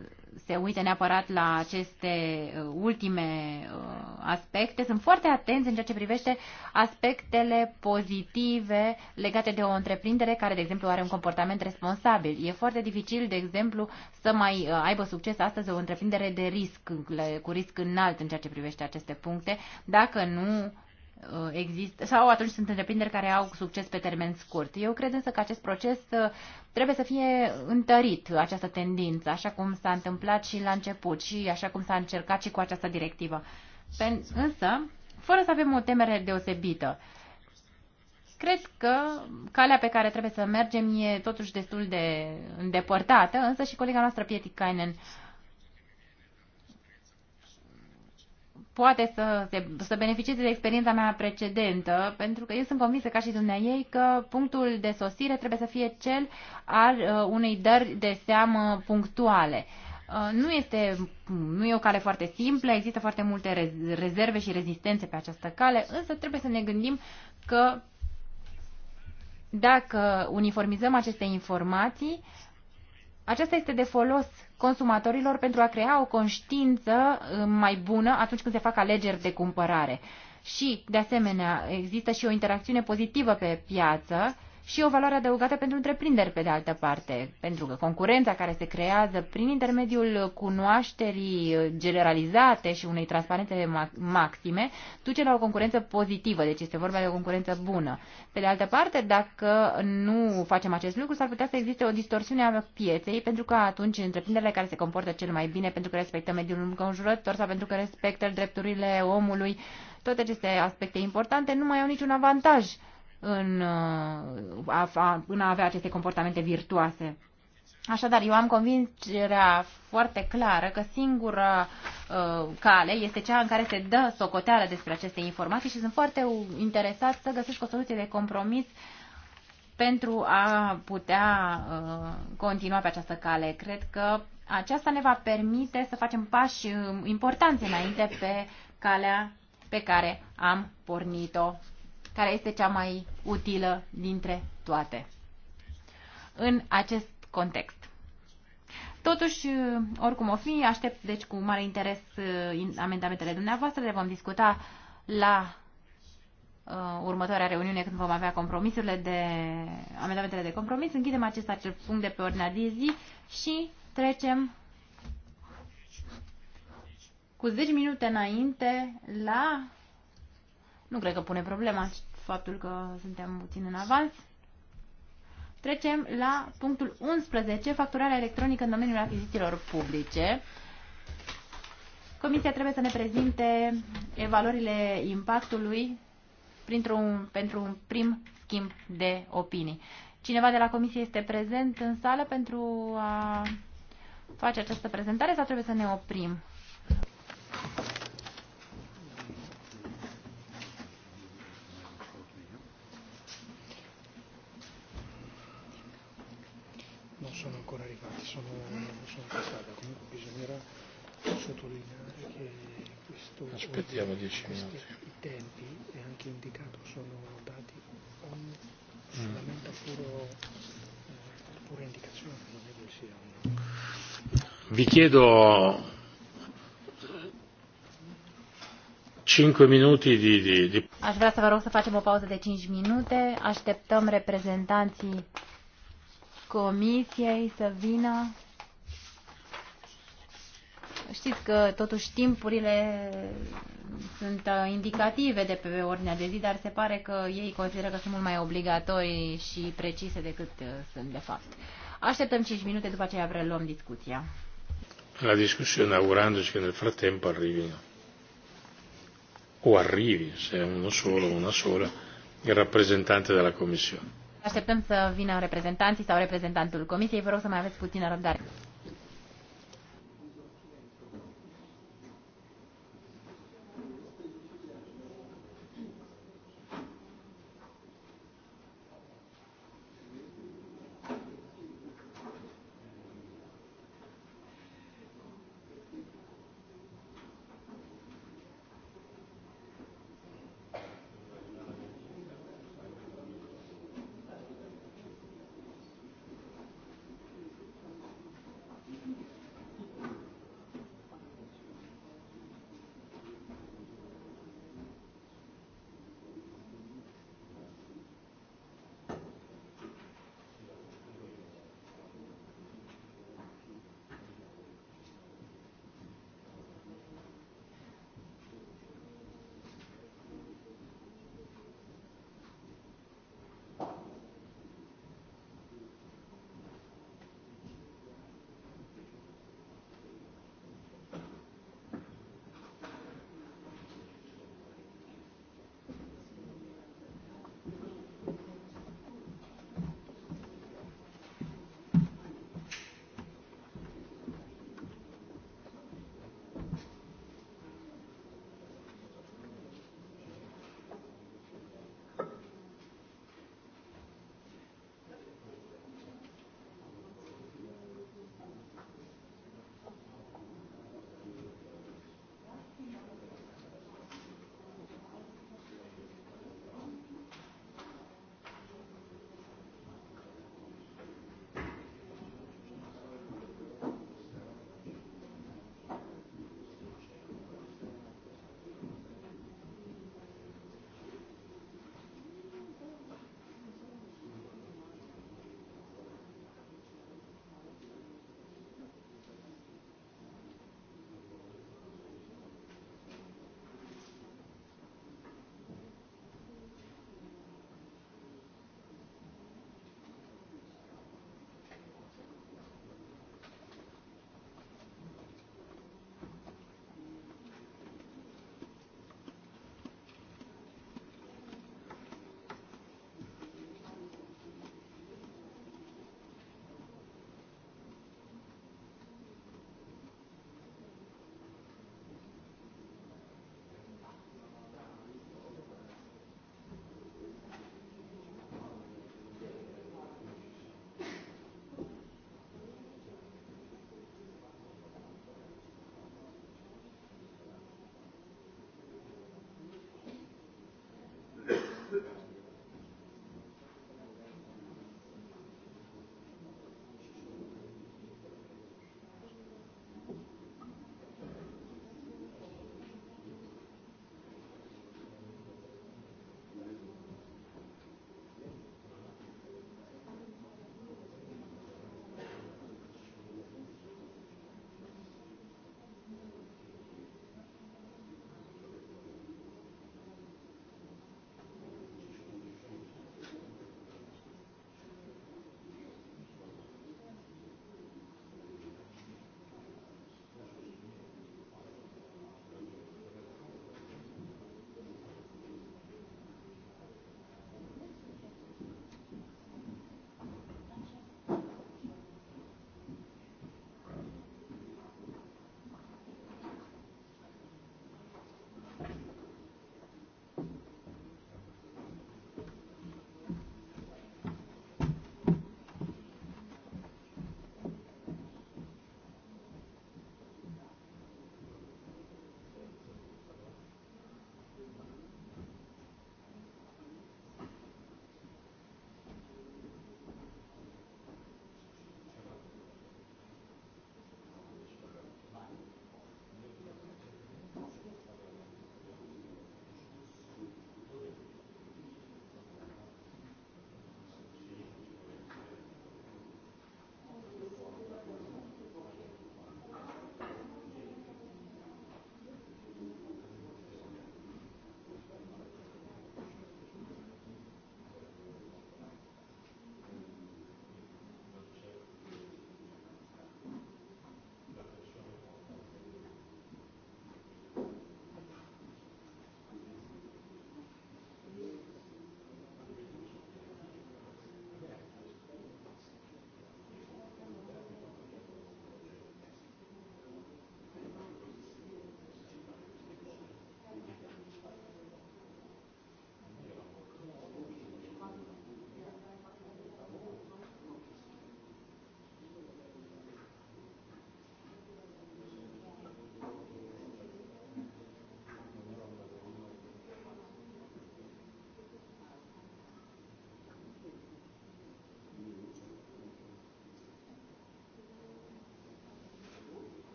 se uite neapărat la aceste uh, ultime uh, aspecte. Sunt foarte atenți în ceea ce privește aspectele pozitive legate de o întreprindere care, de exemplu, are un comportament responsabil. E foarte dificil, de exemplu, să mai aibă succes astăzi o întreprindere de risc, cu risc înalt în ceea ce privește aceste puncte, dacă nu Uh, există, sau atunci sunt întreprinderi care au succes pe termen scurt. Eu cred însă că acest proces uh, trebuie să fie întărit, această tendință, așa cum s-a întâmplat și la început și așa cum s-a încercat și cu această directivă. Pen, însă, fără să avem o temere deosebită, cred că calea pe care trebuie să mergem e totuși destul de îndepărtată, însă și colega noastră Pieti Kainen uh, poate să, se, să beneficieze de experiența mea precedentă, pentru că eu sunt convinsă, ca și ei că punctul de sosire trebuie să fie cel al uh, unei dări de seamă punctuale. Uh, nu este, nu e o cale foarte simplă, există foarte multe rezerve și rezistențe pe această cale, însă trebuie să ne gândim că dacă uniformizăm aceste informații, uh, aceasta este de folos consumatorilor pentru a crea o conștiință uh, mai bună atunci când se fac alegeri de cumpărare. Și, de asemenea, există și o interacțiune pozitivă pe piață și o valoare adăugată pentru întreprinderi, pe de altă parte, pentru că concurența care se creează prin intermediul cunoașterii generalizate și unei transparențe maxime duce la o concurență pozitivă, deci este vorba de o concurență bună. Pe de altă parte, dacă nu facem acest lucru, s-ar putea să existe o distorsiune a pieței, pentru că atunci întreprinderile care se comportă cel mai bine pentru că respectă mediul înconjurător sau pentru că respectă drepturile omului, toate aceste aspecte importante nu mai au niciun avantaj în uh, a, a, în a avea aceste comportamente virtuoase. Așadar, eu am convingerea foarte clară că singura uh, cale este cea în care se dă socoteală despre aceste informații și sunt foarte interesat să găsesc o soluție de compromis pentru a putea uh, continua pe această cale. Cred că aceasta ne va permite să facem pași um, importanți înainte pe calea pe care am pornit-o care este cea mai utilă dintre toate în acest context. Totuși, oricum o fi, aștept deci cu mare interes uh, amendamentele dumneavoastră, le vom discuta la uh, următoarea reuniune când vom avea compromisurile de amendamentele de compromis. Închidem acest acel punct de pe ordinea de zi și trecem cu 10 minute înainte la nu cred că pune problema faptul că suntem puțin în avans. Trecem la punctul 11, facturarea electronică în domeniul achizițiilor publice. Comisia trebuie să ne prezinte evaluările impactului un pentru un prim schimb de opinii. Cineva de la comisie este prezent în sală pentru a face această prezentare sau trebuie să ne oprim? sono, sono passata, comunque bisognerà sottolineare che questo, aspettiamo dieci minuti. i tempi è anche indicato sono dati mm. on, solamente a puro, eh, pura indicazione, non è che sia un... Vi chiedo eh, cinque minuti di, di, di... Aș vrea să vă rog să facem o pauză de 5 minute. Așteptăm reprezentanții Comisiei să vină. Știți că totuși timpurile sunt uh, indicative de pe ordinea de zi, dar se pare că ei consideră că sunt mult mai obligatorii și precise decât uh, sunt de fapt. Așteptăm 5 minute, după aceea preluăm discuția. La discussione augurandoci che în frattempo arrivino o arrivi, se uno solo o una sola, il rappresentante della Commissione. Așteptăm să vină reprezentanții sau reprezentantul Comisiei. Vă rog să mai aveți puțină răbdare.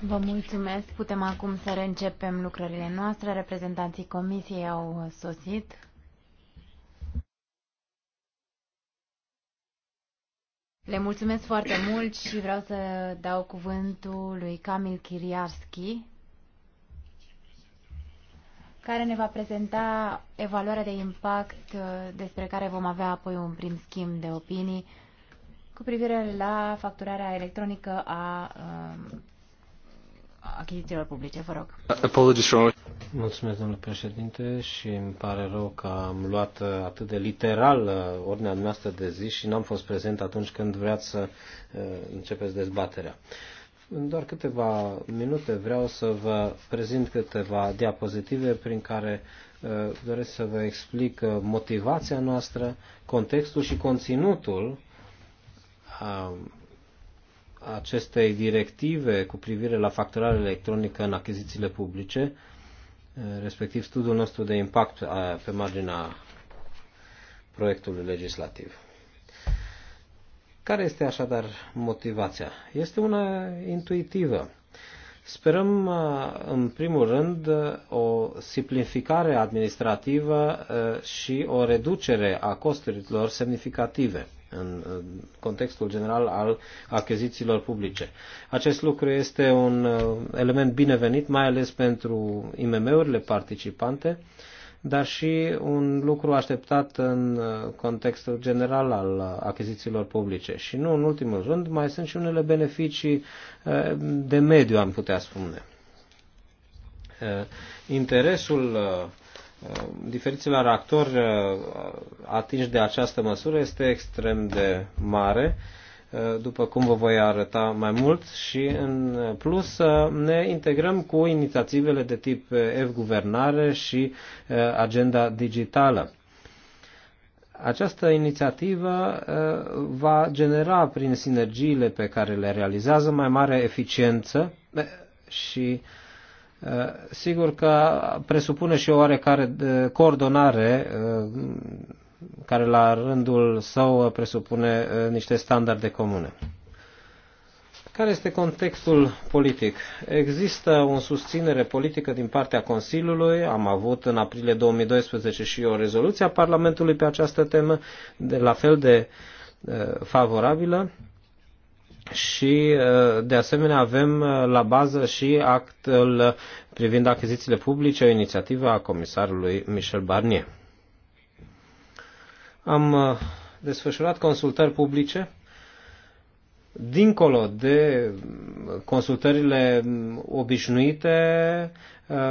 Vă mulțumesc. Putem acum să reîncepem lucrările noastre. Reprezentanții comisiei au sosit. Le mulțumesc foarte mult și vreau să dau cuvântul lui Camil Kiriarski care ne va prezenta evaluarea de impact uh, despre care vom avea apoi un prim schimb de opinii cu privire la facturarea electronică a uh, achizițiilor publice. Vă rog. Mulțumesc, domnule președinte, și îmi pare rău că am luat uh, atât de literal uh, ordinea noastră de zi și n-am fost prezent atunci când vreați să uh, începeți dezbaterea. În doar câteva minute vreau să vă prezint câteva diapozitive prin care doresc să vă explic motivația noastră, contextul și conținutul acestei directive cu privire la facturarea electronică în achizițiile publice, respectiv studiul nostru de impact pe marginea proiectului legislativ. Care este așadar motivația? Este una intuitivă. Sperăm, în primul rând, o simplificare administrativă și o reducere a costurilor semnificative în contextul general al achizițiilor publice. Acest lucru este un uh, element binevenit, mai ales pentru IMM-urile participante, dar și un lucru așteptat în uh, contextul general al uh, achizițiilor publice. Și nu în ultimul rând, mai sunt și unele beneficii de mediu, am putea spune. Interesul diferiților actori uh, atinși de această măsură este extrem de mare, uh, după cum vă voi arăta mai mult și în plus uh, ne integrăm cu inițiativele de tip F-guvernare și agenda digitală. Această inițiativă va genera prin sinergiile pe care le realizează mai mare eficiență și uh, Eh, sigur că presupune și o oarecare eh, coordonare eh, care la rândul său presupune niște standarde comune. Care este contextul politic? Există o susținere politică din partea Consiliului, am avut în aprilie 2012 și o rezoluție a Parlamentului pe această temă, de la fel de favorabilă și uh, de asemenea avem uh, la bază și actul privind achizițiile publice, o inițiativă a comisarului Michel Barnier. Am uh, desfășurat consultări publice dincolo de consultările mm, obișnuite,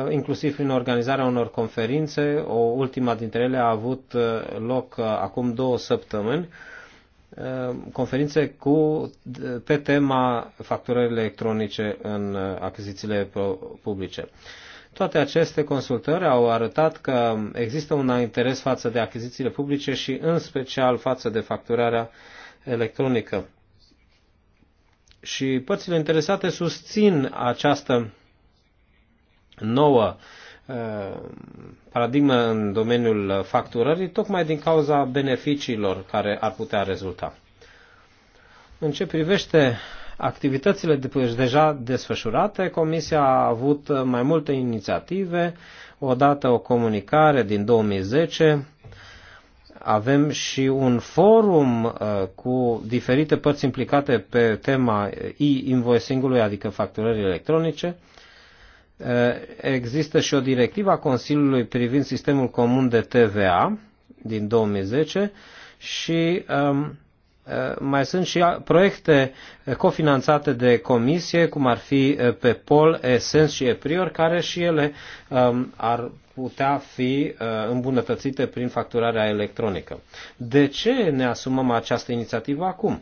inclusiv prin organizarea unor conferințe, o ultima dintre ele a avut loc acum două săptămâni, Uh, conferințe cu, uh, pe tema facturării electronice în uh, achizițiile publice. Toate aceste consultări au arătat că există un interes față de achizițiile publice și în special față de facturarea electronică. Și părțile interesate susțin această nouă uh, Uh, paradigmă în domeniul facturării, tocmai din cauza beneficiilor care ar putea rezulta. În ce privește activitățile deci deja desfășurate, Comisia a avut mai multe inițiative, odată o comunicare din 2010, avem și un forum uh, cu diferite părți implicate pe tema e-invoicing-ului, adică facturării electronice, Eh, există și o directivă a Consiliului privind sistemul comun de TVA din 2010 și ehm, eh, mai sunt și proiecte cofinanțate de comisie, cum ar fi eh, PEPOL, Essence și EPRIOR, care și ele ehm, ar putea fi îmbunătățite prin facturarea electronică. De ce ne asumăm această inițiativă acum?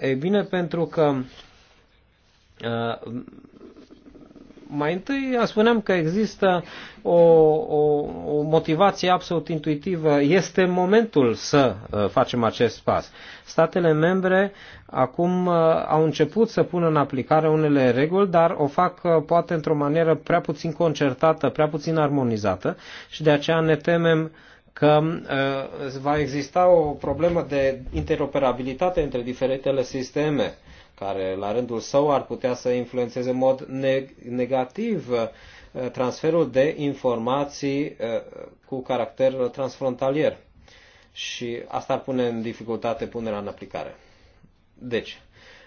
Ei bine, pentru că mai întâi spuneam că există o, o, o motivație absolut intuitivă. Este momentul să uh, facem acest pas. Statele membre acum uh, au început să pună în aplicare unele reguli, dar o fac uh, poate într-o manieră prea puțin concertată, prea puțin armonizată și de aceea ne temem că va exista o problemă de interoperabilitate între diferitele sisteme care la rândul său ar putea să influențeze în mod negativ uh, transferul de informații uh, cu caracter transfrontalier. Și asta ar pune în dificultate punerea în aplicare. Deci,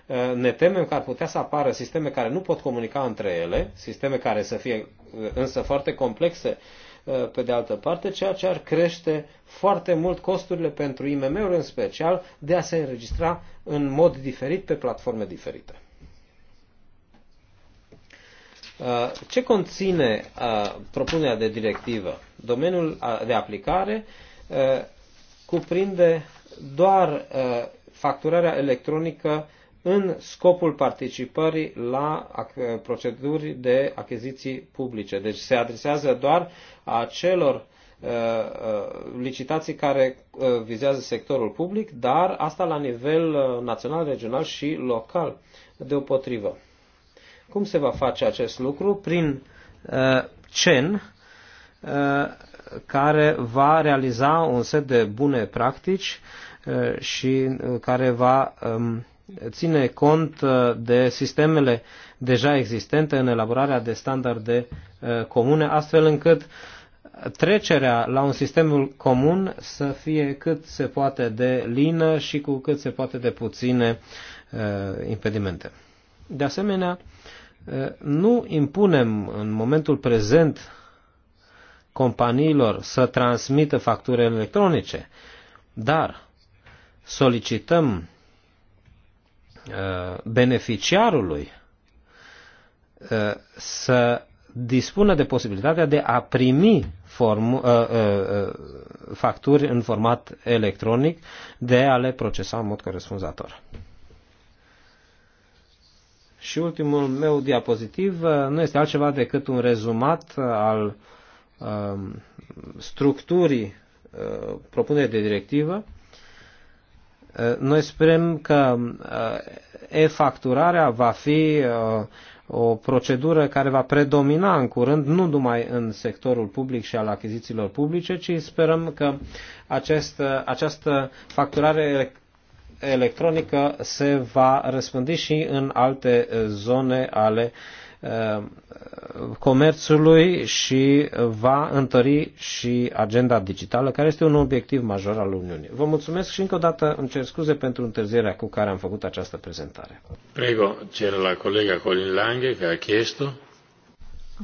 uh, ne temem că ar putea să apară sisteme care nu pot comunica între ele, sisteme care să fie însă foarte complexe Eh, pe de altă parte, ceea ce ar crește foarte mult costurile pentru IMM-uri în special de a se înregistra în mod diferit pe platforme diferite. Eh, ce conține eh, propunerea de directivă? Domeniul de aplicare cuprinde doar facturarea electronică uh, în scopul participării la proceduri de achiziții publice. Deci se adresează doar acelor uh, uh, licitații care uh, vizează sectorul public, dar asta la nivel național, regional și local, deopotrivă. Cum se va face acest lucru? Prin CEN, care va realiza un set de bune practici și care va um, ține cont uh, de sistemele deja existente în elaborarea de standarde uh, comune, astfel încât trecerea la un sistem comun să fie cât se poate de lină și cu cât se poate de puține uh, impedimente. De asemenea, nu impunem în momentul prezent companiilor să transmită facturi electronice, dar solicităm Uh, beneficiarului uh, să dispună de posibilitatea de a primi form, uh, facturi în format electronic, de a le procesa în mod corespunzător. Și ultimul meu diapozitiv nu este altceva decât un rezumat al um, structurii propunerii de directivă Uh, noi sperăm că uh, e-facturarea va fi uh, o procedură care va predomina în curând, nu numai în sectorul public și al achizițiilor publice, ci sperăm că această această facturare electronică se va răspândi și în alte zone ale uh, Uh, comerțului și va întări și agenda digitală, care este un obiectiv major al Uniunii. Vă mulțumesc și încă o dată îmi cer scuze pentru întârzierea cu care am făcut această prezentare. Prego, cer la colega Colin Lange, care a chiesto.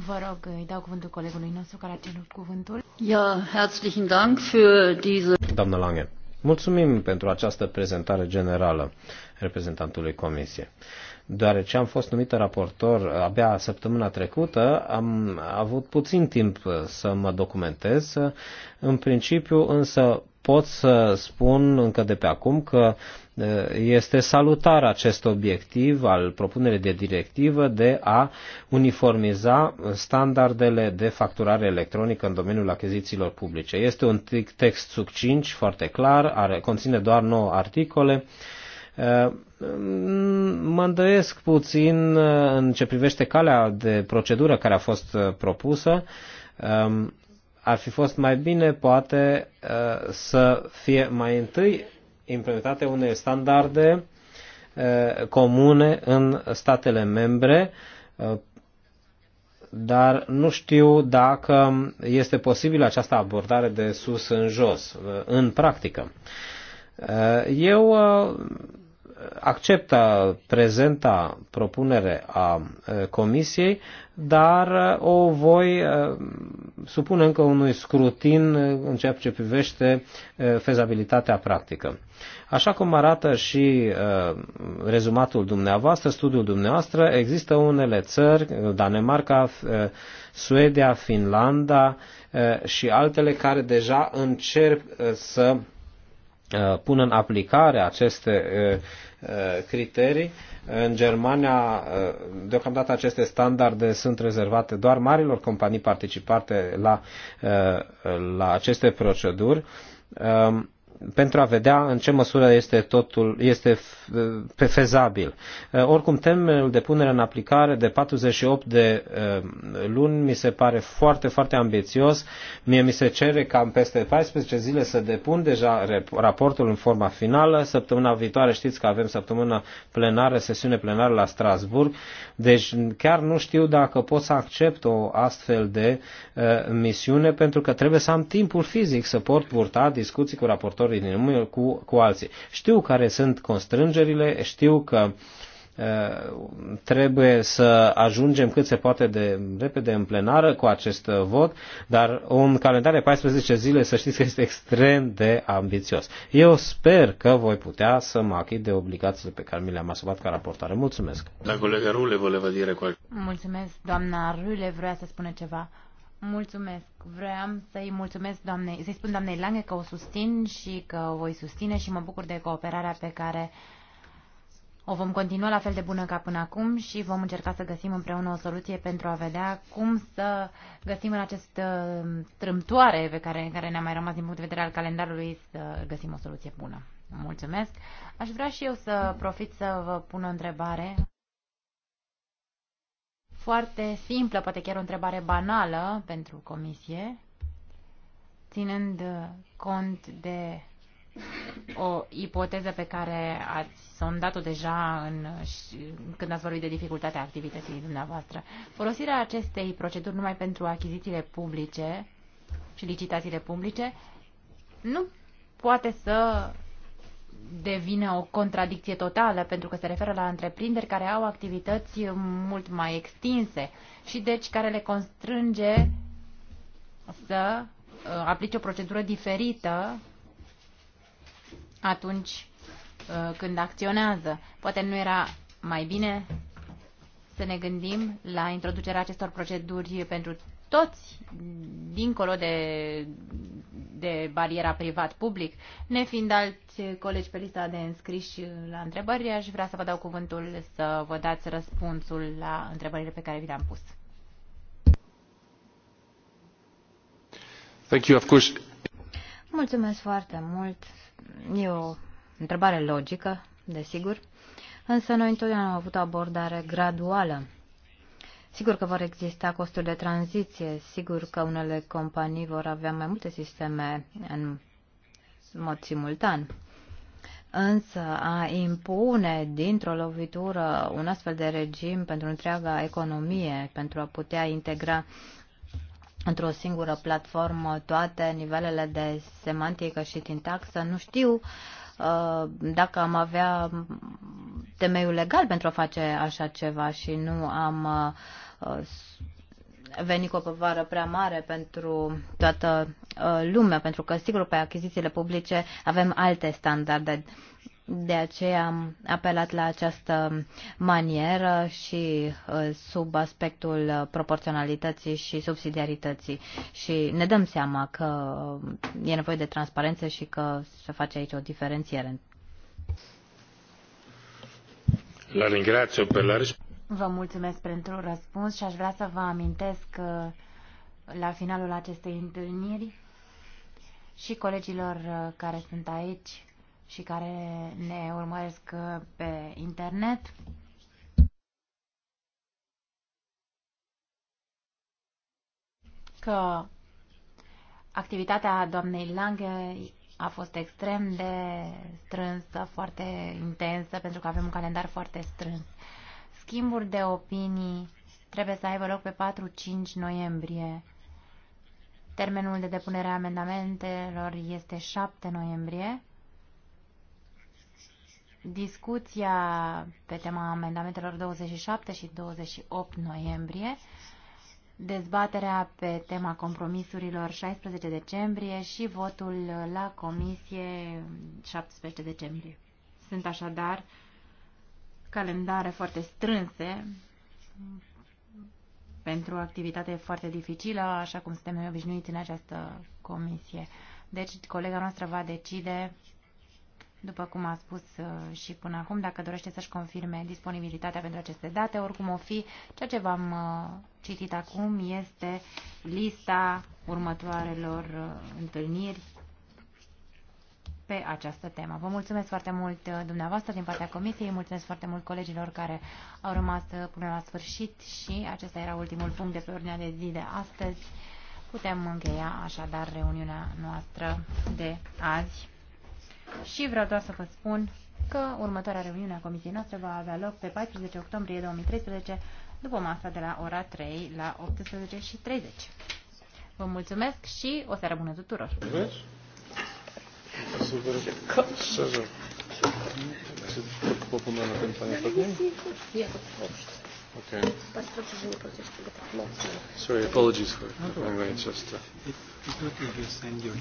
Vă rog, îi dau cuvântul colegului nostru care a cerut cuvântul. Ja, herzlichen Dank für diese... Doamna Lange, mulțumim pentru această prezentare generală reprezentantului Comisiei deoarece am fost numită raportor uh, abia săptămâna trecută, am avut puțin timp uh, să mă documentez. Uh, în principiu, însă, pot să spun încă de pe acum că este salutar acest obiectiv al propunerii de directivă de a uniformiza standardele de facturare electronică în domeniul achizițiilor publice. Este un text 5 foarte clar, are, conține doar 9 articole, Ehm, mă îndoiesc puțin eh, în ce privește calea de procedură care a fost eh, propusă. Ehm, ar fi fost mai bine, poate, eh, să fie mai întâi implementate unele standarde comune în statele membre, dar nu știu dacă este posibilă această abordare de sus în jos, în practică. Eu acceptă prezenta propunere a Comisiei, dar o voi supune încă unui scrutin în ceea ce privește fezabilitatea practică. Așa cum arată și rezumatul dumneavoastră, studiul dumneavoastră, există unele țări, Danemarca, Suedia, Finlanda și altele care deja încep să Uh, pun în aplicare aceste uh, uh, criterii. În Germania, deocamdată aceste standarde sunt rezervate doar marilor companii participate la, la aceste proceduri. Um, pentru a vedea în ce măsură este totul este uh, fezabil. Uh, oricum, termenul de punere în aplicare de 48 de uh, luni mi se pare foarte, foarte ambițios. Mie mi se cere cam peste 14 zile să depun deja raportul în forma finală. Săptămâna viitoare știți că avem săptămână plenară, sesiune plenară la Strasburg. Deci chiar nu știu dacă pot să accept o astfel de misiune pentru că trebuie să am timpul fizic să pot purta discuții cu raportorul lucrătorii din lume cu, cu alții. Știu care sunt constrângerile, știu că uh, trebuie să ajungem cât se poate de repede în plenară cu acest uh, vot, dar un calendar de 14 zile să știți că este extrem de ambițios. Eu sper că voi putea să mă achit de obligațiile pe care mi le-am asumat ca raportare. Mulțumesc! La colega Rule vă le vă dire qualcosa. Mulțumesc, doamna Rule vrea să spune ceva. Mulțumesc. Vreau să-i mulțumesc doamnei, să-i spun doamnei Lange că o susțin și că o voi susține și mă bucur de cooperarea pe care o vom continua la fel de bună ca până acum și vom încerca să găsim împreună o soluție pentru a vedea cum să găsim în acest uh, trâmtoare pe care, care ne-a mai rămas din punct de vedere al calendarului să găsim o soluție bună. Mulțumesc. Aș vrea și eu să profit să vă pun o întrebare foarte simplă, poate chiar o întrebare banală pentru comisie, ținând cont de o ipoteză pe care ați sondat-o deja în, când ați vorbit de dificultatea activității dumneavoastră. Folosirea acestei proceduri numai pentru achizițiile publice și licitațiile publice nu poate să devine o contradicție totală, pentru că se referă la întreprinderi care au activități mult mai extinse și deci care le constrânge să uh, aplice o procedură diferită atunci uh, când acționează. Poate nu era mai bine să ne gândim la introducerea acestor proceduri pentru toți, dincolo de, de bariera privat-public, ne fiind alți colegi pe lista de înscriși la întrebări, aș vrea să vă dau cuvântul să vă dați răspunsul la întrebările pe care vi le-am pus. Thank you, of course. Mulțumesc foarte mult. E o întrebare logică, desigur, însă noi întotdeauna am avut o abordare graduală Sigur că vor exista costuri de tranziție, sigur că unele companii vor avea mai multe sisteme în mod simultan. Însă a impune dintr-o lovitură un astfel de regim pentru întreaga economie, pentru a putea integra într-o singură platformă toate nivelele de semantică și sintaxă, nu știu uh, dacă am avea temeiul legal pentru a face așa ceva și nu am uh, venit cu o povară prea mare pentru toată uh, lumea, pentru că, sigur, pe achizițiile publice avem alte standarde. De aceea am apelat la această manieră și uh, sub aspectul proporționalității și subsidiarității. Și ne dăm seama că e nevoie de transparență și că se face aici o diferențiere. Vă mulțumesc pentru răspuns și aș vrea să vă amintesc că la finalul acestei întâlniri și colegilor uh, care sunt aici și care ne urmăresc uh, pe internet. că activitatea doamnei Lange a fost extrem de strânsă, foarte intensă, pentru că avem un calendar foarte strâns. Schimburi de opinii trebuie să aibă loc pe 4-5 noiembrie. Termenul de depunere a amendamentelor este 7 noiembrie. Discuția pe tema amendamentelor 27 și 28 noiembrie dezbaterea pe tema compromisurilor 16 decembrie și votul la comisie 17 decembrie. Sunt așadar calendare foarte strânse pentru o activitate foarte dificilă, așa cum suntem noi obișnuiți în această comisie. Deci, colega noastră va decide după cum a spus uh, și până acum, dacă dorește să-și confirme disponibilitatea pentru aceste date, oricum o fi, ceea ce v-am uh, citit acum este lista următoarelor uh, întâlniri pe această temă. Vă mulțumesc foarte mult dumneavoastră din partea comisiei, mulțumesc foarte mult colegilor care au rămas până la sfârșit și acesta era ultimul punct de pe ordinea de zi de astăzi. Putem încheia așadar reuniunea noastră de azi și vreau doar să vă spun că următoarea reuniune a comisiei noastre va avea loc pe 14 octombrie 2013 după masa de la ora 3 la 18.30. Vă mulțumesc și o seară bună tuturor! Okay. Sorry, apologies for no, I'm just. Uh... It, it, it, you send your.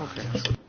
Okay.